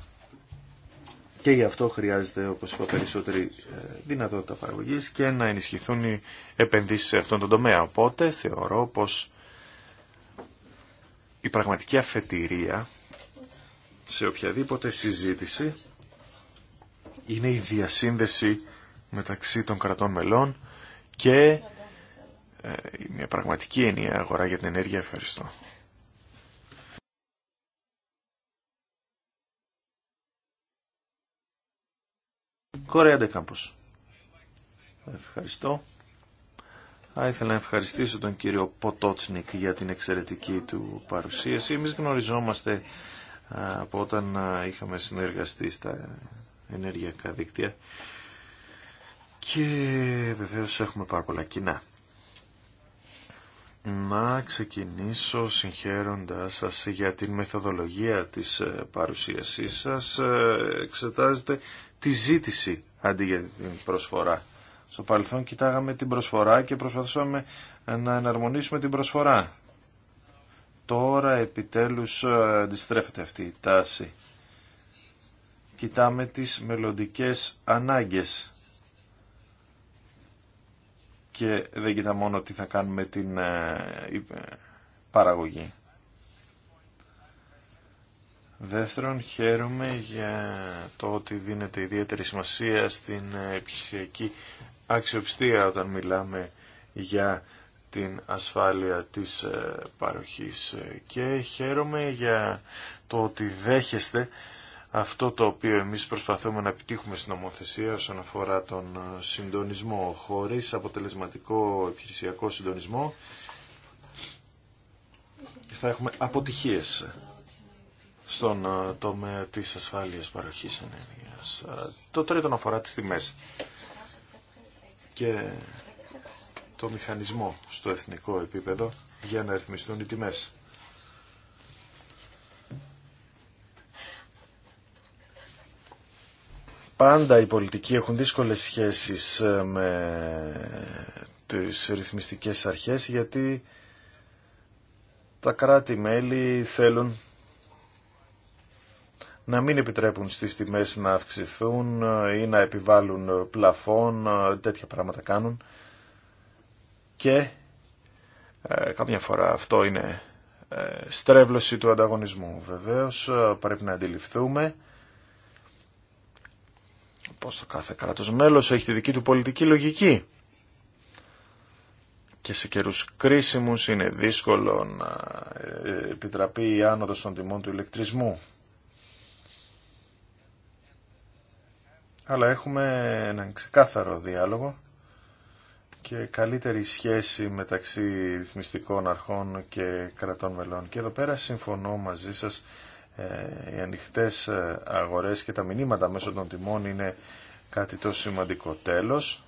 και γι' αυτό χρειάζεται, όπως είπα, περισσότερη ε, δυνατότητα παραγωγής και να ενισχυθούν οι επενδύσεις σε αυτόν τον τομέα. Οπότε θεωρώ πως η πραγματική αφετηρία σε οποιαδήποτε συζήτηση είναι η διασύνδεση μεταξύ των κρατών μελών και ε, μια πραγματική ενιαία αγορά για την ενέργεια. Ευχαριστώ. Κορέα Ντεκάμπος. Ευχαριστώ. Θα ήθελα να ευχαριστήσω τον κύριο Ποτότσνικ για την εξαιρετική του παρουσίαση. Εμείς γνωριζόμαστε από όταν είχαμε συνεργαστεί στα ενεργειακά δίκτυα και βεβαίως έχουμε πάρα πολλά κοινά. Να ξεκινήσω συγχαίροντας σας για την μεθοδολογία της ε, παρουσίασής σας. Ε, Εξετάζετε τη ζήτηση αντί για την προσφορά. Στο παρελθόν κοιτάγαμε την προσφορά και προσπαθούσαμε να εναρμονίσουμε την προσφορά. Τώρα επιτέλους αντιστρέφεται αυτή η τάση. Κοιτάμε τις μελλοντικέ ανάγκες και δεν κοιτά μόνο τι θα κάνουμε την ε, ε, παραγωγή. Δεύτερον, χαίρομαι για το ότι δίνεται ιδιαίτερη σημασία στην επιχειρησιακή αξιοπιστία όταν μιλάμε για την ασφάλεια της ε, παροχής και χαίρομαι για το ότι δέχεστε αυτό το οποίο εμείς προσπαθούμε να επιτύχουμε στην νομοθεσία όσον αφορά τον ε, συντονισμό χωρίς αποτελεσματικό επιχειρησιακό συντονισμό θα έχουμε αποτυχίες στον ε, τομέα της ασφάλειας παροχής ενέργειας. Ε, το τρίτο αφορά τις τιμές και το μηχανισμό στο εθνικό επίπεδο για να ρυθμιστούν οι τιμές. Πάντα οι πολιτικοί έχουν δύσκολες σχέσεις ε, με τις ρυθμιστικές αρχές γιατί τα κράτη-μέλη θέλουν να μην επιτρέπουν στις τιμές να αυξηθούν ή να επιβάλλουν πλαφών, τέτοια πράγματα κάνουν. Και ε, κάποια φορά αυτό είναι ε, στρέβλωση του ανταγωνισμού. Βεβαίως ε, πρέπει να αντιληφθούμε πως το κάθε κράτος μέλος έχει τη δική του πολιτική λογική. Και σε καιρούς κρίσιμους είναι δύσκολο να ε, επιτραπεί η άνοδος των τιμών του ηλεκτρισμού. αλλά έχουμε έναν ξεκάθαρο διάλογο και καλύτερη σχέση μεταξύ ρυθμιστικών αρχών και κρατών μελών. Και εδώ πέρα συμφωνώ μαζί σας, ε, οι ανοιχτές ε, αγορές και τα μηνύματα μέσω των τιμών είναι κάτι τόσο σημαντικό. Τέλος,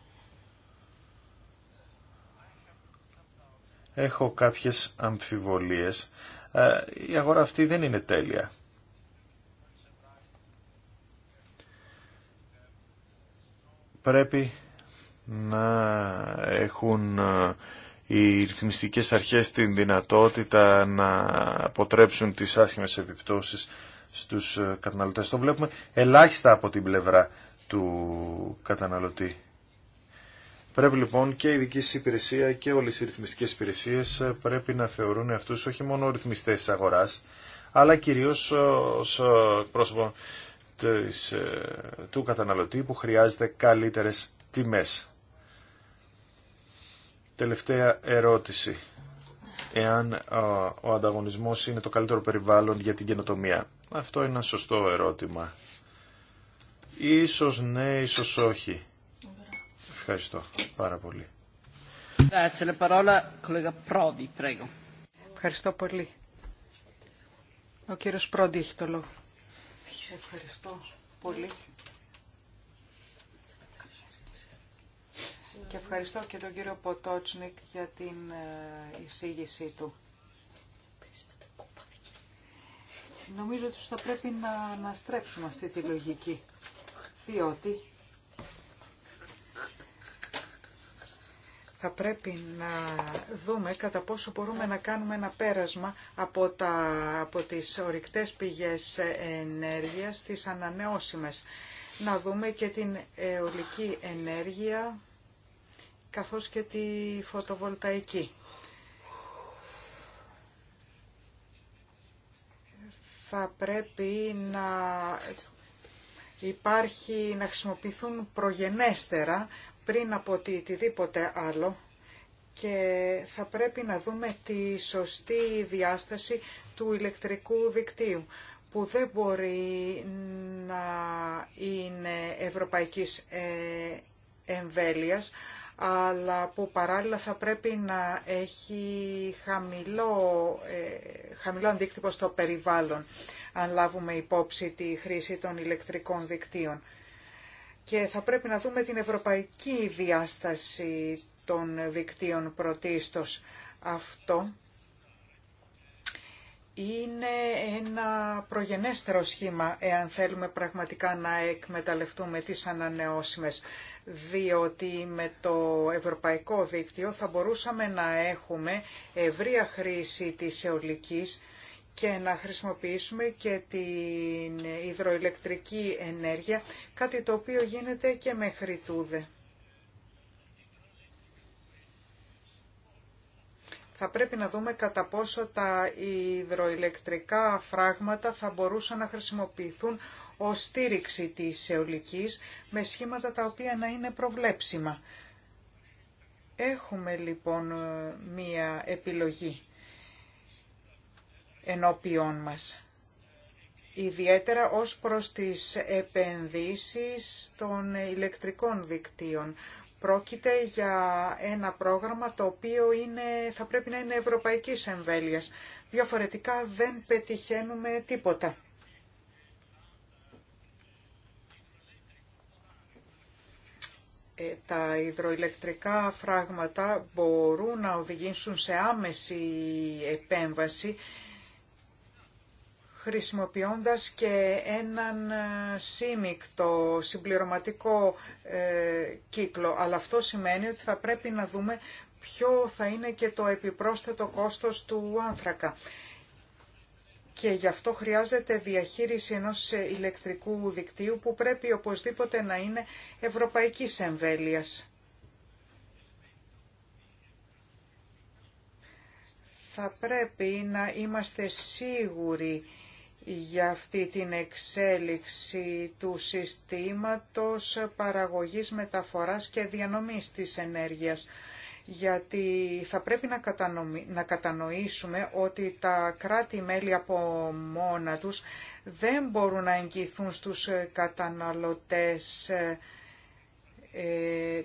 έχω κάποιες αμφιβολίες. Ε, η αγορά αυτή δεν είναι τέλεια. πρέπει να έχουν ε, οι ρυθμιστικές αρχές την δυνατότητα να αποτρέψουν τις άσχημες επιπτώσεις στους ε, καταναλωτές. Το βλέπουμε ελάχιστα από την πλευρά του καταναλωτή. Πρέπει λοιπόν και η ειδική υπηρεσία και όλες οι ρυθμιστικές υπηρεσίες ε, πρέπει να θεωρούν αυτούς όχι μόνο ρυθμιστές της αγοράς, αλλά κυρίως ως πρόσωπο ε, του καταναλωτή που χρειάζεται καλύτερες τιμές. Τελευταία ερώτηση. Εάν ο ανταγωνισμός είναι το καλύτερο περιβάλλον για την καινοτομία. Αυτό είναι ένα σωστό ερώτημα. Ίσως ναι, ίσως όχι. Ευχαριστώ πάρα πολύ. Ευχαριστώ πολύ. Ο κύριος Πρόντι έχει το λόγο ευχαριστώ πολύ. Και ευχαριστώ και τον κύριο Ποτότσνικ για την ε, εισήγησή του. Νομίζω ότι θα πρέπει να αναστρέψουμε αυτή τη λογική, διότι θα πρέπει να δούμε κατά πόσο μπορούμε να κάνουμε ένα πέρασμα από, τα, από τις ορυκτές πηγές ενέργειας, τις ανανεώσιμες. Να δούμε και την αιωλική ενέργεια καθώς και τη φωτοβολταϊκή. Θα πρέπει να υπάρχει να χρησιμοποιηθούν προγενέστερα πριν από οτιδήποτε άλλο και θα πρέπει να δούμε τη σωστή διάσταση του ηλεκτρικού δικτύου που δεν μπορεί να είναι ευρωπαϊκής ε, εμβέλειας αλλά που παράλληλα θα πρέπει να έχει χαμηλό, ε, χαμηλό αντίκτυπο στο περιβάλλον αν λάβουμε υπόψη τη χρήση των ηλεκτρικών δικτύων και θα πρέπει να δούμε την ευρωπαϊκή διάσταση των δικτύων πρωτίστως. Αυτό είναι ένα προγενέστερο σχήμα εάν θέλουμε πραγματικά να εκμεταλλευτούμε τις ανανεώσιμες διότι με το ευρωπαϊκό δίκτυο θα μπορούσαμε να έχουμε ευρία χρήση της αιωλικής και να χρησιμοποιήσουμε και την υδροηλεκτρική ενέργεια, κάτι το οποίο γίνεται και μέχρι τούδε. Θα πρέπει να δούμε κατά πόσο τα υδροηλεκτρικά φράγματα θα μπορούσαν να χρησιμοποιηθούν ως στήριξη της αιωλικής με σχήματα τα οποία να είναι προβλέψιμα. Έχουμε λοιπόν μία επιλογή ενώπιόν μας. Ιδιαίτερα ως προς τις επενδύσεις των ηλεκτρικών δικτύων. Πρόκειται για ένα πρόγραμμα το οποίο είναι, θα πρέπει να είναι ευρωπαϊκής εμβέλειας. Διαφορετικά δεν πετυχαίνουμε τίποτα. Ε, τα υδροηλεκτρικά φράγματα μπορούν να οδηγήσουν σε άμεση επέμβαση χρησιμοποιώντας και έναν ε, σύμικτο συμπληρωματικό ε, κύκλο. Αλλά αυτό σημαίνει ότι θα πρέπει να δούμε ποιο θα είναι και το επιπρόσθετο κόστος του άνθρακα. Και γι' αυτό χρειάζεται διαχείριση ενός ε, ηλεκτρικού δικτύου που πρέπει οπωσδήποτε να είναι ευρωπαϊκής εμβέλειας. Θα πρέπει να είμαστε σίγουροι για αυτή την εξέλιξη του συστήματος παραγωγής, μεταφοράς και διανομής της ενέργειας. Γιατί θα πρέπει να, κατανοήσουμε ότι τα κράτη-μέλη από μόνα τους δεν μπορούν να εγγυηθούν στους καταναλωτές ε,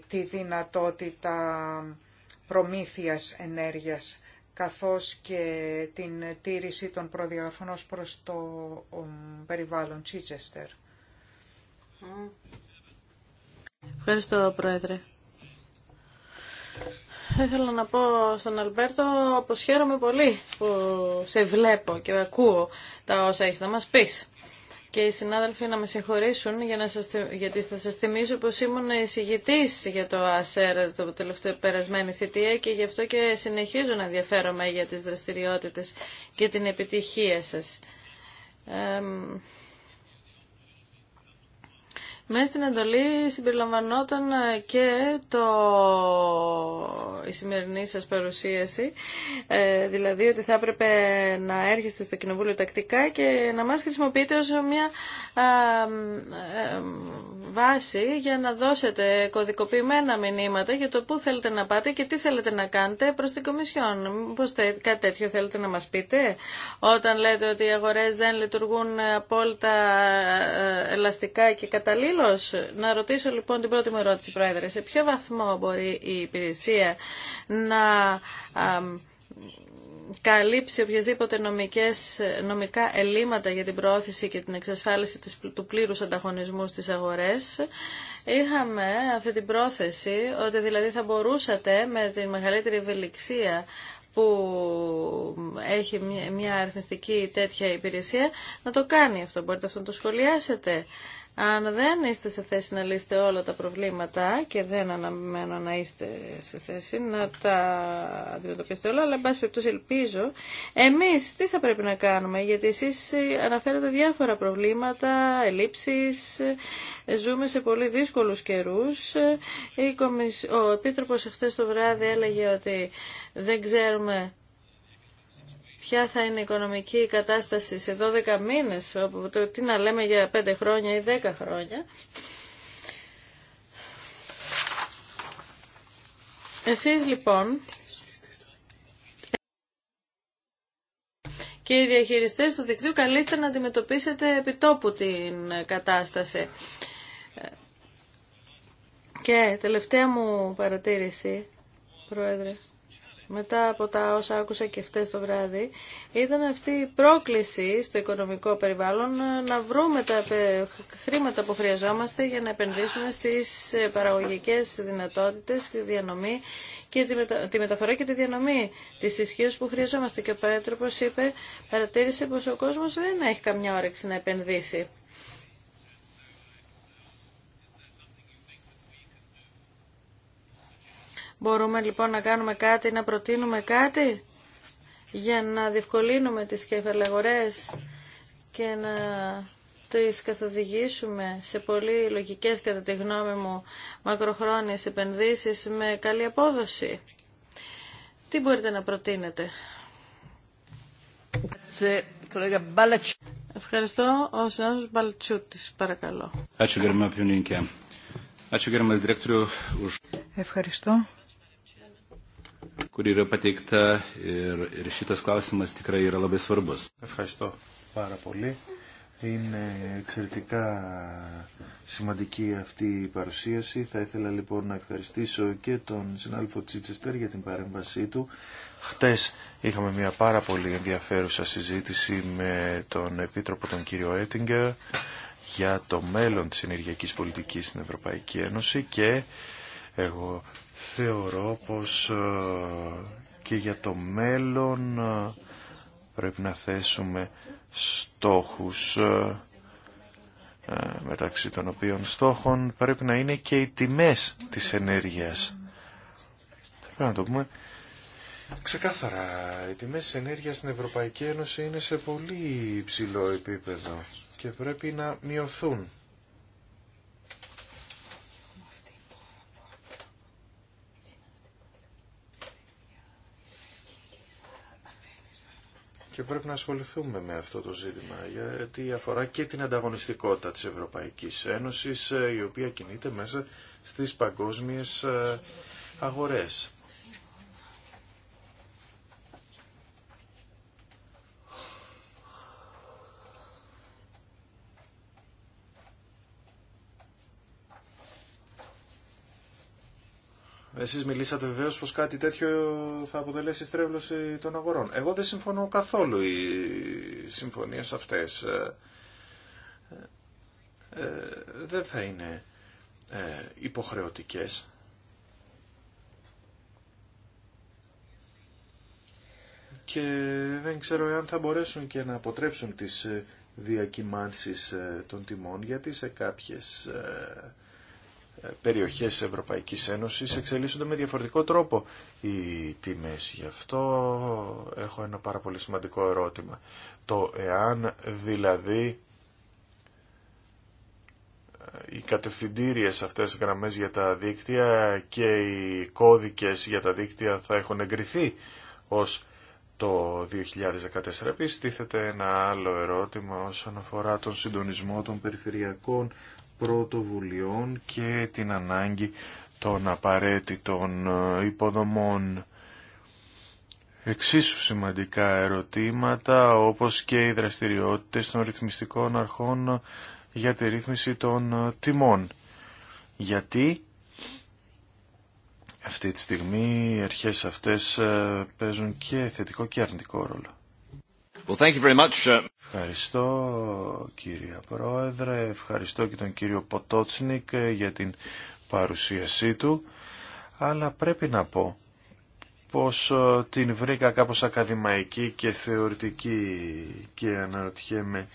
τη δυνατότητα προμήθειας ενέργειας καθώς και την τήρηση των προδιαγραφών προς το περιβάλλον Τσίτσεστερ. Ευχαριστώ, Πρόεδρε. Θέλω ήθελα να πω στον Αλμπέρτο πως χαίρομαι πολύ που σε βλέπω και ακούω τα όσα έχεις να μας πεις και οι συνάδελφοι να με συγχωρήσουν για να σας, γιατί θα σας θυμίσω πως ήμουν εισηγητής για το ΑΣΕΡ το τελευταίο περασμένη θητεία και γι' αυτό και συνεχίζω να ενδιαφέρομαι για τις δραστηριότητες και την επιτυχία σας. Μέσα στην εντολή συμπεριλαμβανόταν ε, και το... η σημερινή σας παρουσίαση, ε, δηλαδή ότι θα έπρεπε να έρχεστε στο Κοινοβούλιο τακτικά και να μας χρησιμοποιείτε ως μια ε, βάση για να δώσετε κωδικοποιημένα μηνύματα για το πού θέλετε να πάτε και τι θέλετε να κάνετε προς την Κομισιόν. Μήπως κάτι τέτοιο θέλετε να μας πείτε όταν λέτε ότι οι αγορές δεν λειτουργούν απόλυτα ελαστικά και καταλή. Τέλο, Να ρωτήσω λοιπόν την πρώτη μου ερώτηση, Πρόεδρε. Σε ποιο βαθμό μπορεί η υπηρεσία να καλύψει οποιασδήποτε νομικές, νομικά ελλείμματα για την προώθηση και την εξασφάλιση της, του πλήρους ανταγωνισμού στις αγορές. Είχαμε αυτή την πρόθεση ότι δηλαδή θα μπορούσατε με τη μεγαλύτερη ευελιξία που έχει μια αριθμιστική τέτοια υπηρεσία να το κάνει αυτό. Μπορείτε αυτό να το σχολιάσετε. Αν δεν είστε σε θέση να λύσετε όλα τα προβλήματα και δεν αναμένω να είστε σε θέση να τα αντιμετωπίσετε όλα, αλλά εν πάση περιπτώσει ελπίζω, εμείς τι θα πρέπει να κάνουμε, γιατί εσείς αναφέρατε διάφορα προβλήματα, ελλείψεις, ζούμε σε πολύ δύσκολους καιρούς. Ο Επίτροπος χθε το βράδυ έλεγε ότι δεν ξέρουμε ποια θα είναι η οικονομική κατάσταση σε 12 μήνες, τι να λέμε για 5 χρόνια ή 10 χρόνια. Εσείς λοιπόν και οι διαχειριστές του δικτύου καλείστε να αντιμετωπίσετε επιτόπου την κατάσταση. Και τελευταία μου παρατήρηση, Πρόεδρε μετά από τα όσα άκουσα και χτες το βράδυ, ήταν αυτή η πρόκληση στο οικονομικό περιβάλλον να βρούμε τα χρήματα που χρειαζόμαστε για να επενδύσουμε στις παραγωγικές δυνατότητες, τη διανομή και τη, μετα... τη μεταφορά και τη διανομή της ισχύω που χρειαζόμαστε. Και ο Πέτροπος είπε, παρατήρησε πως ο κόσμος δεν έχει καμιά όρεξη να επενδύσει. Μπορούμε λοιπόν να κάνουμε κάτι, να προτείνουμε κάτι για να διευκολύνουμε τις κεφαλαγορές και να τις καθοδηγήσουμε σε πολύ λογικές κατά τη γνώμη μου μακροχρόνιες επενδύσεις με καλή απόδοση. Τι μπορείτε να προτείνετε. Ευχαριστώ. Ο Μπαλτσούτης, παρακαλώ. Ευχαριστώ yra pateikta ir, šitas klausimas tikrai Ευχαριστώ πάρα πολύ. Είναι εξαιρετικά σημαντική αυτή η παρουσίαση. Θα ήθελα λοιπόν να ευχαριστήσω και τον συνάδελφο Τσίτσεστερ για την παρέμβασή του. Χτες είχαμε μια πάρα πολύ ενδιαφέρουσα συζήτηση με τον Επίτροπο τον κύριο Έτιγκερ για το μέλλον της ενεργειακής πολιτικής στην Ευρωπαϊκή Ένωση και εγώ θεωρώ πως ε, και για το μέλλον ε, πρέπει να θέσουμε στόχους ε, μεταξύ των οποίων στόχων πρέπει να είναι και οι τιμές της ενέργειας. Πρέπει να το πούμε ξεκάθαρα. Οι τιμές της ενέργειας στην Ευρωπαϊκή Ένωση είναι σε πολύ υψηλό επίπεδο και πρέπει να μειωθούν. Και πρέπει να ασχοληθούμε με αυτό το ζήτημα, γιατί αφορά και την ανταγωνιστικότητα της Ευρωπαϊκής Ένωσης, ε, η οποία κινείται μέσα στις παγκόσμιες ε, αγορές. Εσείς μιλήσατε βεβαίω πω κάτι τέτοιο θα αποτελέσει στρέβλωση των αγορών. Εγώ δεν συμφωνώ καθόλου οι συμφωνίες αυτές. Ε, ε, δεν θα είναι ε, υποχρεωτικές. Και δεν ξέρω αν θα μπορέσουν και να αποτρέψουν τις διακυμάνσεις των τιμών, γιατί σε κάποιες περιοχές Ευρωπαϊκής Ένωσης εξελίσσονται με διαφορετικό τρόπο οι τιμές. Γι' αυτό έχω ένα πάρα πολύ σημαντικό ερώτημα. Το εάν δηλαδή οι κατευθυντήριες αυτές γραμμές για τα δίκτυα και οι κώδικες για τα δίκτυα θα έχουν εγκριθεί ως το 2014. Επίσης τίθεται ένα άλλο ερώτημα όσον αφορά τον συντονισμό των περιφερειακών πρωτοβουλειών και την ανάγκη των απαραίτητων ε, υποδομών. Εξίσου σημαντικά ερωτήματα όπως και οι δραστηριότητες των ρυθμιστικών αρχών για τη ρύθμιση των ε, τιμών. Γιατί αυτή τη στιγμή οι αρχές αυτές ε, παίζουν και θετικό και αρνητικό ρόλο. Uh, ευχαριστώ κύριε Πρόεδρε, ευχαριστώ και τον κύριο Ποτότσνικ ε, για την παρουσίασή του, αλλά πρέπει να πω πως ε, την βρήκα κάπως ακαδημαϊκή και θεωρητική και αναρωτιέμαι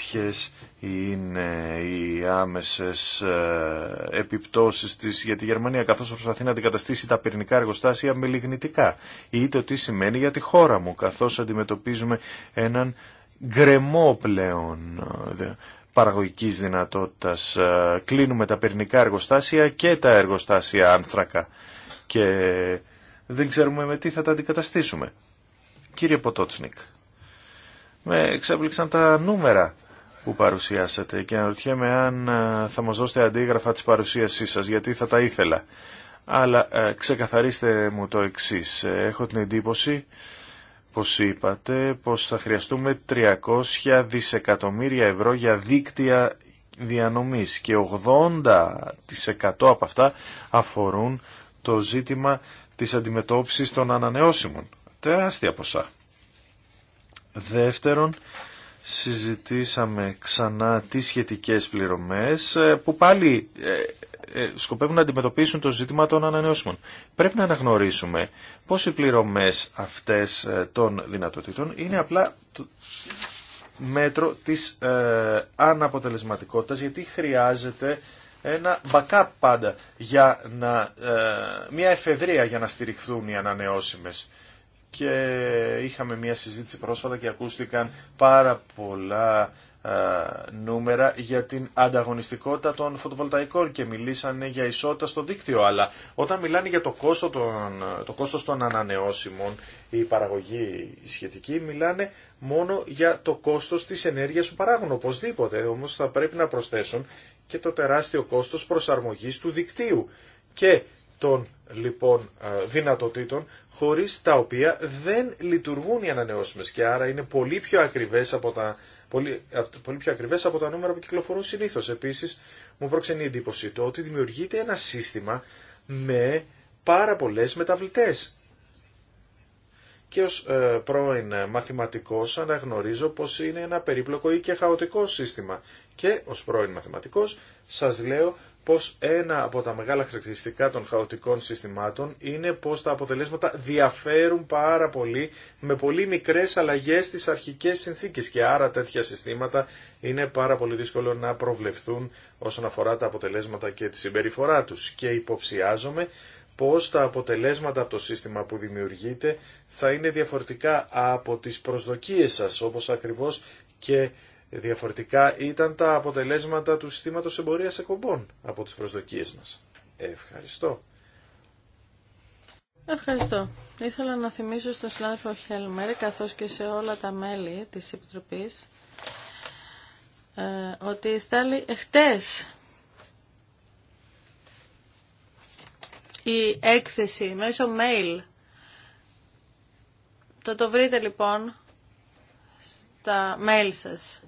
ποιες είναι οι άμεσες ε, επιπτώσεις της για τη Γερμανία καθώς προσπαθεί να αντικαταστήσει τα πυρηνικά εργοστάσια με λιγνητικά ή το τι σημαίνει για τη χώρα μου καθώς αντιμετωπίζουμε έναν γκρεμό πλέον παραγωγικής δυνατότητας. Ε, κλείνουμε τα πυρηνικά εργοστάσια και τα εργοστάσια άνθρακα και δεν ξέρουμε με τι θα τα αντικαταστήσουμε. Κύριε Ποτότσνικ, με εξέπληξαν τα νούμερα που παρουσιάσατε και αναρωτιέμαι αν ε, θα μας δώσετε αντίγραφα της παρουσίασής σας, γιατί θα τα ήθελα. Αλλά ε, ξεκαθαρίστε μου το εξής. Ε, έχω την εντύπωση, πως είπατε, πως θα χρειαστούμε 300 δισεκατομμύρια ευρώ για δίκτυα διανομής και 80% από αυτά αφορούν το ζήτημα της αντιμετώπισης των ανανεώσιμων. Τεράστια ποσά. Δεύτερον, συζητήσαμε ξανά τις σχετικές πληρωμές ε, που πάλι ε, ε, σκοπεύουν να αντιμετωπίσουν το ζήτημα των ανανεώσιμων. Πρέπει να αναγνωρίσουμε πως οι πληρωμές αυτές των δυνατοτήτων είναι απλά μέτρο της αναποτελεσματικότητας γιατί χρειάζεται ένα backup πάντα για να, μια εφεδρεία για να στηριχθούν οι ανανεώσιμες και είχαμε μια συζήτηση πρόσφατα και ακούστηκαν πάρα πολλά ε, νούμερα για την ανταγωνιστικότητα των φωτοβολταϊκών και μιλήσανε για ισότητα στο δίκτυο. Αλλά όταν μιλάνε για το, κόστο των, κόστος των ανανεώσιμων, η παραγωγή σχετική, μιλάνε μόνο για το κόστος της ενέργειας που παράγουν. Οπωσδήποτε, όμως θα πρέπει να προσθέσουν και το τεράστιο κόστος προσαρμογής του δικτύου. Και των λοιπόν δυνατοτήτων χωρίς τα οποία δεν λειτουργούν οι ανανεώσιμες και άρα είναι πολύ πιο ακριβές από τα, πολύ, πολύ πιο ακριβές από τα νούμερα που κυκλοφορούν συνήθως. Επίσης μου πρόξενε η εντύπωση το ότι δημιουργείται ένα σύστημα με πάρα πολλές μεταβλητές. Και ως ε, πρώην μαθηματικός αναγνωρίζω πως είναι ένα περίπλοκο ή και χαοτικό σύστημα. Και ως πρώην μαθηματικός σας λέω πως ένα από τα μεγάλα χαρακτηριστικά των χαοτικών συστημάτων είναι πως τα αποτελέσματα διαφέρουν πάρα πολύ με πολύ μικρές αλλαγές στις αρχικές συνθήκες και άρα τέτοια συστήματα είναι πάρα πολύ δύσκολο να προβλεφθούν όσον αφορά τα αποτελέσματα και τη συμπεριφορά τους και υποψιάζομαι πως τα αποτελέσματα από το σύστημα που δημιουργείται θα είναι διαφορετικά από τις προσδοκίες σας όπως ακριβώς και διαφορετικά ήταν τα αποτελέσματα του συστήματος εμπορίας εκπομπών από τις προσδοκίες μας. Ευχαριστώ. Ευχαριστώ. Ήθελα να θυμίσω στον συνάδελφο Χέλμερ καθώς και σε όλα τα μέλη της Επιτροπής ε, ότι στάλει εχθές η έκθεση μέσω mail. Θα το βρείτε λοιπόν στα mail σας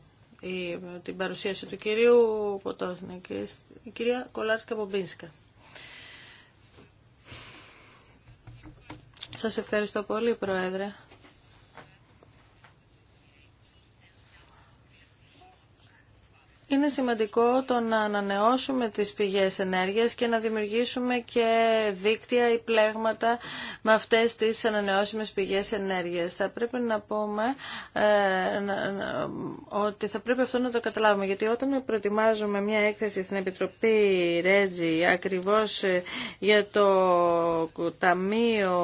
την παρουσίαση του κυρίου και η κυρία Κολάρσκα Μπομπίνσκα. Σας ευχαριστώ πολύ, Πρόεδρε. είναι σημαντικό το να ανανεώσουμε τις πηγές ενέργειας και να δημιουργήσουμε και δίκτυα ή πλέγματα με αυτές τις ανανεώσιμες πηγές ενέργειας. Θα πρέπει να πούμε ε, ότι θα πρέπει αυτό να το καταλάβουμε, γιατί όταν προετοιμάζουμε μια έκθεση στην Επιτροπή Ρέτζι ακριβώς ε, για το Ταμείο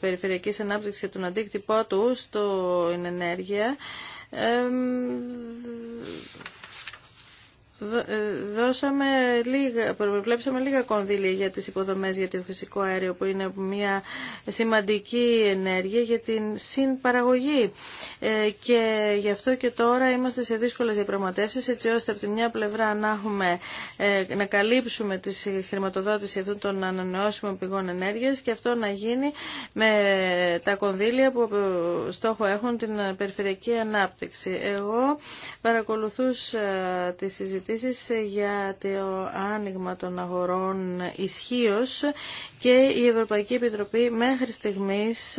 Περιφερειακής Ανάπτυξης και τον αντίκτυπό του στην ενέργεια, ε, δώσαμε λίγα, προβλέψαμε λίγα κονδύλια για τις υποδομές για το φυσικό αέριο που είναι μια σημαντική ενέργεια για την συμπαραγωγή ε, και γι' αυτό και τώρα είμαστε σε δύσκολες διαπραγματεύσεις έτσι ώστε από τη μια πλευρά να, έχουμε, ε, να καλύψουμε τη χρηματοδότηση αυτών των ανανεώσιμων πηγών ενέργειας και αυτό να γίνει με τα κονδύλια που στόχο έχουν την περιφερειακή ανάπτυξη. Εγώ παρακολουθούσα τη συζήτηση για το άνοιγμα των αγορών ισχύω και η Ευρωπαϊκή Επιτροπή μέχρι στιγμής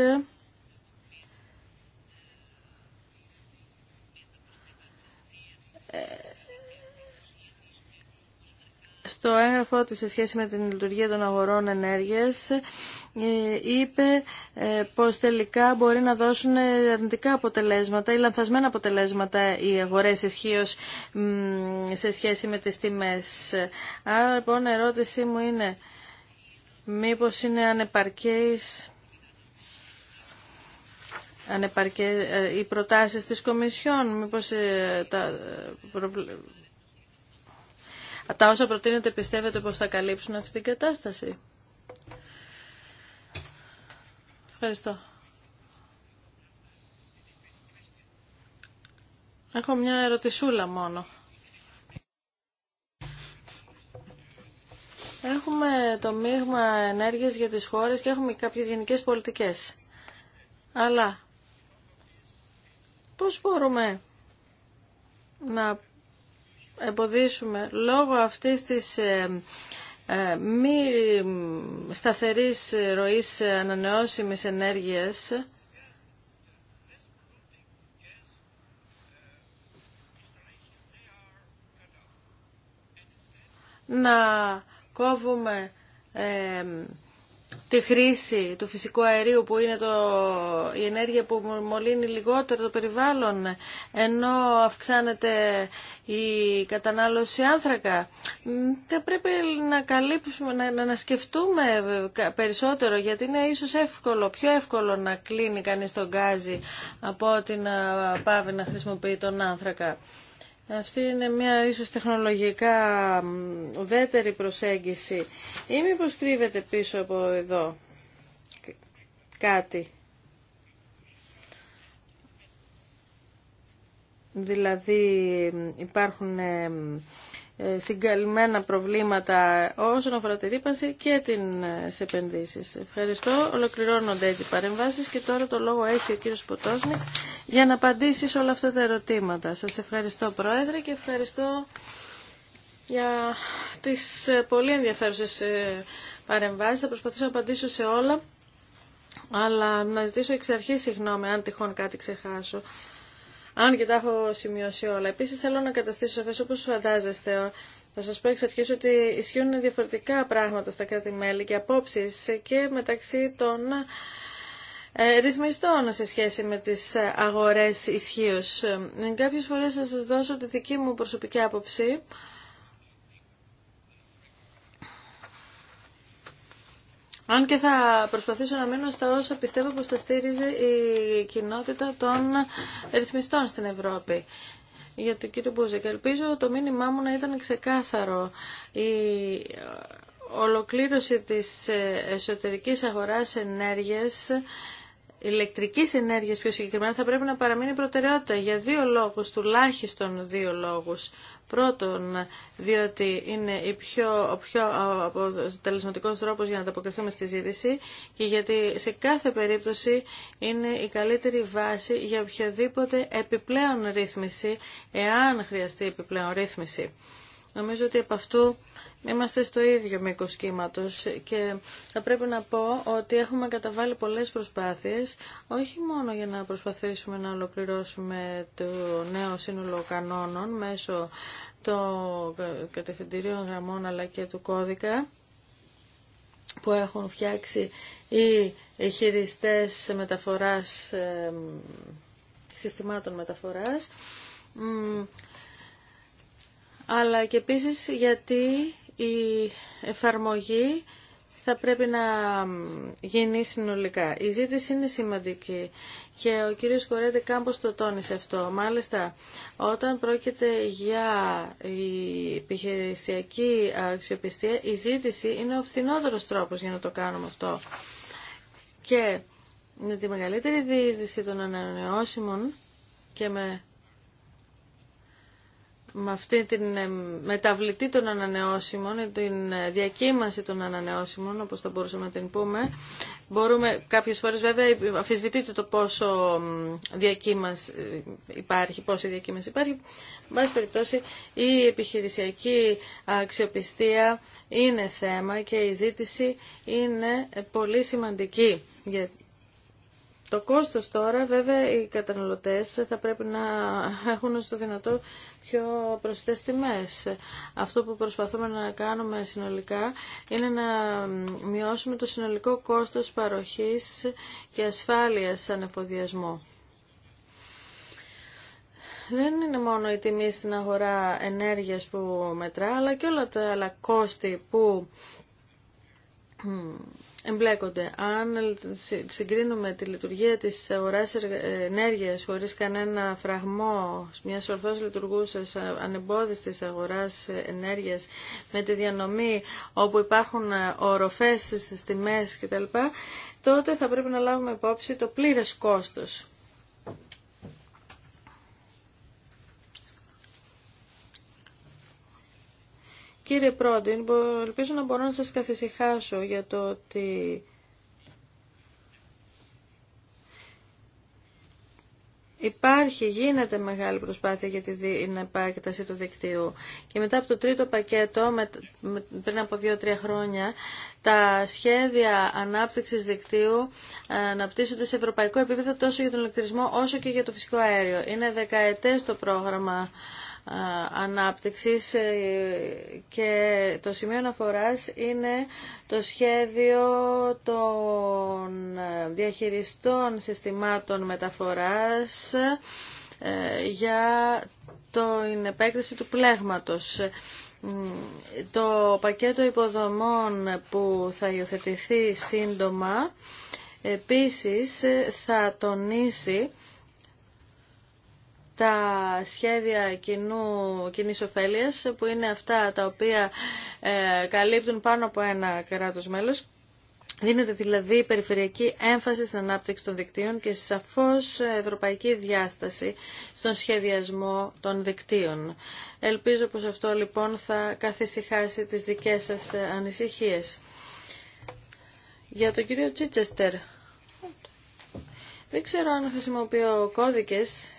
στο έγγραφό της σε σχέση με την λειτουργία των αγορών ενέργειας ε, είπε ε, πως τελικά μπορεί να δώσουν αρνητικά αποτελέσματα ή λανθασμένα αποτελέσματα οι αγορές ισχύω σε σχέση με τις τιμές. Άρα λοιπόν η ερώτησή μου είναι μήπως είναι ανεπαρκές ανεπαρκέ, ε, οι προτάσεις της Κομισιόν, μήπως τα, τα όσα προτείνετε πιστεύετε πως θα καλύψουν αυτή την κατάσταση. Ευχαριστώ. Έχω μια ερωτησούλα μόνο. Έχουμε το μείγμα ενέργειας για τις χώρες και έχουμε κάποιες γενικές πολιτικές. Αλλά πώς μπορούμε να εμποδίσουμε λόγω αυτής της ε, ε, μη σταθερής ροής ανανεώσιμης ενέργειας να κόβουμε ε, η χρήση του φυσικού αερίου που είναι το, η ενέργεια που μολύνει λιγότερο το περιβάλλον ενώ αυξάνεται η κατανάλωση άνθρακα. Θα πρέπει να καλύψουμε, να, να σκεφτούμε περισσότερο γιατί είναι ίσως εύκολο, πιο εύκολο να κλείνει κανείς τον γκάζι από ότι να πάβει να χρησιμοποιεί τον άνθρακα. Αυτή είναι μια ίσως τεχνολογικά ουδέτερη προσέγγιση. Ή μήπως κρύβεται πίσω από εδώ κάτι. Δηλαδή υπάρχουν ε, ε, συγκαλυμμένα προβλήματα όσον αφορά τη ρήπανση και τις ε, επενδύσεις. Ευχαριστώ. Ολοκληρώνονται έτσι οι παρεμβάσεις και τώρα το λόγο έχει ο κύριος Ποτόσνικ για να απαντήσει σε όλα αυτά τα ερωτήματα. Σας ευχαριστώ Πρόεδρε και ευχαριστώ για τις ε, πολύ ενδιαφέρουσες παρεμβάσεις. Θα προσπαθήσω να απαντήσω σε όλα, αλλά να ζητήσω εξ αρχής συγγνώμη αν τυχόν κάτι ξεχάσω αν και τα έχω σημειώσει όλα. Επίση, θέλω να καταστήσω σαφέ όπω φαντάζεστε. Θα σας πω εξ αρχή ότι ισχύουν διαφορετικά πράγματα στα κράτη-μέλη και απόψεις και μεταξύ των ε, ρυθμιστών σε σχέση με τις αγορές ισχύω. Ε, κάποιες φορές θα σας δώσω τη δική μου προσωπική άποψη Αν και θα προσπαθήσω να μείνω στα όσα πιστεύω πως θα στήριζε η κοινότητα των ρυθμιστών στην Ευρώπη. Για τον κύριο Μπούζεκ, ελπίζω το μήνυμά μου να ήταν ξεκάθαρο. Η ολοκλήρωση της εσωτερικής αγοράς ενέργειας Ηλεκτρική ενέργεια πιο συγκεκριμένα θα πρέπει να παραμείνει προτεραιότητα για δύο λόγους, τουλάχιστον δύο λόγους. Πρώτον, διότι είναι η πιο, ο πιο αποτελεσματικός τρόπο για να ανταποκριθούμε στη ζήτηση και γιατί σε κάθε περίπτωση είναι η καλύτερη βάση για οποιαδήποτε επιπλέον ρύθμιση, εάν χρειαστεί επιπλέον ρύθμιση. Νομίζω ότι από αυτού είμαστε στο ίδιο μήκο κύματο και θα πρέπει να πω ότι έχουμε καταβάλει πολλές προσπάθειες, όχι μόνο για να προσπαθήσουμε να ολοκληρώσουμε το νέο σύνολο κανόνων μέσω των κατευθυντηρίων γραμμών αλλά και του κώδικα που έχουν φτιάξει οι χειριστές μεταφοράς συστημάτων μεταφοράς αλλά και επίσης γιατί η εφαρμογή θα πρέπει να γίνει συνολικά. Η ζήτηση είναι σημαντική και ο κύριος Κορέντε Κάμπος το τόνισε αυτό. Μάλιστα, όταν πρόκειται για η επιχειρησιακή αξιοπιστία, η ζήτηση είναι ο φθηνότερος τρόπος για να το κάνουμε αυτό. Και με τη μεγαλύτερη διείσδυση των ανανεώσιμων και με με αυτή την ε, μεταβλητή των ανανεώσιμων, την ε, διακύμαση των ανανεώσιμων, όπως θα μπορούσαμε να την πούμε, μπορούμε κάποιες φορές βέβαια αφισβητείτε το πόσο διακύμανση ε, υπάρχει, πόση διακύμανση υπάρχει. Με πάση περιπτώσει, η επιχειρησιακή αξιοπιστία είναι θέμα και η ζήτηση είναι πολύ σημαντική το κόστος τώρα βέβαια οι καταναλωτές θα πρέπει να έχουν στο δυνατό πιο προσιτές Αυτό που προσπαθούμε να κάνουμε συνολικά είναι να μειώσουμε το συνολικό κόστος παροχής και ασφάλειας εφοδιασμό. Δεν είναι μόνο η τιμή στην αγορά ενέργειας που μετρά, αλλά και όλα τα άλλα κόστη που εμπλέκονται. Αν συγκρίνουμε τη λειτουργία της αγοράς ενέργειας χωρίς κανένα φραγμό μια ορθώς λειτουργούσας της αγοράς ενέργειας με τη διανομή όπου υπάρχουν ε, οροφές στις τιμές κτλ, τότε θα πρέπει να λάβουμε υπόψη το πλήρες κόστος. Κύριε Πρόντιν, ελπίζω να μπορώ να σας καθησυχάσω για το ότι Υπάρχει, γίνεται μεγάλη προσπάθεια για την επάκταση του δικτύου. Και μετά από το τρίτο πακέτο, πριν από δύο-τρία χρόνια, τα σχέδια ανάπτυξης δικτύου ε, αναπτύσσονται σε ευρωπαϊκό επίπεδο τόσο για τον ηλεκτρισμό όσο και για το φυσικό αέριο. Είναι δεκαετές το πρόγραμμα ανάπτυξης ε, και το σημείο αναφοράς είναι το σχέδιο των διαχειριστών συστημάτων μεταφοράς ε, για την επέκταση του πλέγματος. Το πακέτο υποδομών που θα υιοθετηθεί σύντομα επίσης θα τονίσει τα σχέδια κοινού, κοινής ωφέλειας, που είναι αυτά τα οποία ε, καλύπτουν πάνω από ένα κράτος μέλος, Δίνεται δηλαδή περιφερειακή έμφαση στην ανάπτυξη των δικτύων και σαφώς ευρωπαϊκή διάσταση στον σχεδιασμό των δικτύων. Ελπίζω πως αυτό λοιπόν θα καθησυχάσει τις δικές σας ανησυχίες. Για τον κύριο Τσίτσεστερ, δεν ξέρω αν χρησιμοποιώ κώδικες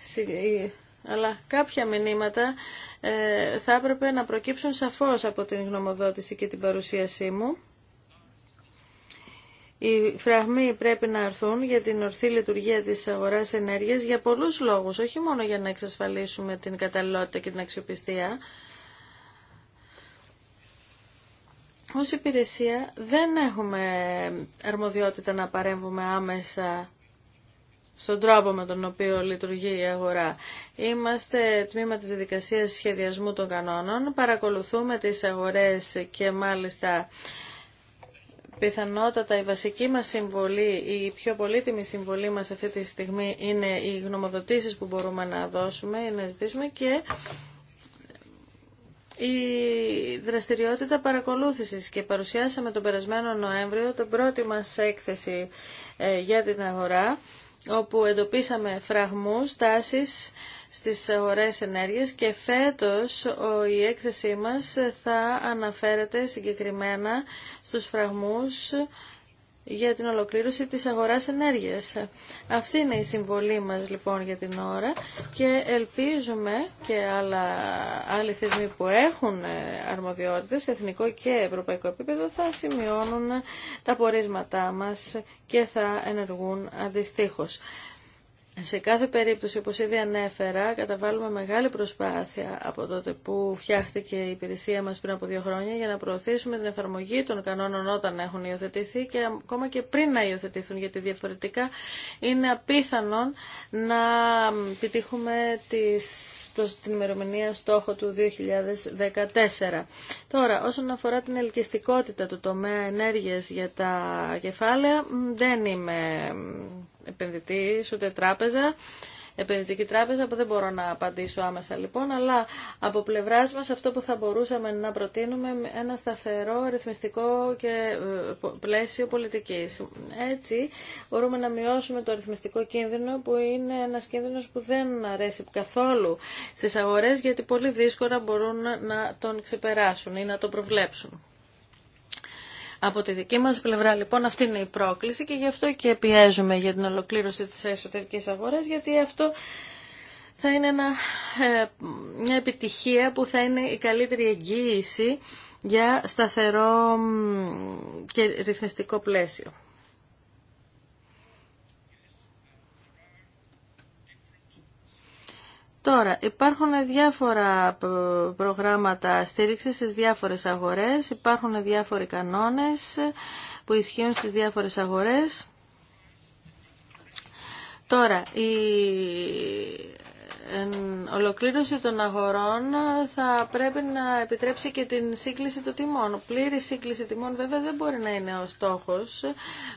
αλλά κάποια μηνύματα ε, θα έπρεπε να προκύψουν σαφώς από την γνωμοδότηση και την παρουσίασή μου. Οι φραγμοί πρέπει να έρθουν για την ορθή λειτουργία της αγοράς ενέργειας για πολλούς λόγους, όχι μόνο για να εξασφαλίσουμε την καταλληλότητα και την αξιοπιστία. Ως υπηρεσία δεν έχουμε αρμοδιότητα να παρέμβουμε άμεσα στον τρόπο με τον οποίο λειτουργεί η αγορά. Είμαστε τμήμα της διαδικασίας σχεδιασμού των κανόνων, παρακολουθούμε τις αγορές και μάλιστα πιθανότατα η βασική μας συμβολή, η πιο πολύτιμη συμβολή μας αυτή τη στιγμή είναι οι γνωμοδοτήσεις που μπορούμε να δώσουμε ή να ζητήσουμε και η δραστηριότητα παρακολούθησης και παρουσιάσαμε τον περασμένο Νοέμβριο την πρώτη μας έκθεση ε, για την αγορά όπου εντοπίσαμε φραγμούς, τάσεις στις ωραίες ενέργειες και φέτος η έκθεσή μας θα αναφέρεται συγκεκριμένα στους φραγμούς για την ολοκλήρωση της αγοράς ενέργειας. Αυτή είναι η συμβολή μας λοιπόν για την ώρα και ελπίζουμε και άλλα, άλλοι θεσμοί που έχουν ε, αρμοδιότητες σε εθνικό και ευρωπαϊκό επίπεδο θα σημειώνουν τα πορίσματά μας και θα ενεργούν αντιστοίχως. Σε κάθε περίπτωση, όπως ήδη ανέφερα, καταβάλουμε μεγάλη προσπάθεια από τότε που φτιάχτηκε η υπηρεσία μας πριν από δύο χρόνια για να προωθήσουμε την εφαρμογή των κανόνων όταν έχουν υιοθετηθεί και ακόμα και πριν να υιοθετηθούν, γιατί διαφορετικά είναι απίθανον να επιτύχουμε την ημερομηνία στόχο του 2014. Τώρα, όσον αφορά την ελκυστικότητα του τομέα ενέργειας για τα κεφάλαια, δεν είμαι επενδυτή ούτε τράπεζα, επενδυτική τράπεζα που δεν μπορώ να απαντήσω άμεσα λοιπόν, αλλά από πλευρά μα αυτό που θα μπορούσαμε να προτείνουμε ένα σταθερό ρυθμιστικό και ε, πλαίσιο πολιτικής. Έτσι μπορούμε να μειώσουμε το ρυθμιστικό κίνδυνο που είναι ένα κίνδυνο που δεν αρέσει καθόλου στις αγορέ, γιατί πολύ δύσκολα μπορούν να τον ξεπεράσουν ή να τον προβλέψουν. Από τη δική μας πλευρά λοιπόν αυτή είναι η πρόκληση και γι' αυτό και πιέζουμε για την ολοκλήρωση της εσωτερικής αγοράς γιατί αυτό θα είναι ε, μια επιτυχία που θα είναι η καλύτερη εγγύηση για σταθερό και ρυθμιστικό πλαίσιο. Τώρα, υπάρχουν διάφορα προγράμματα στήριξης στις διάφορες αγορές, υπάρχουν διάφοροι κανόνες που ισχύουν στις διάφορες αγορές. Τώρα, η ολοκλήρωση των αγορών θα πρέπει να επιτρέψει και την σύγκληση του τιμών. Πλήρη σύγκληση τιμών βέβαια δεν μπορεί να είναι ο στόχος.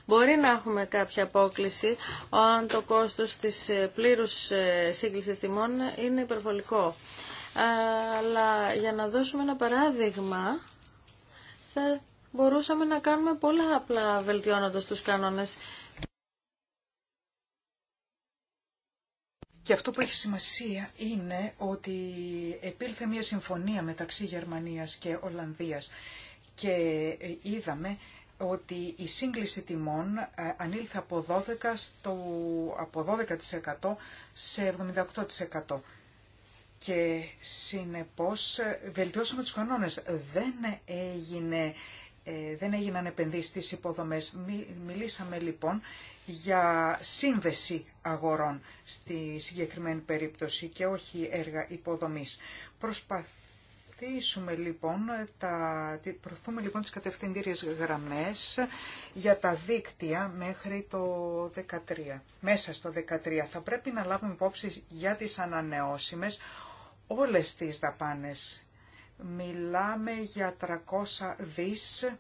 Μπορεί να έχουμε κάποια απόκληση αν το κόστος της πλήρους ε, σύγκλησης τιμών είναι υπερβολικό. Αλλά για να δώσουμε ένα παράδειγμα θα μπορούσαμε να κάνουμε πολλά απλά βελτιώνοντας τους κανόνες Και αυτό που έχει σημασία είναι ότι επήλθε μια συμφωνία μεταξύ Γερμανίας και Ολλανδίας και ε, είδαμε ότι η σύγκληση τιμών ε, ανήλθε από 12%, από 12 σε 78%. Και συνεπώς ε, βελτιώσαμε τους κανόνες. Δεν, έγινε, δεν έγιναν επενδύσεις στις υποδομές. Μιλήσαμε λοιπόν για σύνδεση αγορών στη συγκεκριμένη περίπτωση και όχι έργα υποδομής. Προσπαθήσουμε λοιπόν, τα, προωθούμε λοιπόν τις κατευθυντήριες γραμμές για τα δίκτυα μέχρι το 13. Μέσα στο 13 θα πρέπει να λάβουμε υπόψη για τις ανανεώσιμες όλες τις δαπάνες. Μιλάμε για 300 δις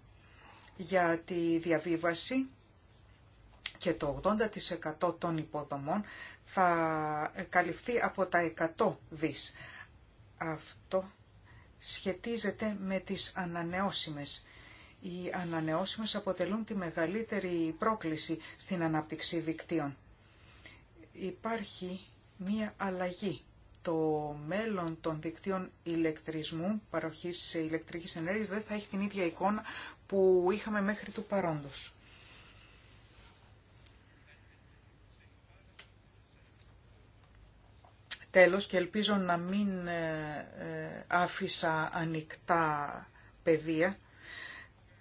για τη διαβίβαση και το 80% των υποδομών θα καλυφθεί από τα 100 δις. Αυτό σχετίζεται με τις ανανεώσιμες. Οι ανανεώσιμες αποτελούν τη μεγαλύτερη πρόκληση στην ανάπτυξη δικτύων. Υπάρχει μία αλλαγή. Το μέλλον των δικτύων ηλεκτρισμού, παροχής ηλεκτρικής ενέργειας, δεν θα έχει την ίδια εικόνα που είχαμε μέχρι του παρόντος. Τέλος, και ελπίζω να μην ε, ε, άφησα ανοιχτά πεδία,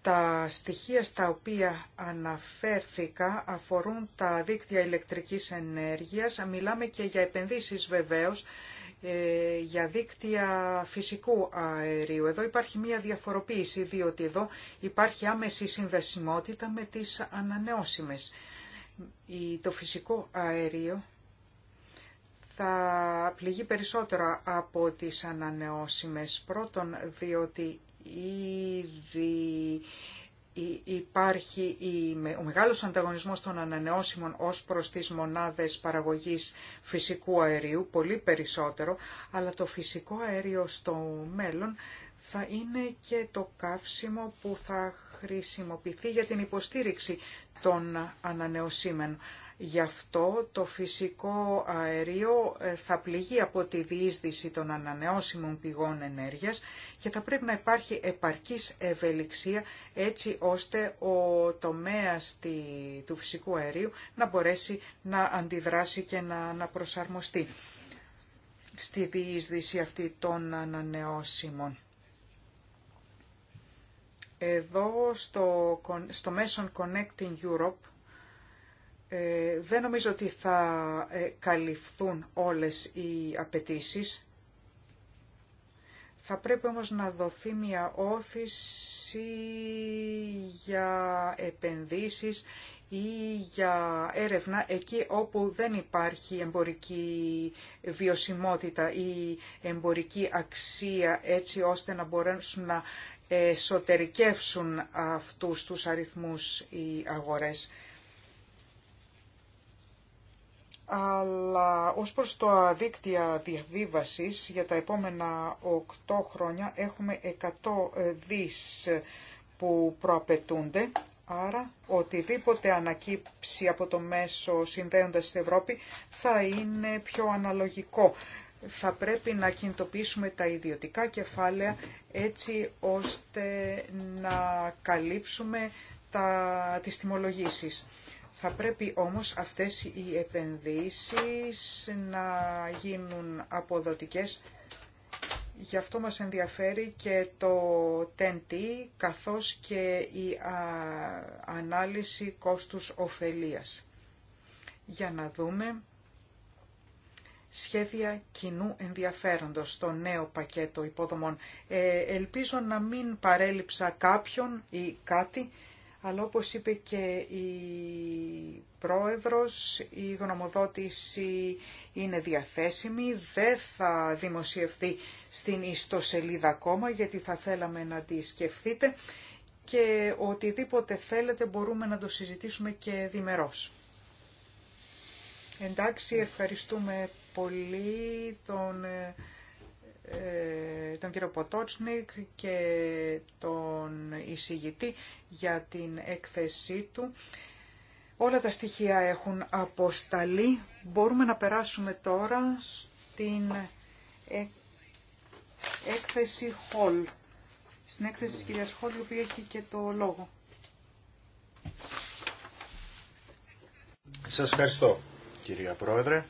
τα στοιχεία στα οποία αναφέρθηκα αφορούν τα δίκτυα ηλεκτρικής ενέργειας. Μιλάμε και για επενδύσεις βεβαίως, ε, για δίκτυα φυσικού αερίου. Εδώ υπάρχει μία διαφοροποίηση, διότι εδώ υπάρχει άμεση συνδεσιμότητα με τις ανανεώσιμες. Το φυσικό αέριο θα πληγεί περισσότερο από τις ανανεώσιμες. Πρώτον, διότι ήδη υπάρχει ο μεγάλος ανταγωνισμός των ανανεώσιμων ως προς τις μονάδες παραγωγής φυσικού αερίου, πολύ περισσότερο, αλλά το φυσικό αέριο στο μέλλον θα είναι και το καύσιμο που θα χρησιμοποιηθεί για την υποστήριξη των ανανεωσίμενων. Γι' αυτό το φυσικό αερίο ε, θα πληγεί από τη διείσδυση των ανανεώσιμων πηγών ενέργειας και θα πρέπει να υπάρχει επαρκής ευελιξία έτσι ώστε ο τομέας του φυσικού αερίου να μπορέσει να αντιδράσει και να, προσαρμοστεί στη διείσδυση αυτή των ανανεώσιμων. Εδώ στο, στο μέσον Connecting Europe ε, δεν νομίζω ότι θα ε, καλυφθούν όλες οι απαιτήσει. Θα πρέπει όμως να δοθεί μια όθηση για επενδύσεις ή για έρευνα εκεί όπου δεν υπάρχει εμπορική βιωσιμότητα ή εμπορική αξία έτσι ώστε να μπορέσουν να εσωτερικεύσουν αυτούς τους αριθμούς οι αγορές αλλά ως προς το δίκτυα διαβίβασης για τα επόμενα 8 χρόνια έχουμε 100 δις που προαπαιτούνται, άρα οτιδήποτε ανακύψει από το μέσο συνδέοντας στην Ευρώπη θα είναι πιο αναλογικό. Θα πρέπει να κινητοποιήσουμε τα ιδιωτικά κεφάλαια έτσι ώστε να καλύψουμε τα, τις τιμολογήσεις. Θα πρέπει όμως αυτές οι επενδύσεις να γίνουν αποδοτικές. Γι' αυτό μας ενδιαφέρει και το TNT καθώς και η ανάλυση κόστους ωφελίας. Για να δούμε σχέδια κοινού ενδιαφέροντος στο νέο πακέτο υποδομών. Ε, ελπίζω να μην παρέλειψα κάποιον ή κάτι αλλά όπως είπε και η πρόεδρος, η γνωμοδότηση είναι διαθέσιμη, δεν θα δημοσιευθεί στην ιστοσελίδα ακόμα γιατί θα θέλαμε να τη σκεφτείτε και οτιδήποτε θέλετε μπορούμε να το συζητήσουμε και διμερώς. Εντάξει, ευχαριστούμε πολύ τον ε, ε, τον κύριο Ποτότσνικ και τον εισηγητή για την έκθεσή του. Όλα τα στοιχεία έχουν αποσταλεί. Μπορούμε να περάσουμε τώρα στην ε, έκθεση Χολ. Στην έκθεση της κυρίας Hall, η οποία έχει και το λόγο. Σας ευχαριστώ, κυρία Πρόεδρε.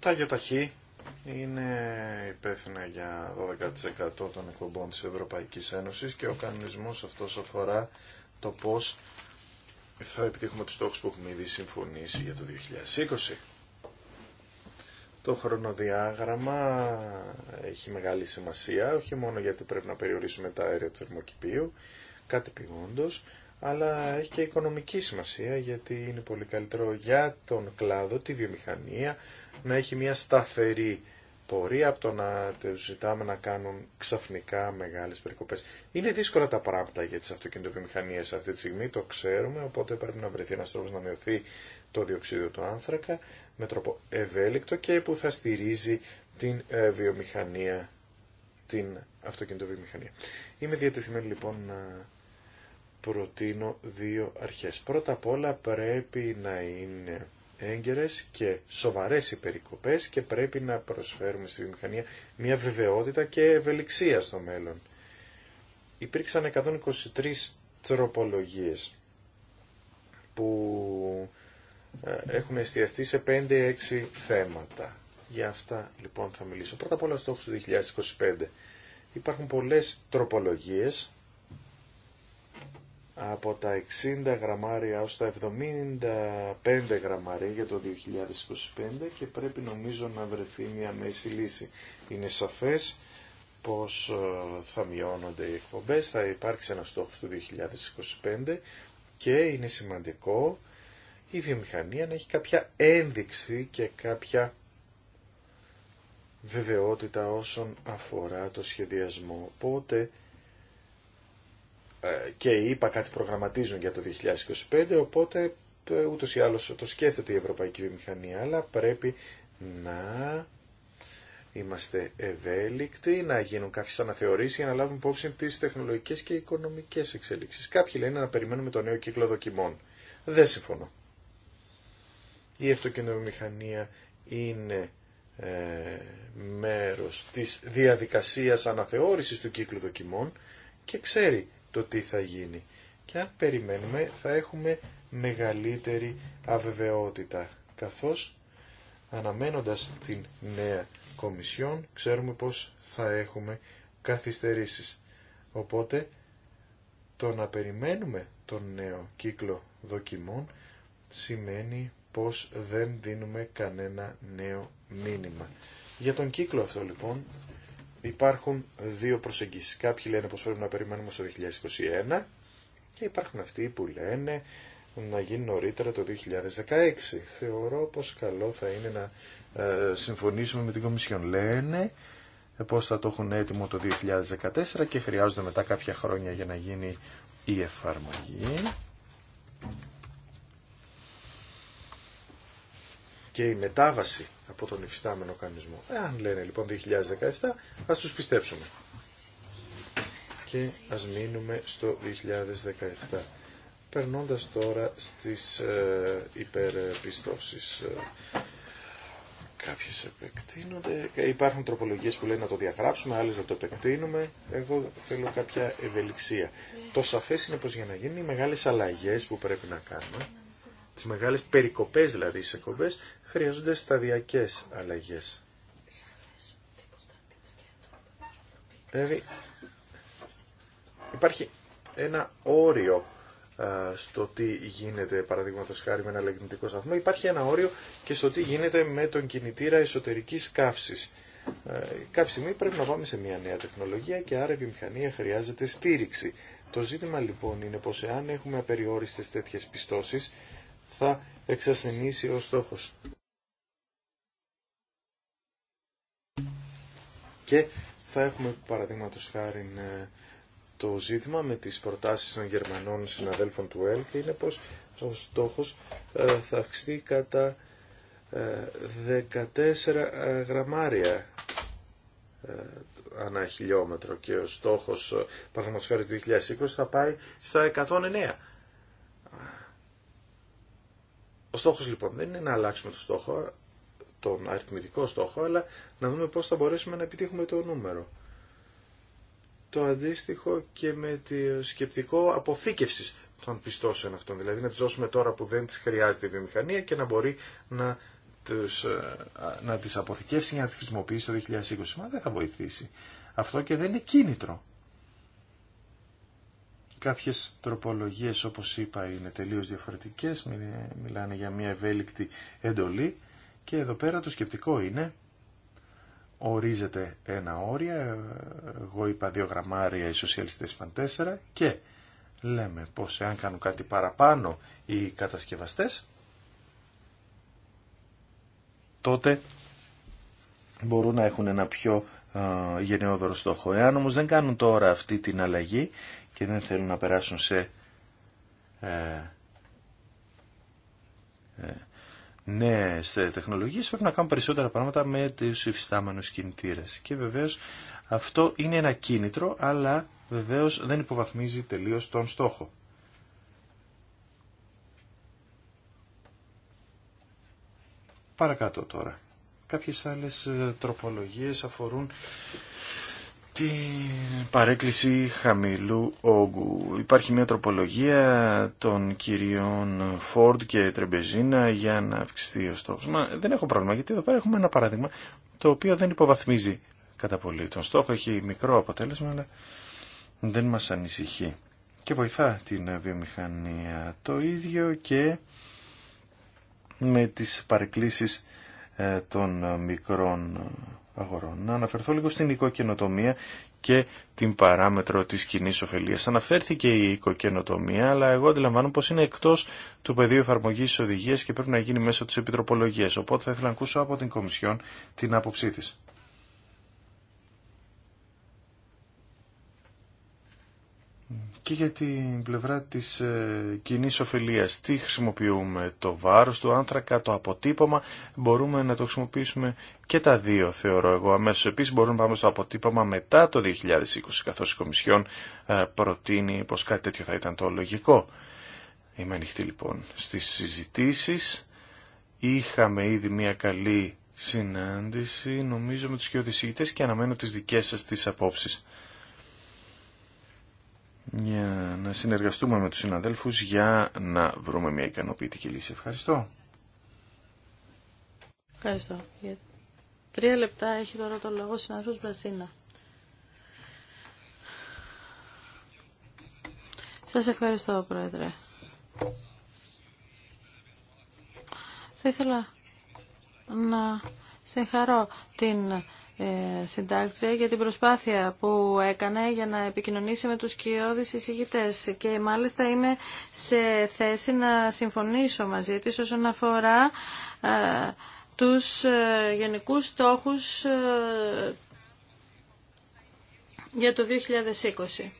Τα γιοταχή είναι υπεύθυνα για 12% των εκπομπών της Ευρωπαϊκής Ένωσης και ο κανονισμός αυτός αφορά το πώς θα επιτύχουμε τους στόχους που έχουμε ήδη συμφωνήσει για το 2020. Το χρονοδιάγραμμα έχει μεγάλη σημασία, όχι μόνο γιατί πρέπει να περιορίσουμε τα αέρια θερμοκηπίου, κάτι πηγόντος, αλλά έχει και οικονομική σημασία γιατί είναι πολύ καλύτερο για τον κλάδο, τη βιομηχανία, να έχει μια σταθερή πορεία από το να τους ζητάμε να κάνουν ξαφνικά μεγάλες περικοπές. Είναι δύσκολα τα πράγματα για τις αυτοκινητοβιομηχανίες αυτή τη στιγμή, το ξέρουμε, οπότε πρέπει να βρεθεί ένας τρόπος να μειωθεί το διοξίδιο του άνθρακα με τρόπο ευέλικτο και που θα στηρίζει την ε, βιομηχανία, την αυτοκινητοβιομηχανία. Είμαι διατεθειμένη λοιπόν να προτείνω δύο αρχές. Πρώτα απ' όλα πρέπει να είναι έγκαιρες και σοβαρές υπερικοπές και πρέπει να προσφέρουμε στη βιομηχανία μια βεβαιότητα και ευελιξία στο μέλλον. Υπήρξαν 123 τροπολογίες που ε, έχουν εστιαστεί σε 5-6 θέματα. Για αυτά λοιπόν θα μιλήσω. Πρώτα απ' όλα στόχους του 2025. Υπάρχουν πολλές τροπολογίες από τα 60 γραμμάρια ως τα 75 γραμμάρια για το 2025 και πρέπει νομίζω να βρεθεί μια μέση λύση. Είναι σαφές πως ε, θα μειώνονται οι εκπομπές, θα υπάρξει ένα στόχο του 2025 και είναι σημαντικό η βιομηχανία να έχει κάποια ένδειξη και κάποια βεβαιότητα όσον αφορά το σχεδιασμό. Οπότε ε, και οι κάτι προγραμματίζουν για το 2025, οπότε ε, ούτως ή άλλως το σκέφτεται η Ευρωπαϊκή Βιομηχανία, αλλά πρέπει να είμαστε ευέλικτοι, να γίνουν κάποιες αναθεωρήσεις για να λάβουμε υπόψη τις τεχνολογικές και οικονομικές εξέλιξεις. Κάποιοι λένε να περιμένουμε το νέο κύκλο δοκιμών. Δεν συμφωνώ. Η αυτοκινητομηχανία είναι ε, μέρος της διαδικασίας αναθεώρησης του κύκλου δοκιμών και ξέρει το τι θα γίνει. Και αν περιμένουμε θα έχουμε μεγαλύτερη αβεβαιότητα, καθώς αναμένοντας την νέα Κομισιόν ξέρουμε πως θα έχουμε καθυστερήσεις. Οπότε το να περιμένουμε τον νέο κύκλο δοκιμών σημαίνει πως δεν δίνουμε κανένα νέο μήνυμα. Για τον κύκλο αυτό λοιπόν Υπάρχουν δύο προσεγγίσεις. Κάποιοι λένε πως πρέπει να περιμένουμε στο 2021 και υπάρχουν αυτοί που λένε να γίνει νωρίτερα το 2016. Θεωρώ πως καλό θα είναι να ε, συμφωνήσουμε με την Κομισιόν. Λένε πως θα το έχουν έτοιμο το 2014 και χρειάζονται μετά κάποια χρόνια για να γίνει η εφαρμογή. και η μετάβαση από τον υφιστάμενο κανονισμό. Εάν λένε λοιπόν 2017, ας τους πιστέψουμε. Και ας μείνουμε στο 2017. Περνώντας τώρα στις ε, υπερπιστώσεις. Ε, κάποιες επεκτείνονται. Ε, υπάρχουν τροπολογίες που λένε να το διαγράψουμε, άλλες να το επεκτείνουμε. Εγώ θέλω κάποια ευελιξία. Το σαφές είναι πως για να γίνουν οι μεγάλες αλλαγές που πρέπει να κάνουμε τις μεγάλες περικοπές δηλαδή σε εκπομπές, χρειάζονται σταδιακέ αλλαγέ. Δηλαδή υπάρχει ένα όριο στο τι γίνεται παραδείγματο χάρη με ένα λεγνητικό σταθμό. Υπάρχει ένα όριο και στο τι γίνεται με τον κινητήρα εσωτερική καύση. Κάποια στιγμή πρέπει να πάμε σε μια νέα τεχνολογία και άρα η επιμηχανία χρειάζεται στήριξη. Το ζήτημα λοιπόν είναι πω εάν έχουμε απεριόριστες τέτοιε πιστώσει θα εξασθενήσει ο στόχος. Και θα έχουμε παραδείγματο χάρη ε, το ζήτημα με τις προτάσεις των Γερμανών συναδέλφων του ΕΛΚ είναι πως ο στόχος ε, θα αυξηθεί κατά 14 ε, γραμμάρια ανά χιλιόμετρο και ο στόχος παραδείγματος χάρη του 2020 θα πάει στα 109. Ο στόχος λοιπόν δεν είναι να αλλάξουμε το στόχο, τον αριθμητικό στόχο, αλλά να δούμε πώς θα μπορέσουμε να επιτύχουμε το νούμερο. Το αντίστοιχο και με το σκεπτικό αποθήκευση των πιστώσεων αυτών, δηλαδή να τις δώσουμε τώρα που δεν τις χρειάζεται η βιομηχανία και να μπορεί να τους, ε, να τις αποθηκεύσει για να τις χρησιμοποιήσει το 2020. Μα δεν θα βοηθήσει. Αυτό και δεν είναι κίνητρο. Κάποιες τροπολογίες όπως είπα είναι τελείως διαφορετικές, μιλάνε για μια ευέλικτη εντολή και εδώ πέρα το σκεπτικό είναι, ορίζεται ένα όρια, εγώ είπα δύο γραμμάρια, οι σοσιαλιστές είπαν τέσσερα και λέμε πως εάν κάνουν κάτι παραπάνω οι κατασκευαστές, τότε μπορούν να έχουν ένα πιο γενναιόδωρο στόχο. Εάν όμως δεν κάνουν τώρα αυτή την αλλαγή και δεν θέλουν να περάσουν σε ε, ε, νέες ε, τεχνολογίες πρέπει να κάνουμε περισσότερα πράγματα με τους υφιστάμενους κινητήρες. Και βεβαίως αυτό είναι ένα κίνητρο, αλλά βεβαίως δεν υποβαθμίζει τελείως τον στόχο. Παρακάτω τώρα. Κάποιες άλλες ε, τροπολογίες αφορούν την παρέκκληση χαμηλού όγκου. Υπάρχει μια τροπολογία των κυρίων Φόρντ και Τρεμπεζίνα για να αυξηθεί ο στόχος. Μα δεν έχω πρόβλημα γιατί εδώ πέρα έχουμε ένα παράδειγμα το οποίο δεν υποβαθμίζει κατά πολύ τον στόχο. Έχει μικρό αποτέλεσμα αλλά δεν μας ανησυχεί. Και βοηθά την βιομηχανία το ίδιο και με τις παρεκκλήσεις ε, των μικρών αγορών. Να αναφερθώ λίγο στην οικοκαινοτομία και την παράμετρο της κοινή ωφελία. Αναφέρθηκε η οικοκαινοτομία, αλλά εγώ αντιλαμβάνω πως είναι εκτός του πεδίου εφαρμογής της οδηγίας και πρέπει να γίνει μέσω της επιτροπολογίας. Οπότε θα ήθελα να ακούσω από την Κομισιόν την άποψή της. και για την πλευρά της ε, κοινή ωφελία. Τι χρησιμοποιούμε, το βάρος του άνθρακα, το αποτύπωμα, μπορούμε να το χρησιμοποιήσουμε και τα δύο θεωρώ εγώ αμέσως. Επίσης μπορούμε να πάμε στο αποτύπωμα μετά το 2020 καθώς η Κομισιόν ε, προτείνει πως κάτι τέτοιο θα ήταν το λογικό. Είμαι ανοιχτή λοιπόν στις συζητήσεις. Είχαμε ήδη μια καλή συνάντηση νομίζω με τους οδησίγητες και αναμένω τις δικές σας τις απόψεις για να συνεργαστούμε με τους συναδέλφους για να βρούμε μια ικανοποιητική λύση. Ευχαριστώ. Ευχαριστώ. Για τρία λεπτά έχει τώρα το λόγο ο συνάδελφος Μπρασίνα. Σας ευχαριστώ, Πρόεδρε. Θα ήθελα να συγχαρώ την ε, συντάκτρια για την προσπάθεια που έκανε για να επικοινωνήσει με τους κοιόδης εισηγητές και μάλιστα είμαι σε θέση να συμφωνήσω μαζί της όσον αφορά ε, τους ε, γενικούς στόχους για το 2020.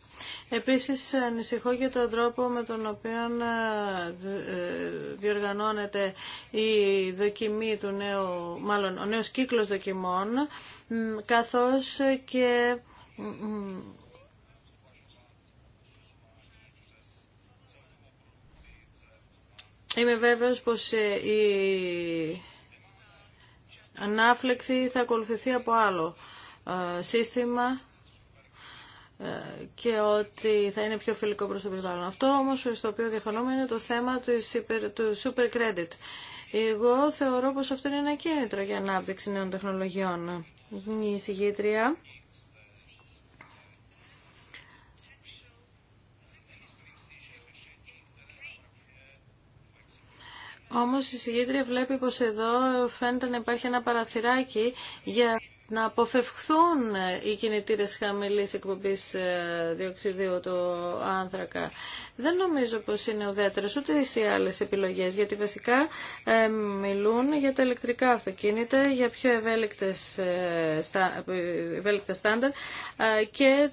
Επίσης ανησυχώ για τον τρόπο με τον οποίο διοργανώνεται η δοκιμή του νέου, μάλλον ο νέος κύκλος δοκιμών καθώς και Είμαι βέβαιος πως ε, η ανάφλεξη θα ακολουθηθεί από άλλο ε, σύστημα ε, και ότι θα είναι πιο φιλικό προς το περιβάλλον. Αυτό όμως στο οποίο διαφωνούμε είναι το θέμα του super credit. Εγώ θεωρώ πως αυτό είναι ένα κίνητρο για ανάπτυξη νέων τεχνολογιών η εισηγήτρια Όμως η συγγήτρια βλέπει πως εδώ φαίνεται να υπάρχει ένα παραθυράκι για να αποφευχθούν οι κινητήρες χαμηλής εκπομπής ε, διοξιδίου του άνθρακα. Δεν νομίζω πως είναι ουδέτερος ούτε οι άλλες επιλογές, γιατί βασικά ε, μιλούν για τα ηλεκτρικά αυτοκίνητα, για πιο ευέλικτες, ε, ευέλικτα στάνταρ και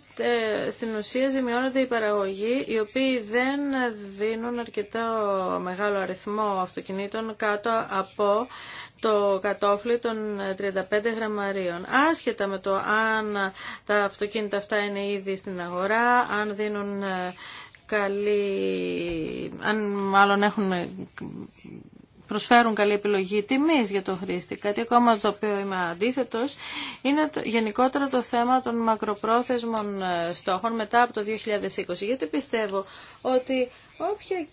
στην ουσία ζημιώνονται οι παραγωγοί οι οποίοι δεν δίνουν αρκετό μεγάλο αριθμό αυτοκινήτων κάτω από το κατόφλι των 35 ε, γραμμαρίων. Άσχετα με το αν τα αυτοκίνητα αυτά είναι ήδη στην αγορά, αν δίνουν ε, καλή, αν μάλλον έχουν ε, προσφέρουν καλή επιλογή τιμή για το χρήστη. Κάτι ακόμα το οποίο είμαι αντίθετο, είναι το, γενικότερα το θέμα των μακροπρόθεσμων στόχων μετά από το 2020. Γιατί πιστεύω ότι όποια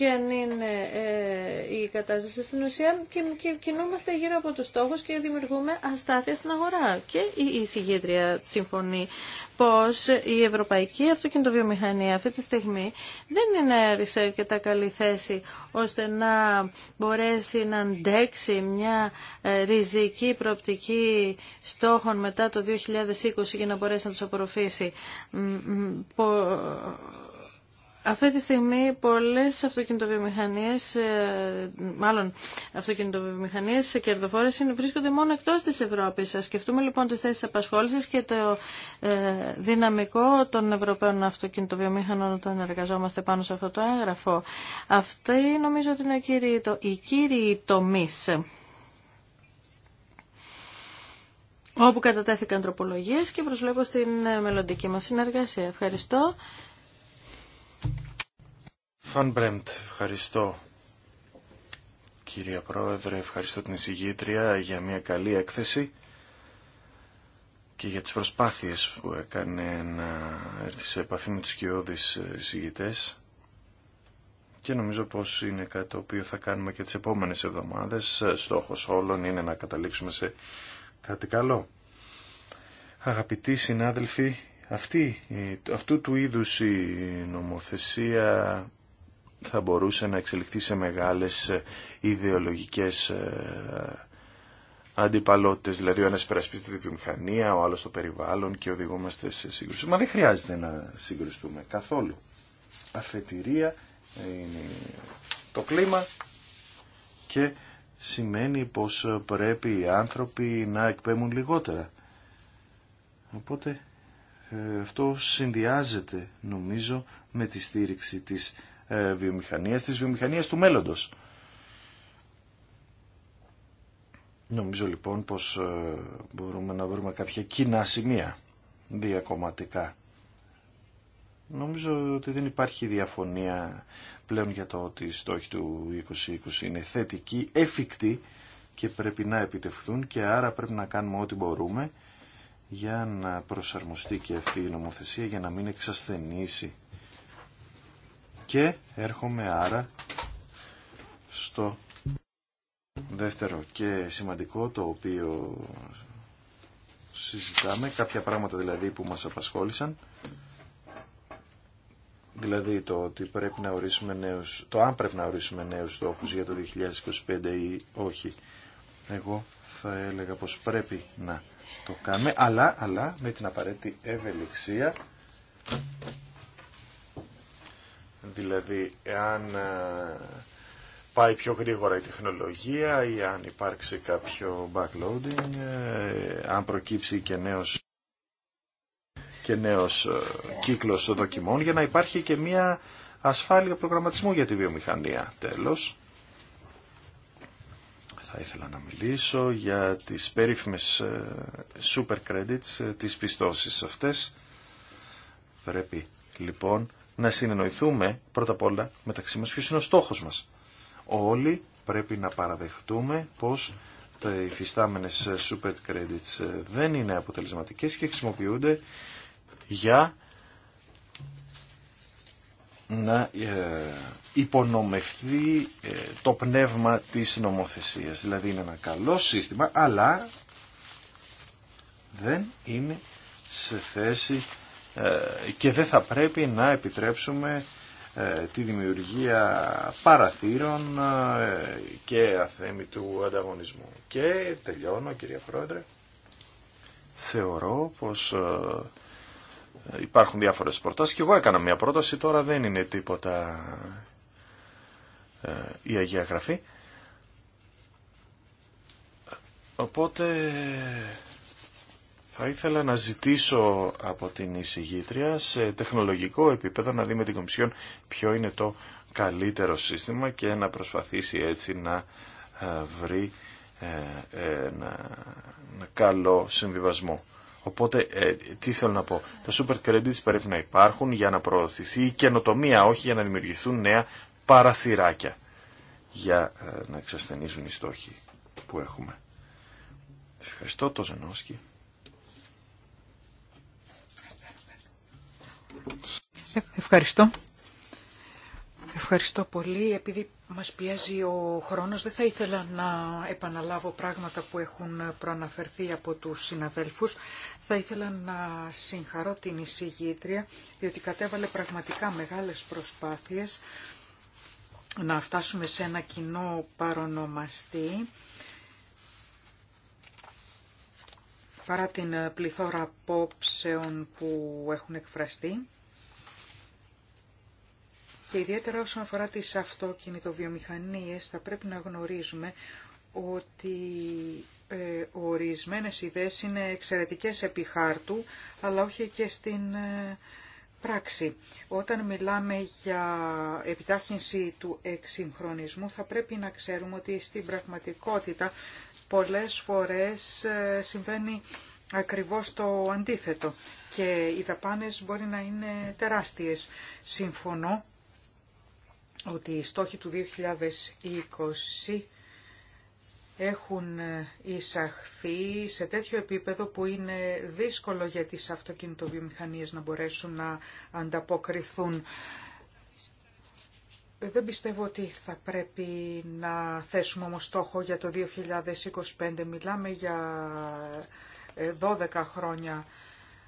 και αν είναι ε, η κατάσταση στην ουσία και, και κινούμαστε γύρω από τους στόχους και δημιουργούμε αστάθεια στην αγορά. Και η εισηγήτρια συμφωνεί πως η ευρωπαϊκή αυτοκινητοβιομηχανία αυτή τη στιγμή δεν είναι σε αρκετά καλή θέση ώστε να μπορέσει να αντέξει μια ε, ριζική προοπτική στόχων μετά το 2020 για να μπορέσει να τους απορροφήσει. Αυτή τη στιγμή πολλές αυτοκινητοβιομηχανίες, ε, μάλλον αυτοκινητοβιομηχανίες σε κερδοφόρες βρίσκονται μόνο εκτός της Ευρώπης. Ας σκεφτούμε λοιπόν τις θέσεις απασχόλησης και το ε, δυναμικό των Ευρωπαίων αυτοκινητοβιομηχανών όταν εργαζόμαστε πάνω σε αυτό το έγγραφο. Αυτή νομίζω ότι είναι η κύριη τομής όπου κατατέθηκαν τροπολογίες και προσβλέπω στην ε, μελλοντική μας συνεργασία. Ευχαριστώ. Φαν ευχαριστώ. Κυρία Πρόεδρε, ευχαριστώ την εισηγήτρια για μια καλή έκθεση και για τις προσπάθειες που έκανε να έρθει σε επαφή με τους κοιόδης εισηγητές και νομίζω πως είναι κάτι το οποίο θα κάνουμε και τις επόμενες εβδομάδες. Στόχος όλων είναι να καταλήξουμε σε κάτι καλό. Αγαπητοί συνάδελφοι, αυτή, αυτού του είδους η νομοθεσία θα μπορούσε να εξελιχθεί σε μεγάλες ε, ιδεολογικές ε, αντιπαλότητες. Δηλαδή ο ένας υπερασπίζεται τη βιομηχανία, ο άλλος το περιβάλλον και οδηγούμαστε σε σύγκρουση. Μα δεν χρειάζεται να συγκρουστούμε καθόλου. Αφετηρία είναι το κλίμα και σημαίνει πως πρέπει οι άνθρωποι να εκπέμουν λιγότερα. Οπότε ε, αυτό συνδυάζεται νομίζω με τη στήριξη της ε, βιομηχανίας, της βιομηχανίας του μέλλοντος. Νομίζω λοιπόν πως ε, μπορούμε να βρούμε κάποια κοινά σημεία διακομματικά. Νομίζω ότι δεν υπάρχει διαφωνία πλέον για το ότι οι στόχοι του 2020 είναι θετικοί, εφικτοί και πρέπει να επιτευχθούν και άρα πρέπει να κάνουμε ό,τι μπορούμε για να προσαρμοστεί και αυτή η νομοθεσία για να μην εξασθενήσει και έρχομαι άρα στο δεύτερο και σημαντικό το οποίο συζητάμε, κάποια πράγματα δηλαδή που μας απασχόλησαν. Δηλαδή το ότι πρέπει να ορίσουμε νέους, το αν πρέπει να ορίσουμε νέους στόχους για το 2025 ή όχι. Εγώ θα έλεγα πως πρέπει να το κάνουμε, αλλά, αλλά με την απαραίτητη ευελιξία Δηλαδή, εάν ε, πάει πιο γρήγορα η τεχνολογία ή αν υπάρξει κάποιο backloading, ε, αν προκύψει και νέος, και νέος ε, κύκλος δοκιμών, για να υπάρχει και μία ασφάλεια προγραμματισμού για τη βιομηχανία. Τέλος, θα ήθελα να μιλήσω για τις περίφημες super credits, τις πιστώσεις αυτές. Πρέπει λοιπόν να συνεννοηθούμε πρώτα απ' όλα μεταξύ μας ποιος είναι ο στόχος μας. Όλοι πρέπει να παραδεχτούμε πως τα υφιστάμενες super credits δεν είναι αποτελεσματικές και χρησιμοποιούνται για να ε, υπονομευτεί ε, το πνεύμα της νομοθεσίας. Δηλαδή είναι ένα καλό σύστημα, αλλά δεν είναι σε θέση ε, και δεν θα πρέπει να επιτρέψουμε ε, τη δημιουργία παραθύρων ε, και του ανταγωνισμού. Και τελειώνω κυρία Πρόεδρε. Θεωρώ πως υπάρχουν διάφορες προτάσεις και εγώ έκανα μια πρόταση, τώρα δεν είναι τίποτα η Αγία Γραφή. Οπότε θα ήθελα να ζητήσω από την εισηγήτρια σε τεχνολογικό επίπεδο να δει με την Κομισιόν ποιο είναι το καλύτερο σύστημα και να προσπαθήσει έτσι να ε, βρει ε, ε, ένα, καλό συμβιβασμό. Οπότε, τι θέλω να πω. Τα super credits πρέπει να υπάρχουν για να προωθηθεί η καινοτομία, όχι για να δημιουργηθούν νέα παραθυράκια για να εξασθενίζουν οι στόχοι που έχουμε. Ευχαριστώ το Ευχαριστώ. Ευχαριστώ πολύ. Επειδή μας πιέζει ο χρόνος, δεν θα ήθελα να επαναλάβω πράγματα που έχουν προαναφερθεί από τους συναδέλφους. Θα ήθελα να συγχαρώ την εισηγήτρια, διότι κατέβαλε πραγματικά μεγάλες προσπάθειες να φτάσουμε σε ένα κοινό παρονομαστή ...παρά την ε, πληθώρα απόψεων που έχουν εκφραστεί και ιδιαίτερα όσον αφορά τις αυτοκινητοβιομηχανίες θα πρέπει να γνωρίζουμε ότι ε, ορισμένες ιδέες είναι εξαιρετικές επί χάρτου, αλλά όχι και στην ε, πράξη. Όταν μιλάμε για επιτάχυνση του εξυγχρονισμού, θα πρέπει να ξέρουμε ότι στην πραγματικότητα πολλές φορές ε, συμβαίνει ακριβώς το αντίθετο και οι δαπάνες μπορεί να είναι τεράστιες. Συμφωνώ ότι οι στόχοι του 2020 έχουν ε, εισαχθεί σε τέτοιο επίπεδο που είναι δύσκολο για τις αυτοκινητοβιομηχανίες να μπορέσουν να ανταποκριθούν δεν πιστεύω ότι θα πρέπει να θέσουμε όμως στόχο για το 2025. Μιλάμε για 12 ε, χρόνια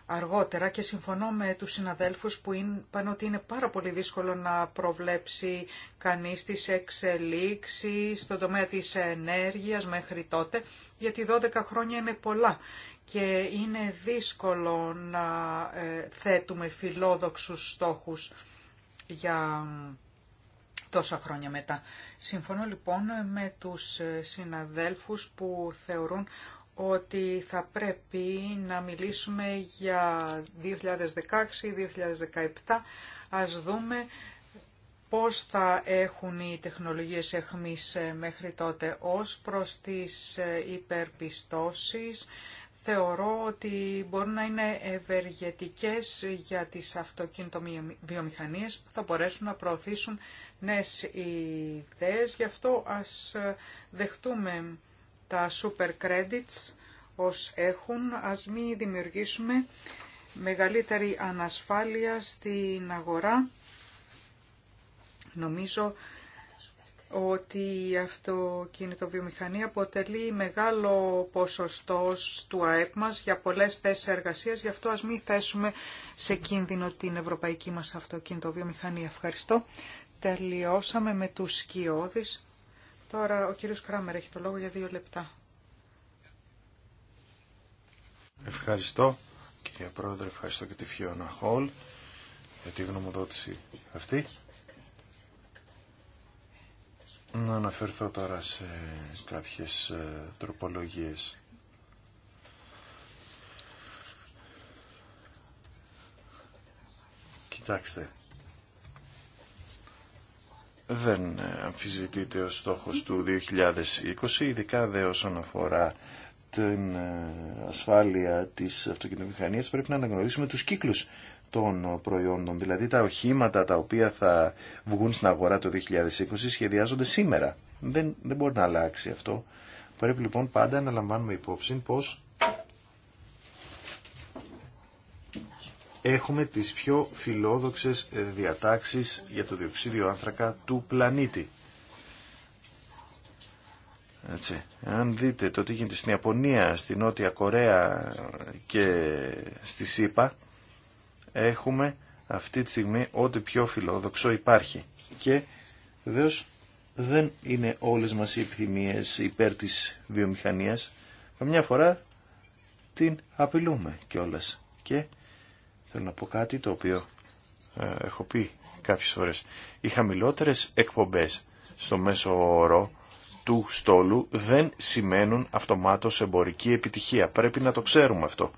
αργότερα και συμφωνώ με τους συναδέλφους που είπαν ότι είναι πάρα πολύ δύσκολο να προβλέψει κανείς τις εξελίξεις στον τομέα της ενέργειας μέχρι τότε, γιατί 12 χρόνια είναι πολλά και είναι δύσκολο να ε, θέτουμε φιλόδοξους στόχους για τόσα χρόνια μετά. Συμφωνώ λοιπόν με τους ε, συναδέλφους που θεωρούν ότι θα πρέπει να μιλήσουμε για 2016-2017. Ας δούμε πώς θα έχουν οι τεχνολογίες εχμής ε, μέχρι τότε ως προς τις ε, υπερπιστώσεις, θεωρώ ότι μπορούν να είναι ευεργετικές για τις αυτοκινητοβιομηχανίες που θα μπορέσουν να προωθήσουν νέες ιδέες. Γι' αυτό ας ε, δεχτούμε τα super credits ως έχουν, ας μην δημιουργήσουμε μεγαλύτερη ανασφάλεια στην αγορά. Νομίζω ότι η αυτοκινητοβιομηχανία αποτελεί μεγάλο ποσοστό του ΑΕΠ μας για πολλές θέσεις εργασίας, γι' αυτό ας μην θέσουμε σε κίνδυνο την ευρωπαϊκή μας αυτοκινητοβιομηχανία. Ευχαριστώ. Τελειώσαμε με τους σκιώδεις. Τώρα ο κύριος Κράμερ έχει το λόγο για δύο λεπτά. Ευχαριστώ κυρία Πρόεδρε, ευχαριστώ και τη Φιώνα Χολ για τη γνωμοδότηση αυτή. Να αναφερθώ τώρα σε κάποιες ε, τροπολογίες. Κοιτάξτε, δεν ε, αμφισβητείται ο στόχος του 2020, ειδικά δε όσον αφορά την ε, ασφάλεια της αυτοκινητομηχανίας, πρέπει να αναγνωρίσουμε τους κύκλους των προϊόντων. Δηλαδή τα οχήματα τα οποία θα βγουν στην αγορά το 2020 σχεδιάζονται σήμερα. Δεν, δεν μπορεί να αλλάξει αυτό. Πρέπει λοιπόν πάντα να λαμβάνουμε υπόψη πως έχουμε τις πιο φιλόδοξες διατάξεις για το διοξίδιο άνθρακα του πλανήτη. Έτσι. Αν δείτε το τι γίνεται στην Ιαπωνία, στη Νότια Κορέα και στη ΣΥΠΑ, έχουμε αυτή τη στιγμή ό,τι πιο φιλόδοξο υπάρχει. Και βεβαίω δεν είναι όλες μας οι επιθυμίες υπέρ της βιομηχανίας. Καμιά φορά την απειλούμε κιόλα. Και θέλω να πω κάτι το οποίο ε, έχω πει κάποιες φορές. Οι χαμηλότερες εκπομπές στο μέσο όρο του στόλου δεν σημαίνουν αυτομάτως εμπορική επιτυχία. Πρέπει να το ξέρουμε αυτό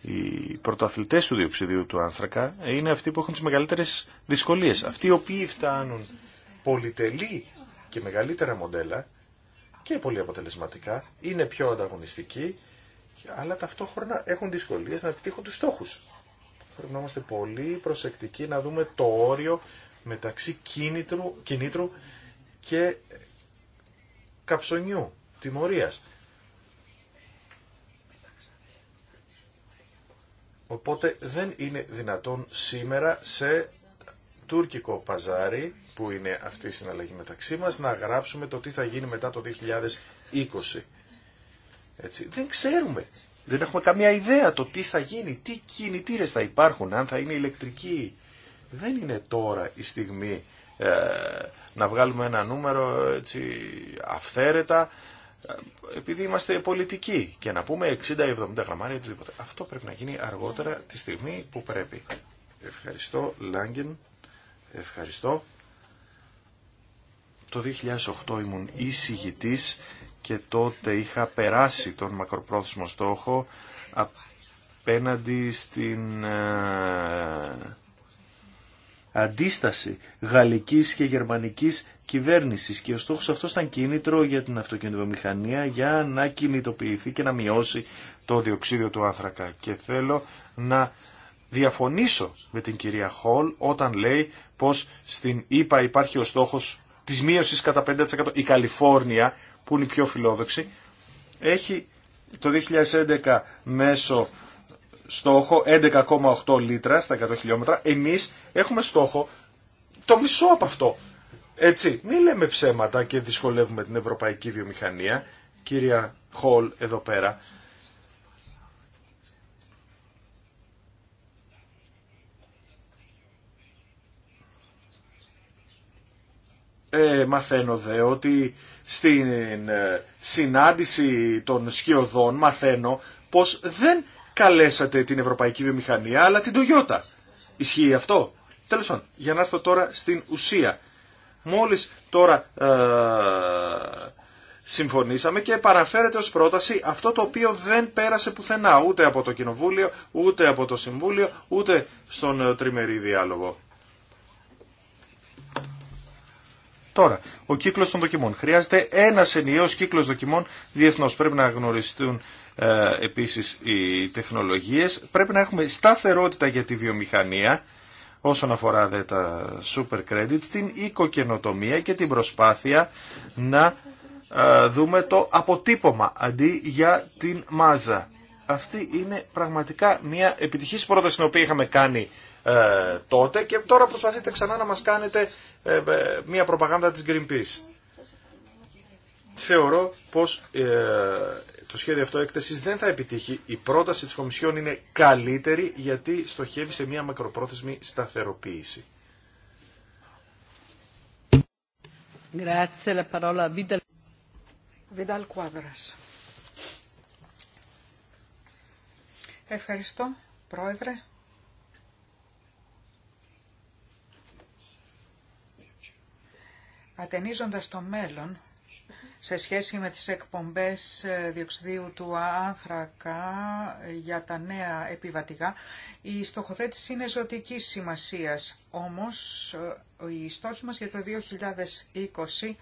οι πρωταθλητές του διοξιδίου του άνθρακα είναι αυτοί που έχουν τι μεγαλύτερε δυσκολίε. Αυτοί οι οποίοι φτάνουν πολυτελή και μεγαλύτερα μοντέλα και πολύ αποτελεσματικά, είναι πιο ανταγωνιστικοί, αλλά ταυτόχρονα έχουν δυσκολίε να επιτύχουν του στόχου. Πρέπει να είμαστε πολύ προσεκτικοί να δούμε το όριο μεταξύ κίνητρου, κινήτρου και καψονιού, τιμωρίας. Οπότε δεν είναι δυνατόν σήμερα σε τουρκικό παζάρι, που είναι αυτή η συναλλαγή μεταξύ μας, να γράψουμε το τι θα γίνει μετά το 2020. Έτσι. Δεν ξέρουμε. Δεν έχουμε καμία ιδέα το τι θα γίνει, τι κινητήρες θα υπάρχουν, αν θα είναι ηλεκτρικοί. Δεν είναι τώρα η στιγμή ε, να βγάλουμε ένα νούμερο έτσι, αυθαίρετα επειδή είμαστε πολιτικοί και να πούμε 60-70 γραμμάρια οτιδήποτε. Αυτό πρέπει να γίνει αργότερα τη στιγμή που πρέπει. Ευχαριστώ Λάγκεν, ευχαριστώ. Το 2008 ήμουν εισηγητής και τότε είχα περάσει τον μακροπρόθεσμο στόχο απέναντι στην ε, αντίσταση γαλλικής και γερμανικής κυβέρνησης και ο στόχος αυτός ήταν κίνητρο για την αυτοκινητοβιομηχανία για να κινητοποιηθεί και να μειώσει το διοξίδιο του άνθρακα. Και θέλω να διαφωνήσω με την κυρία Χολ όταν λέει πως στην ΕΠΑ υπάρχει ο στόχος της μείωσης κατά 5%. Η Καλιφόρνια που είναι η πιο φιλόδοξη έχει το 2011 μέσο στόχο 11,8 λίτρα στα 100 χιλιόμετρα. Εμείς έχουμε στόχο το μισό από αυτό έτσι, μην λέμε ψέματα και δυσκολεύουμε την ευρωπαϊκή βιομηχανία, κυρία Χολ εδώ πέρα. Ε, μαθαίνω δε ότι στην ε, συνάντηση των σκιωδών μαθαίνω πως δεν καλέσατε την Ευρωπαϊκή Βιομηχανία αλλά την Toyota. Ισχύει αυτό. Τέλος πάντων, για να έρθω τώρα στην ουσία μόλις τώρα ε, συμφωνήσαμε και παραφέρεται ως πρόταση αυτό το οποίο δεν πέρασε πουθενά ούτε από το Κοινοβούλιο, ούτε από το Συμβούλιο, ούτε στον ε, τριμερή διάλογο. Τώρα, ο κύκλο των δοκιμών. Χρειάζεται ένα ενιαίος κύκλο δοκιμών διεθνώ. Πρέπει να γνωριστούν ε, επίση οι τεχνολογίε. Πρέπει να έχουμε σταθερότητα για τη βιομηχανία όσον αφορά δε τα super credits, την οικοκαινοτομία και την προσπάθεια να δούμε το αποτύπωμα αντί για την μάζα. Αυτή είναι πραγματικά μια επιτυχής πρόταση την οποία είχαμε κάνει ε, τότε και τώρα προσπαθείτε ξανά να μας κάνετε ε, ε, μια προπαγάνδα της Greenpeace. Θεωρώ πως το σχέδιο αυτό έκθεση δεν θα επιτύχει. Η πρόταση της Κομισιόν είναι καλύτερη γιατί στοχεύει σε μια μακροπρόθεσμη σταθεροποίηση. Ευχαριστώ, Πρόεδρε. Ατενίζοντας το μέλλον, σε σχέση με τις εκπομπές ε, διοξιδίου του άνθρακα ε, για τα νέα επιβατικά η στοχοθέτηση είναι ζωτική σημασίας. Όμως, η ε, στόχοι μας για το 2020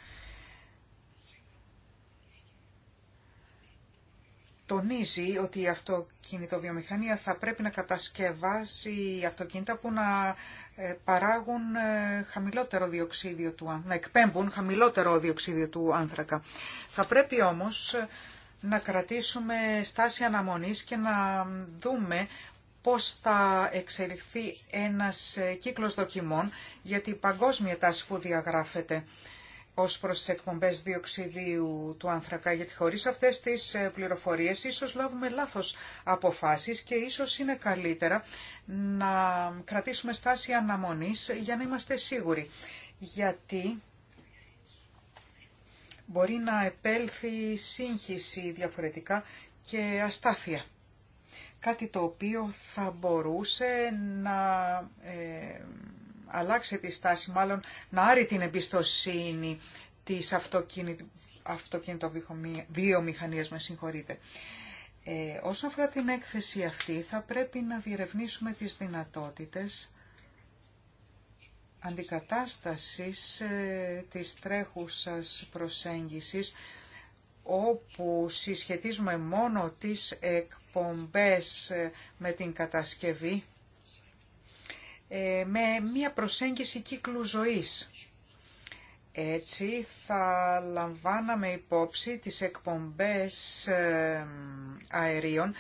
τονίζει ότι η αυτοκινητοβιομηχανία θα πρέπει να κατασκευάσει αυτοκίνητα που να ε, παράγουν ε, χαμηλότερο διοξίδιο του να εκπέμπουν χαμηλότερο διοξίδιο του άνθρακα. Θα πρέπει όμως ε, να κρατήσουμε στάση αναμονής και να δούμε πώς θα εξελιχθεί ένας κύκλος δοκιμών για την παγκόσμια τάση που διαγράφεται ως προς τις εκπομπές διοξιδίου του άνθρακα, γιατί χωρίς αυτές τις ε, πληροφορίες ίσως λάβουμε λάθος αποφάσεις και ίσως είναι καλύτερα να κρατήσουμε στάση αναμονής για να είμαστε σίγουροι. Γιατί μπορεί να επέλθει σύγχυση διαφορετικά και αστάθεια. Κάτι το οποίο θα μπορούσε να ε, αλλάξει τη στάση, μάλλον να άρει την εμπιστοσύνη της αυτοκινητοβιομηχανίας, με συγχωρείτε. Ε, όσον αφορά την έκθεση αυτή, θα πρέπει να διερευνήσουμε τις δυνατότητες αντικατάστασης ε, της τρέχουσας προσέγγισης, όπου συσχετίζουμε μόνο τις εκπομπές ε, με την κατασκευή ε, με μία προσέγγιση κύκλου ζωής. Έτσι θα λαμβάναμε υπόψη τις εκπομπές ε, αερίων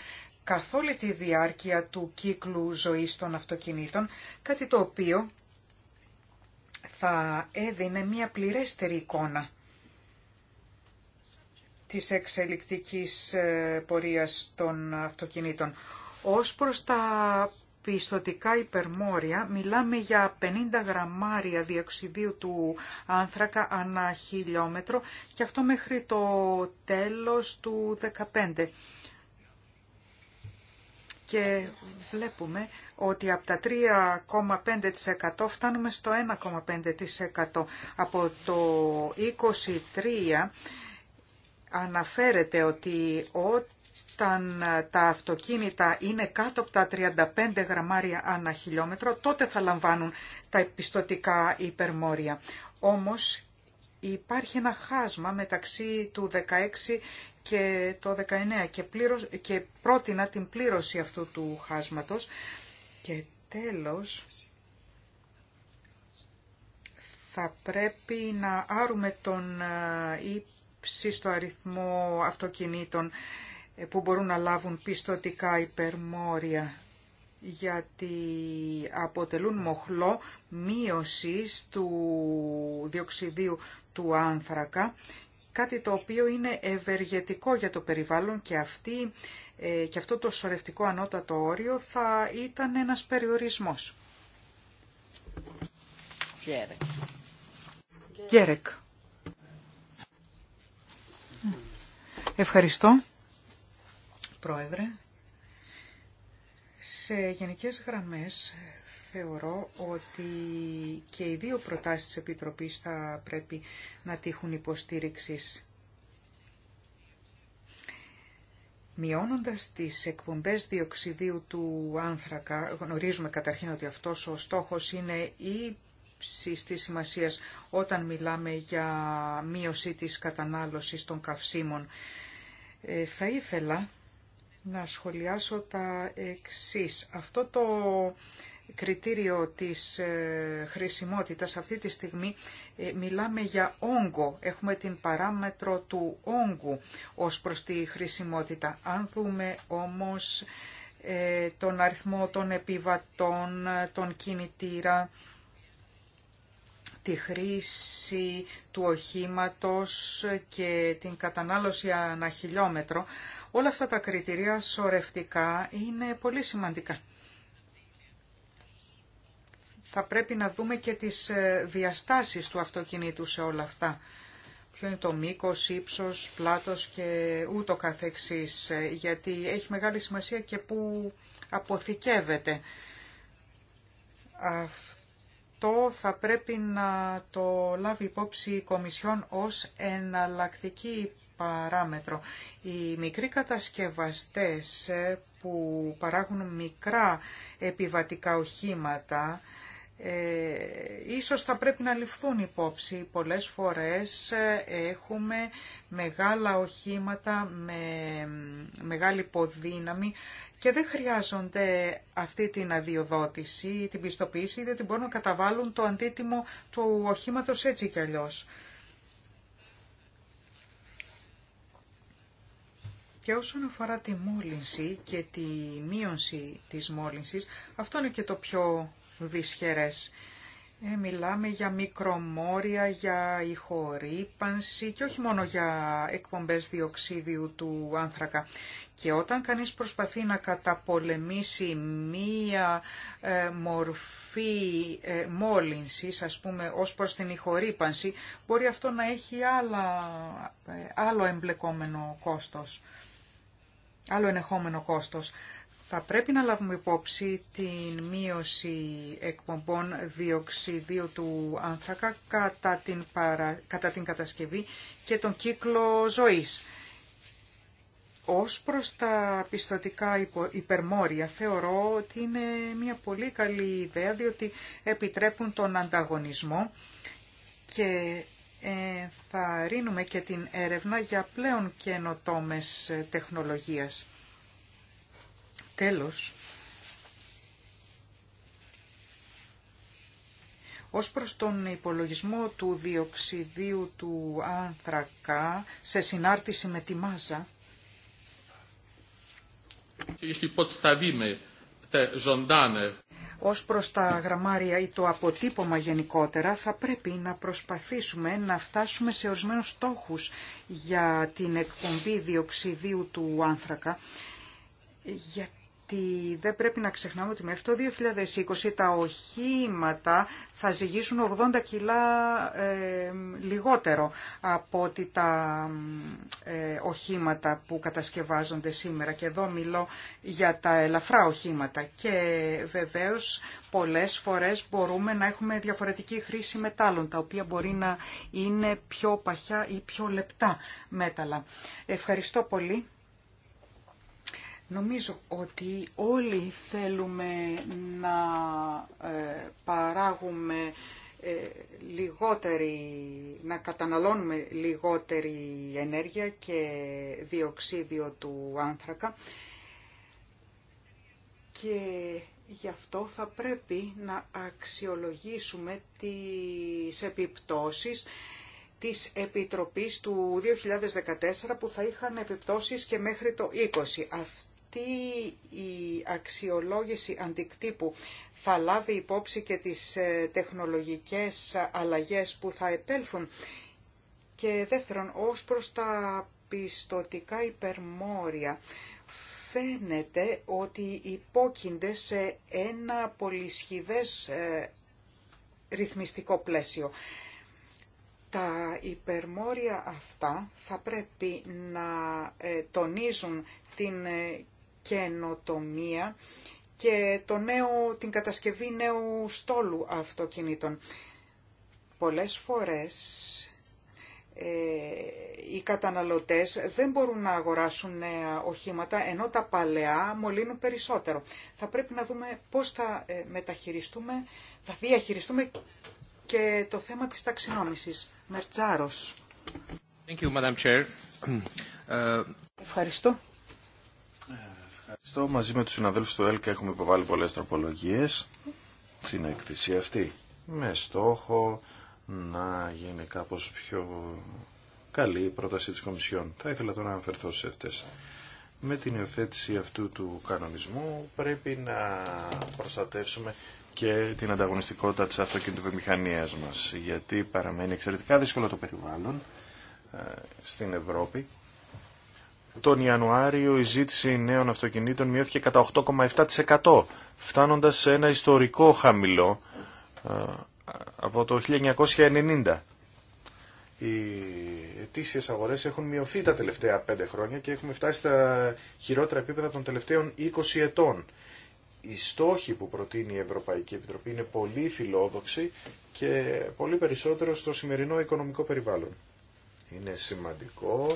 καθ' όλη τη διάρκεια του κύκλου ζωής των αυτοκινήτων, κάτι το οποίο θα έδινε μία πληρέστερη εικόνα της εξελικτικής ε, πορείας των αυτοκινήτων. Ως προς τα πιστοτικά υπερμόρια, μιλάμε για 50 γραμμάρια διοξιδίου του άνθρακα ανά χιλιόμετρο και αυτό μέχρι το τέλος του 2015. Και βλέπουμε ότι από τα 3,5% φτάνουμε στο 1,5%. Από το 23% αναφέρεται ότι ό, όταν ε, τα αυτοκίνητα είναι κάτω από τα 35 γραμμάρια ανά χιλιόμετρο, τότε θα λαμβάνουν τα επιστοτικά υπερμόρια. Όμως υπάρχει ένα χάσμα μεταξύ του 16 και το 19 και, πλήρως, και πρότεινα την πλήρωση αυτού του χάσματος. Και τέλος, θα πρέπει να άρουμε τον ε, ύψιστο αριθμό αυτοκινήτων ε, που μπορούν να λάβουν πιστοτικά υπερμόρια γιατί αποτελούν μοχλό μείωσης του διοξιδίου του άνθρακα, κάτι το οποίο είναι ευεργετικό για το περιβάλλον και, αυτή, ε, και αυτό το σωρευτικό ανώτατο όριο θα ήταν ένας περιορισμός. Ευχαριστώ. Πρόεδρε. Σε γενικές γραμμές θεωρώ ότι και οι δύο προτάσεις της Επιτροπής θα πρέπει να τύχουν υποστήριξης. Μειώνοντας τις εκπομπές διοξιδίου του άνθρακα, γνωρίζουμε καταρχήν ότι αυτός ο στόχος είναι η τη σημασίας όταν μιλάμε για μείωση της κατανάλωσης των καυσίμων. Ε, θα ήθελα να σχολιάσω τα εξής. Αυτό το κριτήριο της ε, χρησιμότητας αυτή τη στιγμή ε, μιλάμε για όγκο. Έχουμε την παράμετρο του όγκου ως προς τη χρησιμότητα. Αν δούμε όμως ε, τον αριθμό των επιβατών, των κινητήρα, τη χρήση του οχήματος και την κατανάλωση ανά χιλιόμετρο, όλα αυτά τα κριτηρία σωρευτικά είναι πολύ σημαντικά. Θα πρέπει να δούμε και τις ε, διαστάσεις του αυτοκινήτου σε όλα αυτά. Ποιο είναι το μήκος, ύψος, πλάτος και ούτω καθεξής, ε, γιατί έχει μεγάλη σημασία και που αποθηκεύεται αυτό θα πρέπει να το λάβει υπόψη η Κομισιόν ως εναλλακτική παράμετρο. Οι μικροί κατασκευαστές ε, που παράγουν μικρά επιβατικά οχήματα ε, ίσως θα πρέπει να ληφθούν υπόψη. Πολλές φορές ε, έχουμε μεγάλα οχήματα με μεγάλη υποδύναμη και δεν χρειάζονται αυτή την αδειοδότηση την πιστοποίηση, διότι μπορούν να καταβάλουν το αντίτιμο του οχήματος έτσι κι αλλιώς. Και όσον αφορά τη μόλυνση και τη μείωση της μόλυνσης, αυτό είναι και το πιο δυσχερές. Ε, μιλάμε για μικρομόρια, για ηχορύπανση και όχι μόνο για εκπομπές διοξίδιου του άνθρακα. Και όταν κανείς προσπαθεί να καταπολεμήσει μία ε, μορφή ε, μόλυνσης, ας πούμε, ως προς την ηχορύπανση, μπορεί αυτό να έχει άλλα, ε, άλλο εμπλεκόμενο κόστος, άλλο ενεχόμενο κόστος. Θα πρέπει να λάβουμε υπόψη την μείωση εκπομπών διοξιδίου του άνθρακα κατά την, κατά κατασκευή και τον κύκλο ζωής. Ως προς τα πιστοτικά υπερμόρια θεωρώ ότι είναι μια πολύ καλή ιδέα διότι επιτρέπουν τον ανταγωνισμό και θα ρίνουμε και την έρευνα για πλέον καινοτόμες τεχνολογίας Τέλος, ως προς τον υπολογισμό του διοξιδίου του άνθρακα σε συνάρτηση με τη μάζα, ως προς τα γραμμάρια ή το αποτύπωμα γενικότερα θα πρέπει να προσπαθήσουμε να φτάσουμε σε ορισμένους στόχους για την εκπομπή διοξιδίου του άνθρακα ότι δεν πρέπει να ξεχνάμε ότι μέχρι το 2020 τα οχήματα θα ζυγίσουν 80 κιλά ε, λιγότερο από ότι τα ε, οχήματα που κατασκευάζονται σήμερα. Και εδώ μιλώ για τα ελαφρά οχήματα. Και βεβαίως πολλές φορές μπορούμε να έχουμε διαφορετική χρήση μετάλλων, τα οποία μπορεί να είναι πιο παχιά ή πιο λεπτά μέταλλα. Ευχαριστώ πολύ. Νομίζω ότι όλοι θέλουμε να ε, παράγουμε ε, λιγότερη, να καταναλώνουμε λιγότερη ενέργεια και διοξίδιο του άνθρακα και γι' αυτό θα πρέπει να αξιολογήσουμε τις επιπτώσεις της Επιτροπής του 2014 που θα είχαν επιπτώσεις και μέχρι το 20. Τι η αξιολόγηση αντικτύπου θα λάβει υπόψη και τις ε, τεχνολογικές αλλαγές που θα επέλθουν. Και δεύτερον, ως προς τα πιστοτικά υπερμόρια, φαίνεται ότι υπόκεινται σε ένα πολυσχηδές ε, ρυθμιστικό πλαίσιο. Τα υπερμόρια αυτά θα πρέπει να ε, τονίζουν την καινοτομία και το νέο, την κατασκευή νέου στόλου αυτοκινήτων. Πολλές φορές ε, οι καταναλωτές δεν μπορούν να αγοράσουν νέα οχήματα, ενώ τα παλαιά μολύνουν περισσότερο. Θα πρέπει να δούμε πώς θα ε, μεταχειριστούμε, θα διαχειριστούμε και το θέμα της ταξινόμησης. Μερτσάρος. Thank you, Madam Chair. Ε, Ευχαριστώ. Ευχαριστώ. Μαζί με τους συναδέλφους του ΕΛΚΑ έχουμε υποβάλει πολλές τροπολογίες στην εκθεσία αυτή με στόχο να γίνει κάπως πιο καλή η πρόταση της Κομισιόν. Θα ήθελα τώρα να αναφερθώ σε αυτές. Με την υιοθέτηση αυτού του κανονισμού πρέπει να προστατεύσουμε και την ανταγωνιστικότητα της αυτοκινητοβιομηχανίας μας, γιατί παραμένει εξαιρετικά δύσκολο το περιβάλλον ε, στην Ευρώπη τον Ιανουάριο η ζήτηση νέων αυτοκινήτων μειώθηκε κατά 8,7% φτάνοντας σε ένα ιστορικό χαμηλό ε, από το 1990. Οι ετήσιες αγορές έχουν μειωθεί τα τελευταία 5 χρόνια και έχουμε φτάσει στα χειρότερα επίπεδα των τελευταίων 20 ετών. Οι στόχοι που προτείνει η Ευρωπαϊκή Επιτροπή είναι πολύ φιλόδοξοι και πολύ περισσότερο στο σημερινό οικονομικό περιβάλλον. Είναι σημαντικό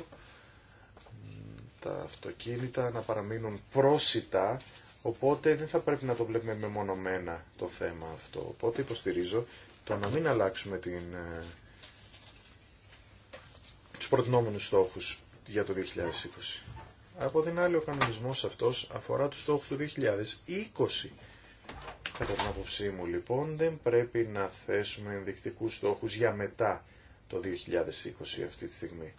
τα αυτοκίνητα να παραμείνουν πρόσιτα, οπότε δεν θα πρέπει να το βλέπουμε μεμονωμένα το θέμα αυτό. Οπότε υποστηρίζω το να μην αλλάξουμε την, ε, τους προτινόμενους στόχους για το 2020. Από την άλλη ο κανονισμός αυτός αφορά τους στόχους του 2020. Κατά την άποψή μου λοιπόν δεν πρέπει να θέσουμε ενδεικτικούς στόχους για μετά το 2020 αυτή τη στιγμή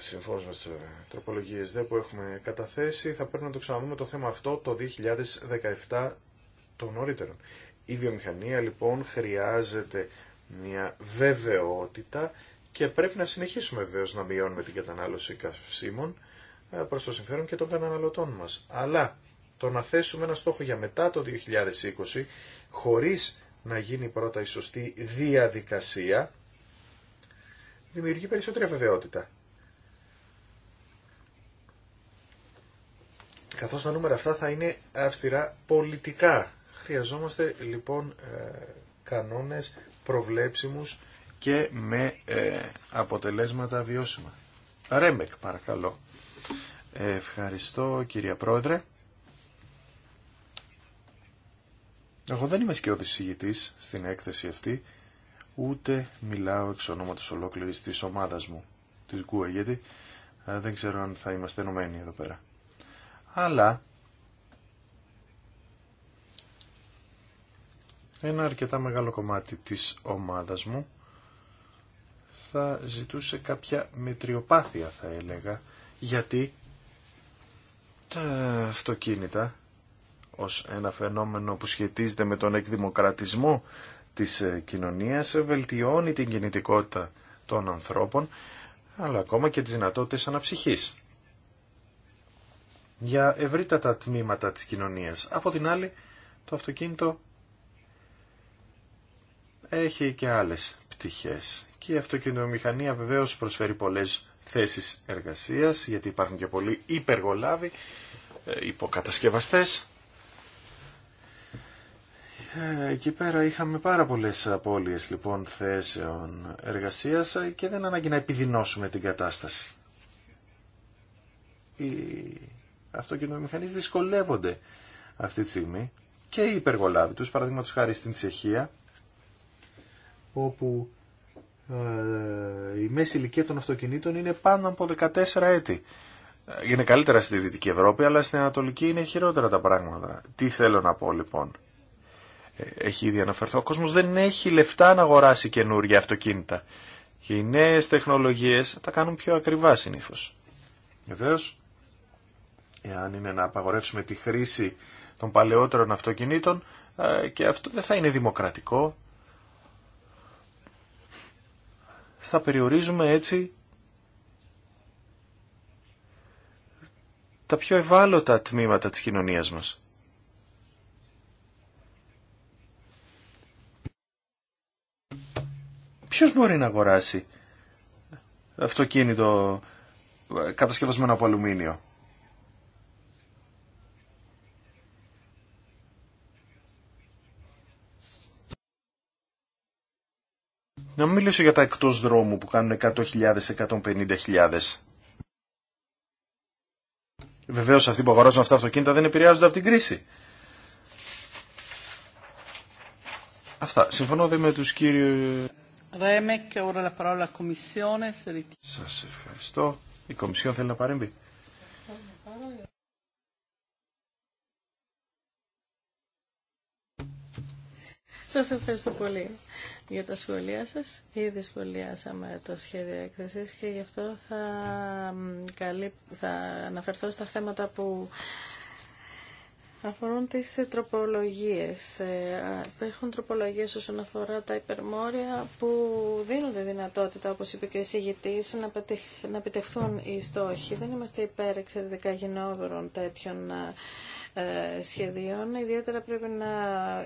συμφώνω με τις ε, τροπολογίες δε που έχουμε καταθέσει, θα πρέπει να το ξαναδούμε το θέμα αυτό το 2017 το νωρίτερο. Η βιομηχανία λοιπόν χρειάζεται μια βεβαιότητα και πρέπει να συνεχίσουμε βεβαίως να μειώνουμε την κατανάλωση καυσίμων ε, προς το συμφέρον και των καταναλωτών μας. Αλλά το να θέσουμε ένα στόχο για μετά το 2020 χωρίς να γίνει πρώτα η σωστή διαδικασία δημιουργεί περισσότερη αβεβαιότητα καθώς τα νούμερα αυτά θα είναι αυστηρά πολιτικά. Χρειαζόμαστε λοιπόν ε, κανόνες προβλέψιμους και με ε, αποτελέσματα βιώσιμα. Ρέμπεκ παρακαλώ. Ευχαριστώ κυρία Πρόεδρε. Εγώ δεν είμαι σκιώδης στην έκθεση αυτή, ούτε μιλάω εξ ονόματος ολόκληρης της ομάδας μου, της Γκουε, γιατί ε, δεν ξέρω αν θα είμαστε ενωμένοι εδώ πέρα αλλά ένα αρκετά μεγάλο κομμάτι της ομάδας μου θα ζητούσε κάποια μετριοπάθεια θα έλεγα γιατί τα αυτοκίνητα ως ένα φαινόμενο που σχετίζεται με τον εκδημοκρατισμό της ε, κοινωνίας βελτιώνει την κινητικότητα των ανθρώπων αλλά ακόμα και τις δυνατότητες αναψυχής για ευρύτατα τμήματα της κοινωνίας. Από την άλλη, το αυτοκίνητο έχει και άλλες πτυχές. Και η αυτοκινητομηχανία βεβαίως προσφέρει πολλές θέσεις εργασίας, γιατί υπάρχουν και πολλοί υπεργολάβοι, ε, υποκατασκευαστές. Ε, εκεί πέρα είχαμε πάρα πολλές απώλειες λοιπόν θέσεων εργασίας ε, και δεν ανάγκη να επιδεινώσουμε την κατάσταση αυτοκινητομηχανείς δυσκολεύονται αυτή τη στιγμή και οι υπεργολάβοι τους, παραδείγματος χάρη στην Τσεχία, όπου ε, η μέση ηλικία των αυτοκινήτων είναι πάνω από 14 έτη. Ε, είναι καλύτερα στη Δυτική Ευρώπη, αλλά στην Ανατολική είναι χειρότερα τα πράγματα. Τι θέλω να πω λοιπόν. Ε, έχει ήδη αναφερθεί. Ο κόσμος δεν έχει λεφτά να αγοράσει καινούργια αυτοκίνητα. Και οι νέες τεχνολογίες τα κάνουν πιο ακριβά συνήθως. Βεβαίως, εάν είναι να απαγορεύσουμε τη χρήση των παλαιότερων αυτοκινήτων ε, και αυτό δεν θα είναι δημοκρατικό. Θα περιορίζουμε έτσι τα πιο ευάλωτα τμήματα της κοινωνίας μας. Ποιος μπορεί να αγοράσει αυτοκίνητο κατασκευασμένο από αλουμίνιο. Να μην μιλήσω για τα εκτός δρόμου που κάνουν 100.000-150.000. Βεβαίως αυτοί που αγοράζουν αυτά τα αυτοκίνητα δεν επηρεάζονται από την κρίση. Αυτά. Συμφωνώ δε με τους κύριους... Σας ευχαριστώ. Η Κομισιόν θέλει να παρέμβει. Σας ευχαριστώ πολύ για τα σχολεία σας. Ήδη σχολιάσαμε το σχέδιο έκθεσης και γι' αυτό θα, θα αναφερθώ στα θέματα που αφορούν τις ε, τροπολογίες. Ε, υπάρχουν τροπολογίες όσον αφορά τα υπερμόρια που δίνονται δυνατότητα, όπως είπε και ο εισηγητής, να, πετυχ... να επιτευχθούν οι στόχοι. Δεν είμαστε υπέρ εξαιρετικά γενναιόδωρων τέτοιων ε, ε, σχεδίων. Ιδιαίτερα πρέπει να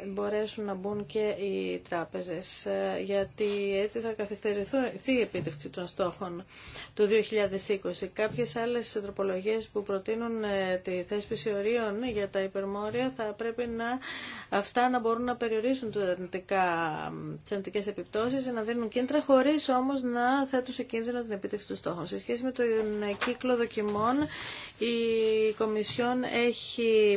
μπορέσουν να μπουν και οι τράπεζες, ε, γιατί έτσι θα καθυστερηθεί η επίτευξη των στόχων του 2020. Κάποιες άλλες τροπολογίες που προτείνουν ε, τη θέσπιση ορίων για τα υπερμόρια θα πρέπει να αυτά να μπορούν να περιορίσουν τις αρνητικές επιπτώσεις, να δίνουν κίνητρα, χωρίς όμως να θέτουν σε κίνδυνο την επίτευξη των στόχων. Σε σχέση με τον κύκλο δοκιμών, η Κομισιόν έχει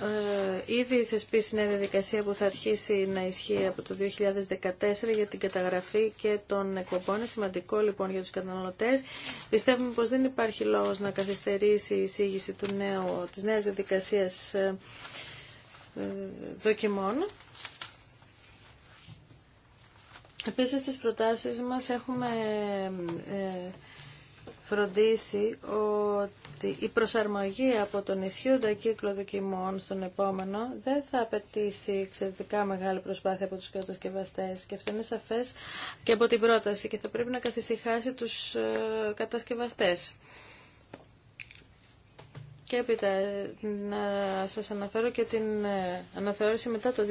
ε, ήδη θεσπίσει μια διαδικασία που θα αρχίσει να ισχύει από το 2014 για την καταγραφή και των εκπομπών. Είναι σημαντικό λοιπόν για τους καταναλωτές. Πιστεύουμε πως δεν υπάρχει λόγος να καθυστερήσει η εισήγηση του νέου, της νέας διαδικασίας ε, ε, δοκιμών. Επίσης στις προτάσεις μας έχουμε φροντίσει ότι η προσαρμογή από τον ισχύοντα κύκλο δοκιμών στον επόμενο δεν θα απαιτήσει εξαιρετικά μεγάλη προσπάθεια από τους κατασκευαστέ. και αυτό είναι σαφές και από την πρόταση και θα πρέπει να καθησυχάσει τους ε, κατασκευαστές. Και έπειτα να σας αναφέρω και την ε, αναθεώρηση μετά το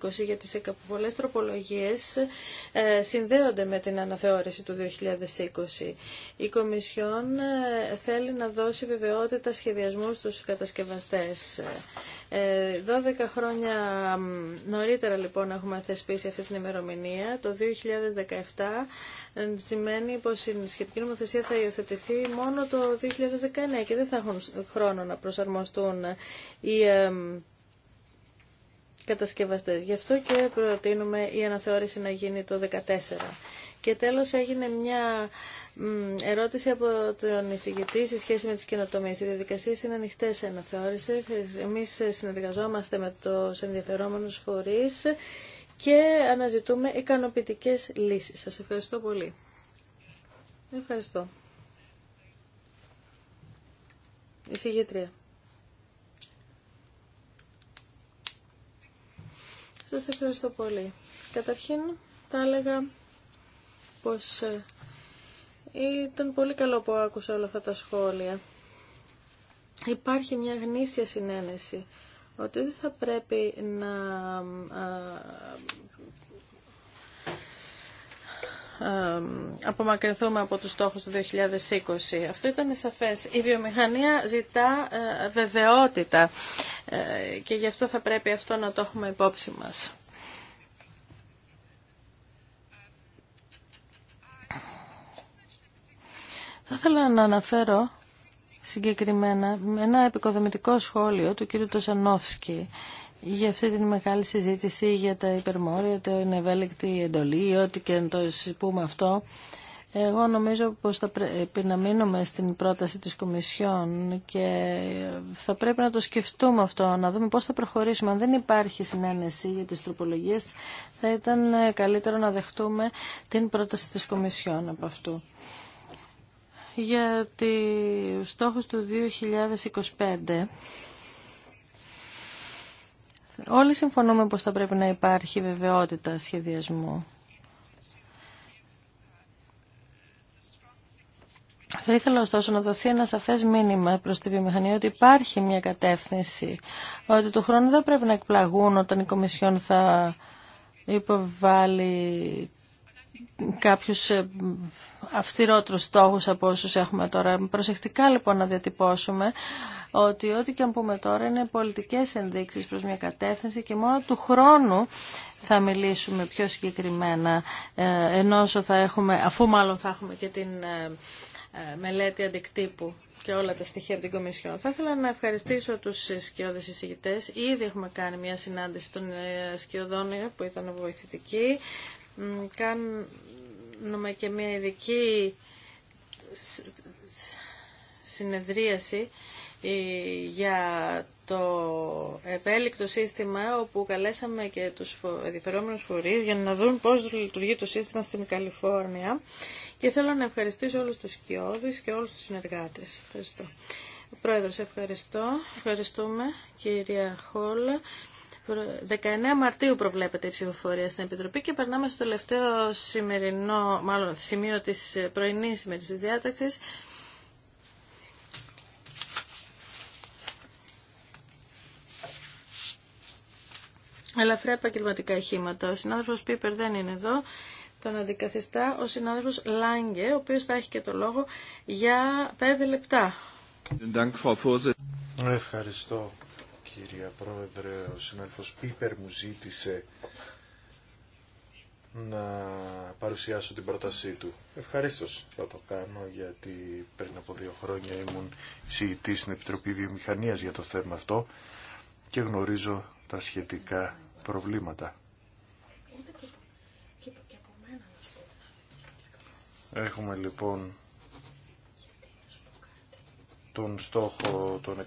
2020 γιατί σε πολλές τροπολογίες ε, συνδέονται με την αναθεώρηση του 2020. Η Κομισιόν ε, θέλει να δώσει βεβαιότητα σχεδιασμού στους κατασκευαστές. 12 χρόνια νωρίτερα λοιπόν έχουμε θεσπίσει αυτή την ημερομηνία. Το 2017 σημαίνει πως η σχετική νομοθεσία θα υιοθετηθεί μόνο το 2019 και δεν θα έχουν χρόνο να προσαρμοστούν οι κατασκευαστές. Γι' αυτό και προτείνουμε η αναθεώρηση να γίνει το 2014. Και τέλος έγινε μια ερώτηση από τον εισηγητή σε σχέση με τις καινοτομίες. Οι διαδικασίες είναι ανοιχτέ σε αναθεώρηση. Εμείς συνεργαζόμαστε με τους ενδιαφερόμενους φορείς και αναζητούμε ικανοποιητικές λύσεις. Σας ευχαριστώ πολύ. Ευχαριστώ. γιατρία. Σας ευχαριστώ πολύ. Καταρχήν θα έλεγα πως ε, ήταν πολύ καλό που άκουσα όλα αυτά τα σχόλια. Υπάρχει μια γνήσια συνένεση ότι δεν θα πρέπει να απομακρυνθούμε από τους στόχους του 2020. Αυτό ήταν σαφές. Η βιομηχανία ζητά ε, βεβαιότητα ε, και γι' αυτό θα πρέπει αυτό να το έχουμε υπόψη μας. Θα ήθελα να αναφέρω συγκεκριμένα ένα επικοδομητικό σχόλιο του κ. Τοσανόφσκι για αυτή την μεγάλη συζήτηση για τα υπερμόρια, είναι ευέλικτη εντολή, ό,τι και να το πούμε αυτό. Εγώ νομίζω πως θα πρέπει να μείνουμε στην πρόταση της Κομισιόν και θα πρέπει να το σκεφτούμε αυτό, να δούμε πώς θα προχωρήσουμε. Αν δεν υπάρχει συνένεση για τις τροπολογίες, θα ήταν ε, καλύτερο να δεχτούμε την πρόταση της Κομισιόν από αυτού για τους στόχους του 2025. Όλοι συμφωνούμε πως θα πρέπει να υπάρχει βεβαιότητα σχεδιασμού. Θα ήθελα ωστόσο να δοθεί ένα σαφές μήνυμα προς τη βιομηχανία ότι υπάρχει μια κατεύθυνση, ότι το χρόνο δεν πρέπει να εκπλαγούν όταν η Κομισιόν θα υποβάλει κάποιους ε, αυστηρότερους στόχους από όσους έχουμε τώρα. Προσεκτικά λοιπόν να διατυπώσουμε ότι ό,τι και αν πούμε τώρα είναι πολιτικές ενδείξεις προς μια κατεύθυνση και μόνο του χρόνου θα μιλήσουμε πιο συγκεκριμένα ε, ενώ θα έχουμε, αφού μάλλον θα έχουμε και την ε, μελέτη αντικτύπου και όλα τα στοιχεία από την Κομισιόν. Θα ήθελα να ευχαριστήσω τους σκιώδες εισηγητές. Ήδη έχουμε κάνει μια συνάντηση των σκιωδών που ήταν βοηθητική κάνουμε και μια ειδική συνεδρίαση ε, για το ευέλικτο σύστημα όπου καλέσαμε και τους ενδιαφερόμενους φορείς για να δουν πώς λειτουργεί το σύστημα στην Καλιφόρνια και θέλω να ευχαριστήσω όλους τους σκιώδεις και όλους τους συνεργάτες. Ευχαριστώ. Πρόεδρος, ευχαριστώ. Ευχαριστούμε κυρία Χόλ. 19 Μαρτίου προβλέπεται η ψηφοφορία στην Επιτροπή και περνάμε στο τελευταίο σημερινό, μάλλον σημείο της πρωινής σημερινής διάταξης. Ελαφρά επαγγελματικά οχήματα. Ο συνάδελφος Πίπερ δεν είναι εδώ. Τον αντικαθιστά ο συνάδελφος Λάγκε, ο οποίος θα έχει και το λόγο για 5 λεπτά. Ευχαριστώ, κυρία Πρόεδρε. Ο συνάδελφος Πίπερ μου ζήτησε να παρουσιάσω την πρότασή του. Ευχαρίστω θα το κάνω γιατί πριν από δύο χρόνια ήμουν συγητή στην Επιτροπή Βιομηχανίας για το θέμα αυτό και γνωρίζω τα σχετικά προβλήματα. Έχουμε λοιπόν τον στόχο των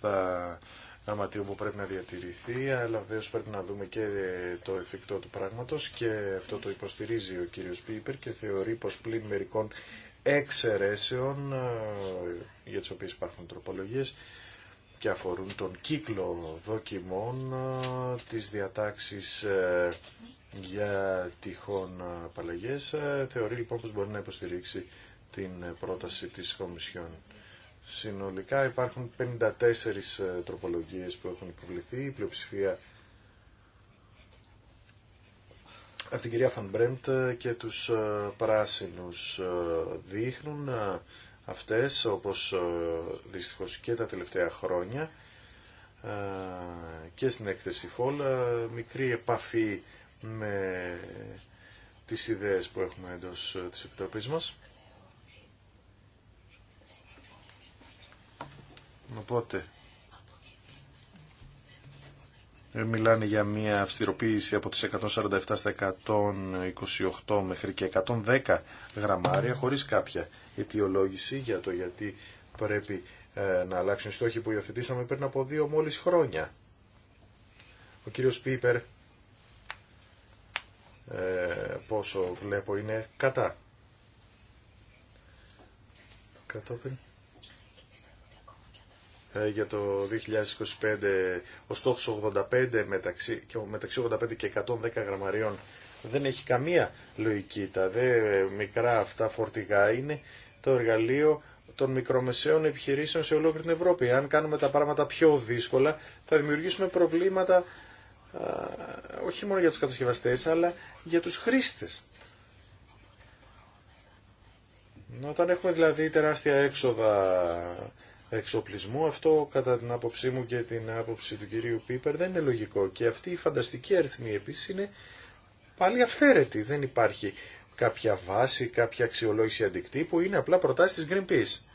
147 γραμματείου που πρέπει να διατηρηθεί, αλλά βεβαίω πρέπει να δούμε και το εφικτό του πράγματος και αυτό το υποστηρίζει ο κύριος Πίπερ και θεωρεί πως πλην μερικών εξαιρέσεων ε, για τι οποίε υπάρχουν τροπολογίε και αφορούν τον κύκλο δοκιμών, ε, της διατάξεις ε, για τυχόν απαλλαγές. Θεωρεί λοιπόν πως μπορεί να υποστηρίξει την πρόταση της Κομισιόν. Συνολικά υπάρχουν 54 ε, τροπολογίες που έχουν υποβληθεί, η πλειοψηφία από την κυρία Φανμπρέμπτ ε, και τους ε, πράσινους δείχνουν αυτές, όπως δυστυχώς και τα τελευταία χρόνια και στην έκθεση ΦΟΛ, μικρή επαφή με τις ιδέες που έχουμε εντός της Επιτροπής μας. Οπότε, ε, μιλάνε για μια αυστηροποίηση από τις 147 στα 128 μέχρι και 110 γραμμάρια, χωρίς κάποια αιτιολόγηση για το γιατί πρέπει ε, να αλλάξουν οι στόχοι που υιοθετήσαμε πριν από δύο μόλις χρόνια. Ο κύριος Πίπερ, ε, πόσο βλέπω, είναι κατά. Κατόπιν ε, για το 2025 ο στόχος 85 μεταξύ, μεταξύ 85 και 110 γραμμαρίων δεν έχει καμία λογική. Τα δε μικρά αυτά φορτηγά είναι το εργαλείο των μικρομεσαίων επιχειρήσεων σε ολόκληρη την Ευρώπη. Αν κάνουμε τα πράγματα πιο δύσκολα θα δημιουργήσουμε προβλήματα όχι μόνο για τους κατασκευαστές αλλά για τους χρήστες. Όταν έχουμε δηλαδή τεράστια έξοδα εξοπλισμού. Αυτό κατά την άποψή μου και την άποψη του κυρίου Πίπερ δεν είναι λογικό. Και αυτή η φανταστική αριθμή επίσης είναι πάλι αυθαίρετη. Δεν υπάρχει κάποια βάση, κάποια αξιολόγηση αντικτύπου. Είναι απλά προτάσεις της Greenpeace.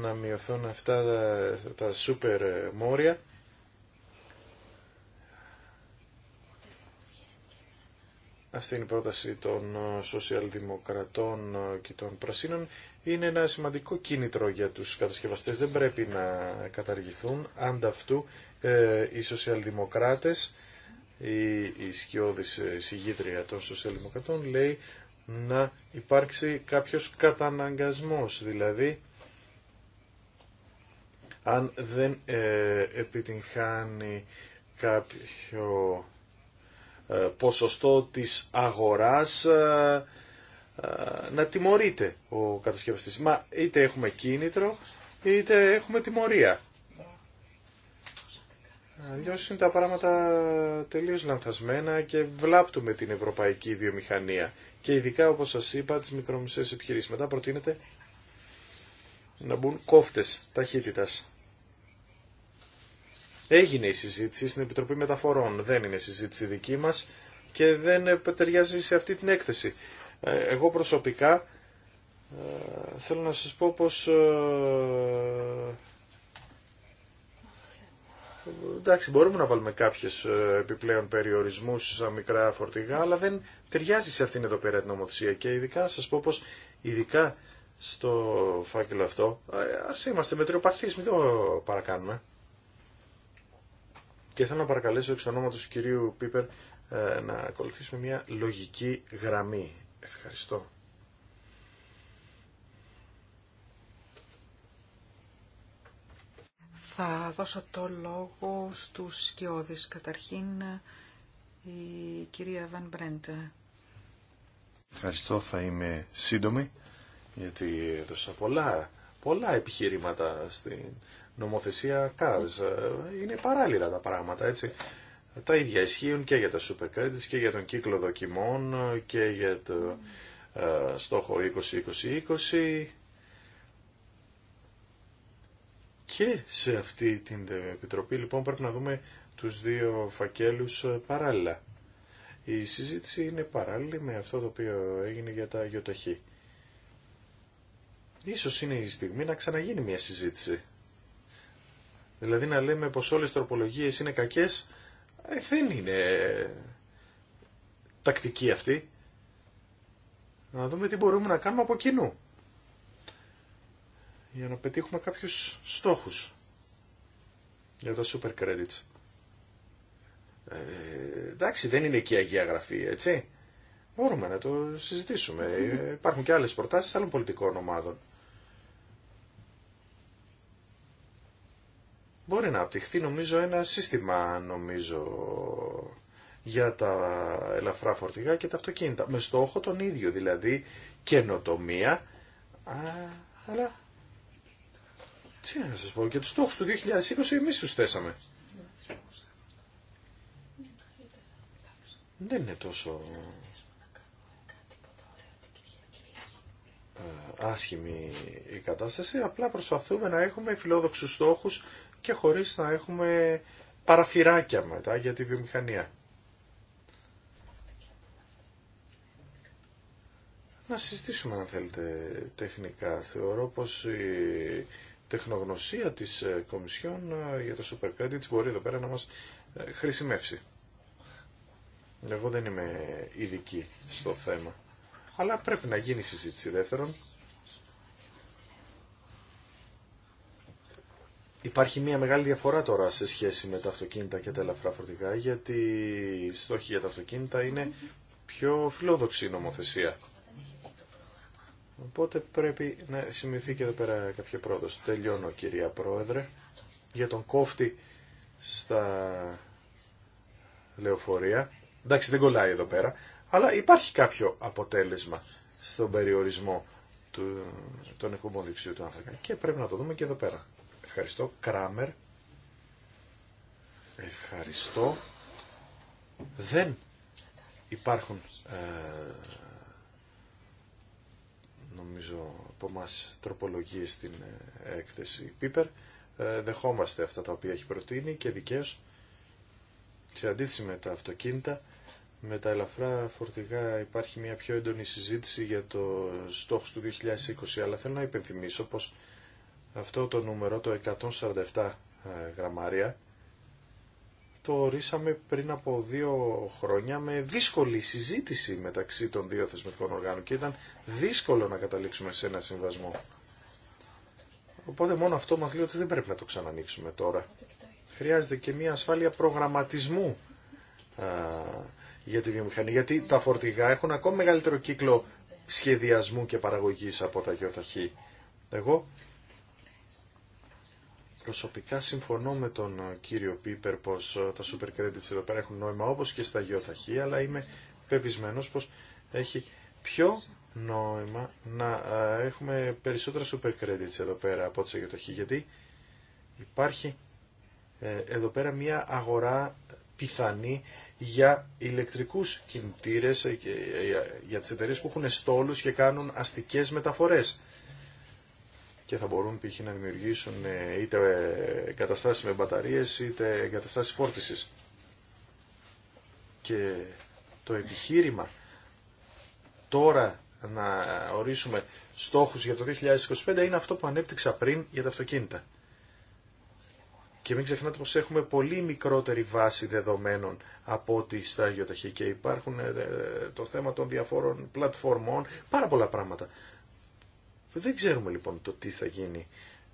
Να μειωθούν αυτά τα σούπερ μόρια. Αυτή είναι η πρόταση των σοσιαλδημοκρατών και των πρασίνων είναι ένα σημαντικό κίνητρο για τους κατασκευαστές. Δεν πρέπει να καταργηθούν. Ανταυτού ε, οι σοσιαλδημοκράτες, η, η σκιώδης ε, συγγήτρια των σοσιαλδημοκρατών λέει να υπάρξει κάποιος καταναγκασμός. Δηλαδή, αν δεν ε, επιτυγχάνει κάποιο ε, ποσοστό της αγοράς ε, να τιμωρείται ο κατασκευαστής. Μα είτε έχουμε κίνητρο, είτε έχουμε τιμωρία. Αλλιώ είναι τα πράγματα τελείω λανθασμένα και βλάπτουμε την ευρωπαϊκή βιομηχανία. Και ειδικά, όπω σα είπα, τι μικρομισέ επιχειρήσει. Μετά προτείνεται να μπουν κόφτε ταχύτητα. Έγινε η συζήτηση στην Επιτροπή Μεταφορών. Δεν είναι συζήτηση δική μα και δεν ταιριάζει σε αυτή την έκθεση. Ε, εγώ προσωπικά ε, θέλω να σας πω πως ε, εντάξει μπορούμε να βάλουμε κάποιες επιπλέον περιορισμούς σαν μικρά φορτηγά αλλά δεν ταιριάζει σε αυτήν εδώ πέρα την νομοθεσία και ειδικά σας πω πως ειδικά στο φάκελο αυτό ας είμαστε μετριοπαθείς μην το παρακάνουμε και θέλω να παρακαλέσω εξ ονόματος του κυρίου Πίπερ να ακολουθήσουμε μια λογική γραμμή Ευχαριστώ. Θα δώσω το λόγο στους σκιώδεις. Καταρχήν η κυρία Βαν Μπρέντε. Ευχαριστώ, θα είμαι σύντομη, γιατί έδωσα πολλά, πολλά επιχειρήματα στην νομοθεσία ΚΑΖ. Ε, είναι παράλληλα τα πράγματα, έτσι. Τα ίδια ισχύουν και για τα super credits και για τον κύκλο δοκιμών και για το ε, στόχο 20-20-20 και σε αυτή την επιτροπή λοιπόν πρέπει να δούμε τους δύο φακέλους ε, παράλληλα. Η συζήτηση είναι παράλληλη με αυτό το οποίο έγινε για τα αγιοταχή. Ίσως είναι η στιγμή να ξαναγίνει μια συζήτηση. Δηλαδή να λέμε πως όλες οι τροπολογίες είναι κακές ε, δεν είναι τακτική αυτή. Να δούμε τι μπορούμε να κάνουμε από κοινού. Για να πετύχουμε κάποιους στόχους για τα super credits. Ε, εντάξει, δεν είναι και η Αγία Γραφή, έτσι. Μπορούμε να το συζητήσουμε. Ε, υπάρχουν και άλλες προτάσεις άλλων πολιτικών ομάδων. μπορεί να απτυχθεί νομίζω ένα σύστημα νομίζω για τα ελαφρά φορτηγά και τα αυτοκίνητα. Με στόχο τον ίδιο δηλαδή καινοτομία α, αλλά τι να σας πω και τους στόχους του 2020 εμείς τους θέσαμε. Δεν είναι τόσο ε, άσχημη η κατάσταση, απλά προσπαθούμε να έχουμε φιλόδοξους στόχους και χωρίς να έχουμε παραθυράκια μετά για τη βιομηχανία. Να συζητήσουμε αν θέλετε τεχνικά. Θεωρώ πως η τεχνογνωσία της ε, Κομισιόν ε, για το Super Credits μπορεί εδώ πέρα να μας ε, χρησιμεύσει. Εγώ δεν είμαι ειδική στο θέμα. Αλλά πρέπει να γίνει συζήτηση δεύτερον. Υπάρχει μια μεγάλη διαφορά τώρα σε σχέση με τα αυτοκίνητα και τα ελαφρά φορτηγά, γιατί η στόχη για τα αυτοκίνητα είναι πιο φιλόδοξη νομοθεσία. Οπότε πρέπει να σημειωθεί και εδώ πέρα κάποια πρόοδο. Τελειώνω κυρία Πρόεδρε. Για τον κόφτη στα λεωφορεία. Εντάξει δεν κολλάει εδώ πέρα. Αλλά υπάρχει κάποιο αποτέλεσμα στον περιορισμό των εκπομπών δεξιού του άνθρακα. Και πρέπει να το δούμε και εδώ πέρα. Ευχαριστώ. Κράμερ. Ευχαριστώ. Δεν υπάρχουν ε, νομίζω από εμά τροπολογίες στην ε, έκθεση Πίπερ. Ε, δεχόμαστε αυτά τα οποία έχει προτείνει και δικαίω σε αντίθεση με τα αυτοκίνητα με τα ελαφρά φορτηγά υπάρχει μια πιο έντονη συζήτηση για το στόχο του 2020 αλλά θέλω να υπενθυμίσω πως αυτό το νούμερο, το 147 ε, γραμμάρια, το ορίσαμε πριν από δύο χρόνια με δύσκολη συζήτηση μεταξύ των δύο θεσμικών οργάνων και ήταν δύσκολο να καταλήξουμε σε ένα συμβασμό. Οπότε μόνο αυτό μας λέει ότι δεν πρέπει να το ξανανοίξουμε τώρα. Χρειάζεται και μια ασφάλεια προγραμματισμού α, ε, για τη βιομηχανία, γιατί τα φορτηγά έχουν ακόμη μεγαλύτερο κύκλο σχεδιασμού και παραγωγής από τα γεωταχή. Εγώ Προσωπικά συμφωνώ με τον κύριο Πίπερ πως τα super credits εδώ πέρα έχουν νόημα όπως και στα γεωταχή αλλά είμαι πεπισμένος πως έχει πιο νόημα να έχουμε περισσότερα super credits εδώ πέρα από τις γεωταχή γιατί υπάρχει ε, εδώ πέρα μια αγορά πιθανή για ηλεκτρικούς κινητήρες, ε, ε, για τις εταιρείες που έχουν στόλους και κάνουν αστικές μεταφορές και θα μπορούν π.χ. να δημιουργήσουν ε, είτε ε, καταστάσεις με μπαταρίες είτε καταστάσεις φόρτισης. Και το επιχείρημα τώρα να ορίσουμε στόχους για το 2025 είναι αυτό που ανέπτυξα πριν για τα αυτοκίνητα. Και μην ξεχνάτε πως έχουμε πολύ μικρότερη βάση δεδομένων από ό,τι στα Ιωταχή και υπάρχουν ε, το θέμα των διαφόρων πλατφορμών, πάρα πολλά πράγματα δεν ξέρουμε λοιπόν το τι θα γίνει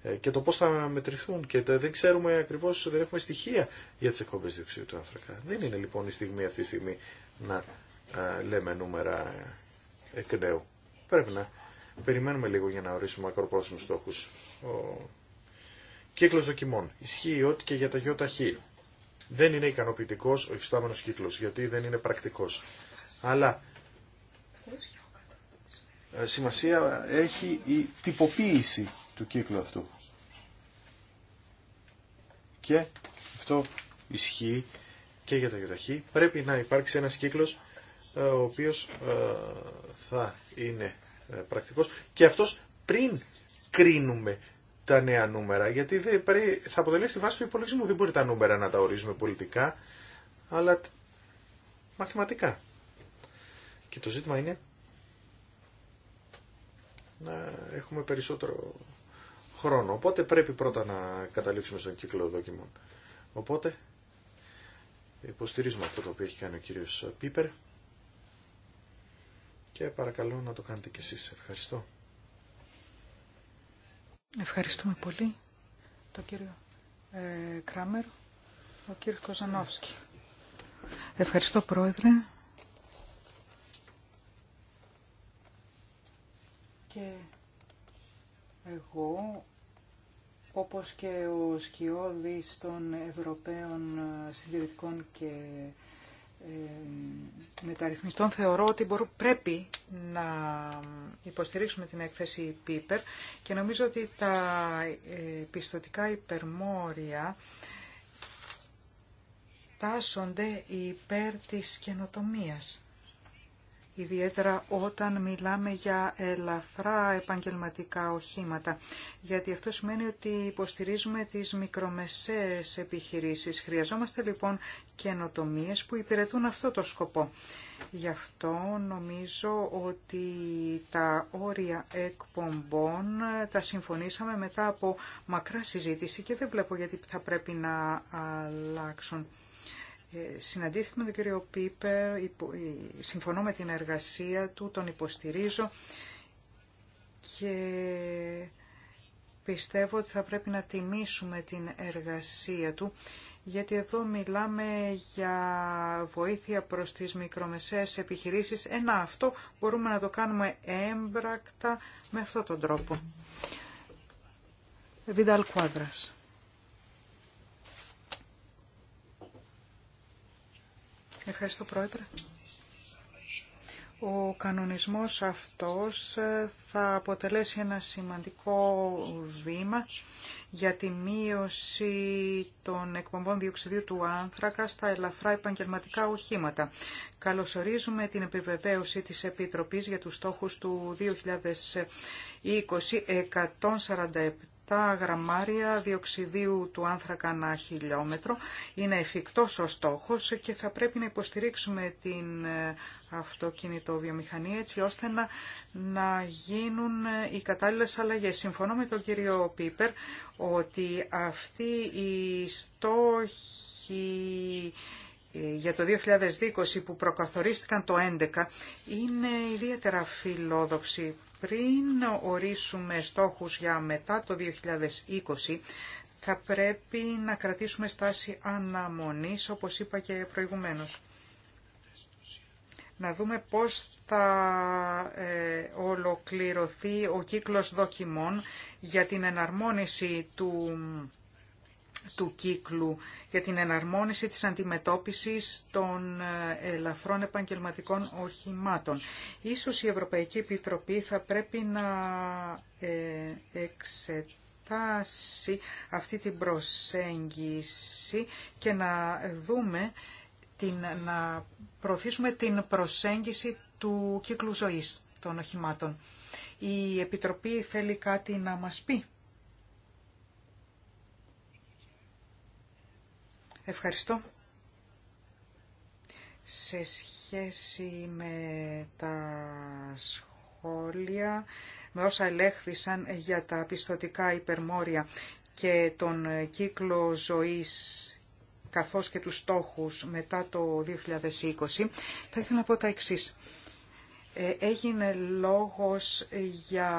ε, και το πώς θα μετρηθούν και δεν ξέρουμε ακριβώς, δεν έχουμε στοιχεία για τις εκπομπές διοξιδίου του άνθρακα. Δεν είναι λοιπόν η στιγμή αυτή τη στιγμή να ε, λέμε νούμερα ε, εκ νέου. Πρέπει να περιμένουμε λίγο για να ορίσουμε μακροπρόθεσμους στόχους. Ο κύκλος δοκιμών ισχύει ότι και για τα ταχύ. Δεν είναι ικανοποιητικός ο υφιστάμενος κύκλος γιατί δεν είναι πρακτικός. Αλλά ε, σημασία έχει η τυποποίηση του κύκλου αυτού. Και αυτό ισχύει και για τα γεωταχή. Πρέπει να υπάρξει ένας κύκλος ε, ο οποίος ε, θα είναι πρακτικός και αυτός πριν κρίνουμε τα νέα νούμερα, γιατί θα αποτελέσει βάση του υπολογισμού. Δεν μπορεί τα νούμερα να τα ορίζουμε πολιτικά, αλλά μαθηματικά. Και το ζήτημα είναι να έχουμε περισσότερο χρόνο. Οπότε πρέπει πρώτα να καταλήξουμε στον κύκλο δοκιμών. Οπότε υποστηρίζουμε αυτό το οποίο έχει κάνει ο κύριος Πίπερ και παρακαλώ να το κάνετε κι εσείς. Ευχαριστώ. Ευχαριστούμε πολύ τον κύριο ε, Κράμερ, ο κύριο Κοζανόφσκι. Ευχαριστώ πρόεδρε. και εγώ, όπως και ο σκιώδης των Ευρωπαίων Συντηρητικών και ε, μεταρρυθμιστών θεωρώ ότι πρέπει να υποστηρίξουμε την έκθεση Πίπερ και νομίζω ότι τα ε, πιστοτικά υπερμόρια τάσσονται υπέρ της καινοτομίας ιδιαίτερα όταν μιλάμε για ελαφρά επαγγελματικά οχήματα, γιατί αυτό σημαίνει ότι υποστηρίζουμε τις μικρομεσαίες επιχειρήσεις. Χρειαζόμαστε λοιπόν καινοτομίε που υπηρετούν αυτό το σκοπό. Γι' αυτό νομίζω ότι τα όρια εκπομπών τα συμφωνήσαμε μετά από μακρά συζήτηση και δεν βλέπω γιατί θα πρέπει να αλλάξουν. Ε, συναντήθηκα με τον κύριο Πίπερ, ε, συμφωνώ με την εργασία του, τον υποστηρίζω και πιστεύω ότι θα πρέπει να τιμήσουμε την εργασία του, γιατί εδώ μιλάμε για βοήθεια προς τις μικρομεσαίες επιχειρήσεις. Ένα αυτό μπορούμε να το κάνουμε έμπρακτα με αυτόν τον τρόπο. Vidal Κουάδρας. Ευχαριστώ, Πρόεδρε. Ο κανονισμός αυτός ε, θα αποτελέσει ένα σημαντικό βήμα για τη μείωση των εκπομπών διοξιδίου του άνθρακα στα ελαφρά επαγγελματικά οχήματα. Καλωσορίζουμε την επιβεβαίωση της Επιτροπής για τους στόχους του 2020 147 τα γραμμάρια διοξιδίου του άνθρακα ανά χιλιόμετρο. Είναι εφικτός ο στόχος και θα πρέπει να υποστηρίξουμε την ε, αυτοκινητοβιομηχανία έτσι ώστε να, να γίνουν ε, οι κατάλληλες αλλαγές. Συμφωνώ με τον κύριο Πίπερ ότι αυτή η στόχη ε, για το 2020 που προκαθορίστηκαν το 2011 είναι ιδιαίτερα φιλόδοξη πριν ορίσουμε στόχους για μετά το 2020, θα πρέπει να κρατήσουμε στάση αναμονής, όπως είπα και προηγουμένως. Να δούμε πώς θα ε, ολοκληρωθεί ο κύκλος δοκιμών για την εναρμόνιση του του κύκλου για την εναρμόνιση της αντιμετώπισης των ε, ελαφρών επαγγελματικών οχημάτων. Ίσως η Ευρωπαϊκή Επιτροπή θα πρέπει να ε, εξετάσει αυτή την προσέγγιση και να δούμε, την, να προωθήσουμε την προσέγγιση του κύκλου ζωής των οχημάτων. Η Επιτροπή θέλει κάτι να μας πει. Ευχαριστώ. Σε σχέση με τα σχόλια, με όσα ελέγχθησαν για τα πιστοτικά υπερμόρια και τον κύκλο ζωής καθώς και τους στόχους μετά το 2020, θα ήθελα να πω τα εξής. Ε, έγινε λόγος για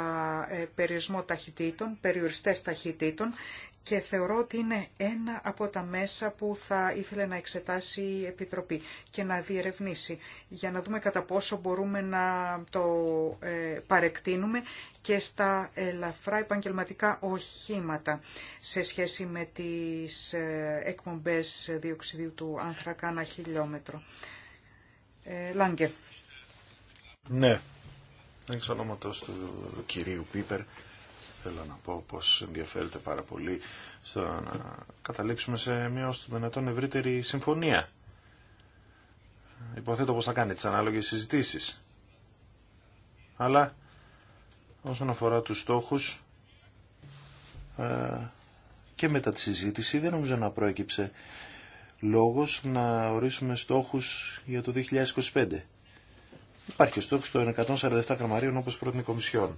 ε, περιορισμό ταχυτήτων, περιοριστές ταχυτήτων και θεωρώ ότι είναι ένα από τα μέσα που θα ήθελε να εξετάσει η Επιτροπή και να διερευνήσει για να δούμε κατά πόσο μπορούμε να το ε, παρεκτείνουμε και στα ελαφρά επαγγελματικά οχήματα σε σχέση με τις ε, εκπομπές διοξιδίου του άνθρακα ένα χιλιόμετρο. Ε, Λάγκε. Ναι, εξ του κυρίου Πίπερ θέλω να πω πως ενδιαφέρεται πάρα πολύ στο να καταλήξουμε σε μια ως το δυνατόν ευρύτερη συμφωνία. Υποθέτω πως θα κάνει τις ανάλογες συζητήσεις. Αλλά όσον αφορά τους στόχους ε, και μετά τη συζήτηση δεν νομίζω να προέκυψε λόγος να ορίσουμε στόχους για το 2025. Υπάρχει ο στόχος των 147 γραμμαρίων όπως πρότεινε η Κομισιόν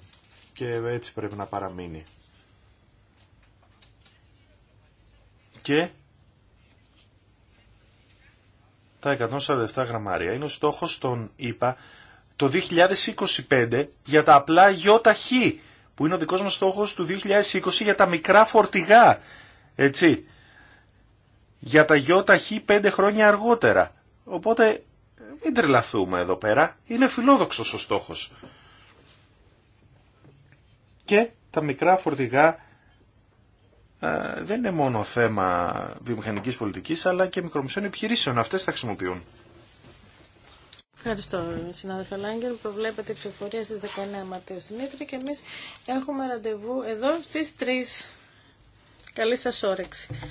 και έτσι πρέπει να παραμείνει. Και τα 147 γραμμάρια είναι ο στόχος των ΙΠΑ το 2025 για τα απλά ΙΧ που είναι ο δικός μας στόχος του 2020 για τα μικρά φορτηγά. Έτσι. Για τα ΙΧ 5 χρόνια αργότερα. Οπότε μην τρελαθούμε εδώ πέρα. Είναι φιλόδοξος ο στόχος και τα μικρά φορτηγά ε, δεν είναι μόνο θέμα βιομηχανικής πολιτικής αλλά και μικρομισών επιχειρήσεων. Αυτές θα χρησιμοποιούν. Ευχαριστώ, συνάδελφε Λάγκερ. Προβλέπετε ψηφοφορία στις 19 Μαρτίου στην Ήτρη και εμείς έχουμε ραντεβού εδώ στις 3. Καλή σας όρεξη.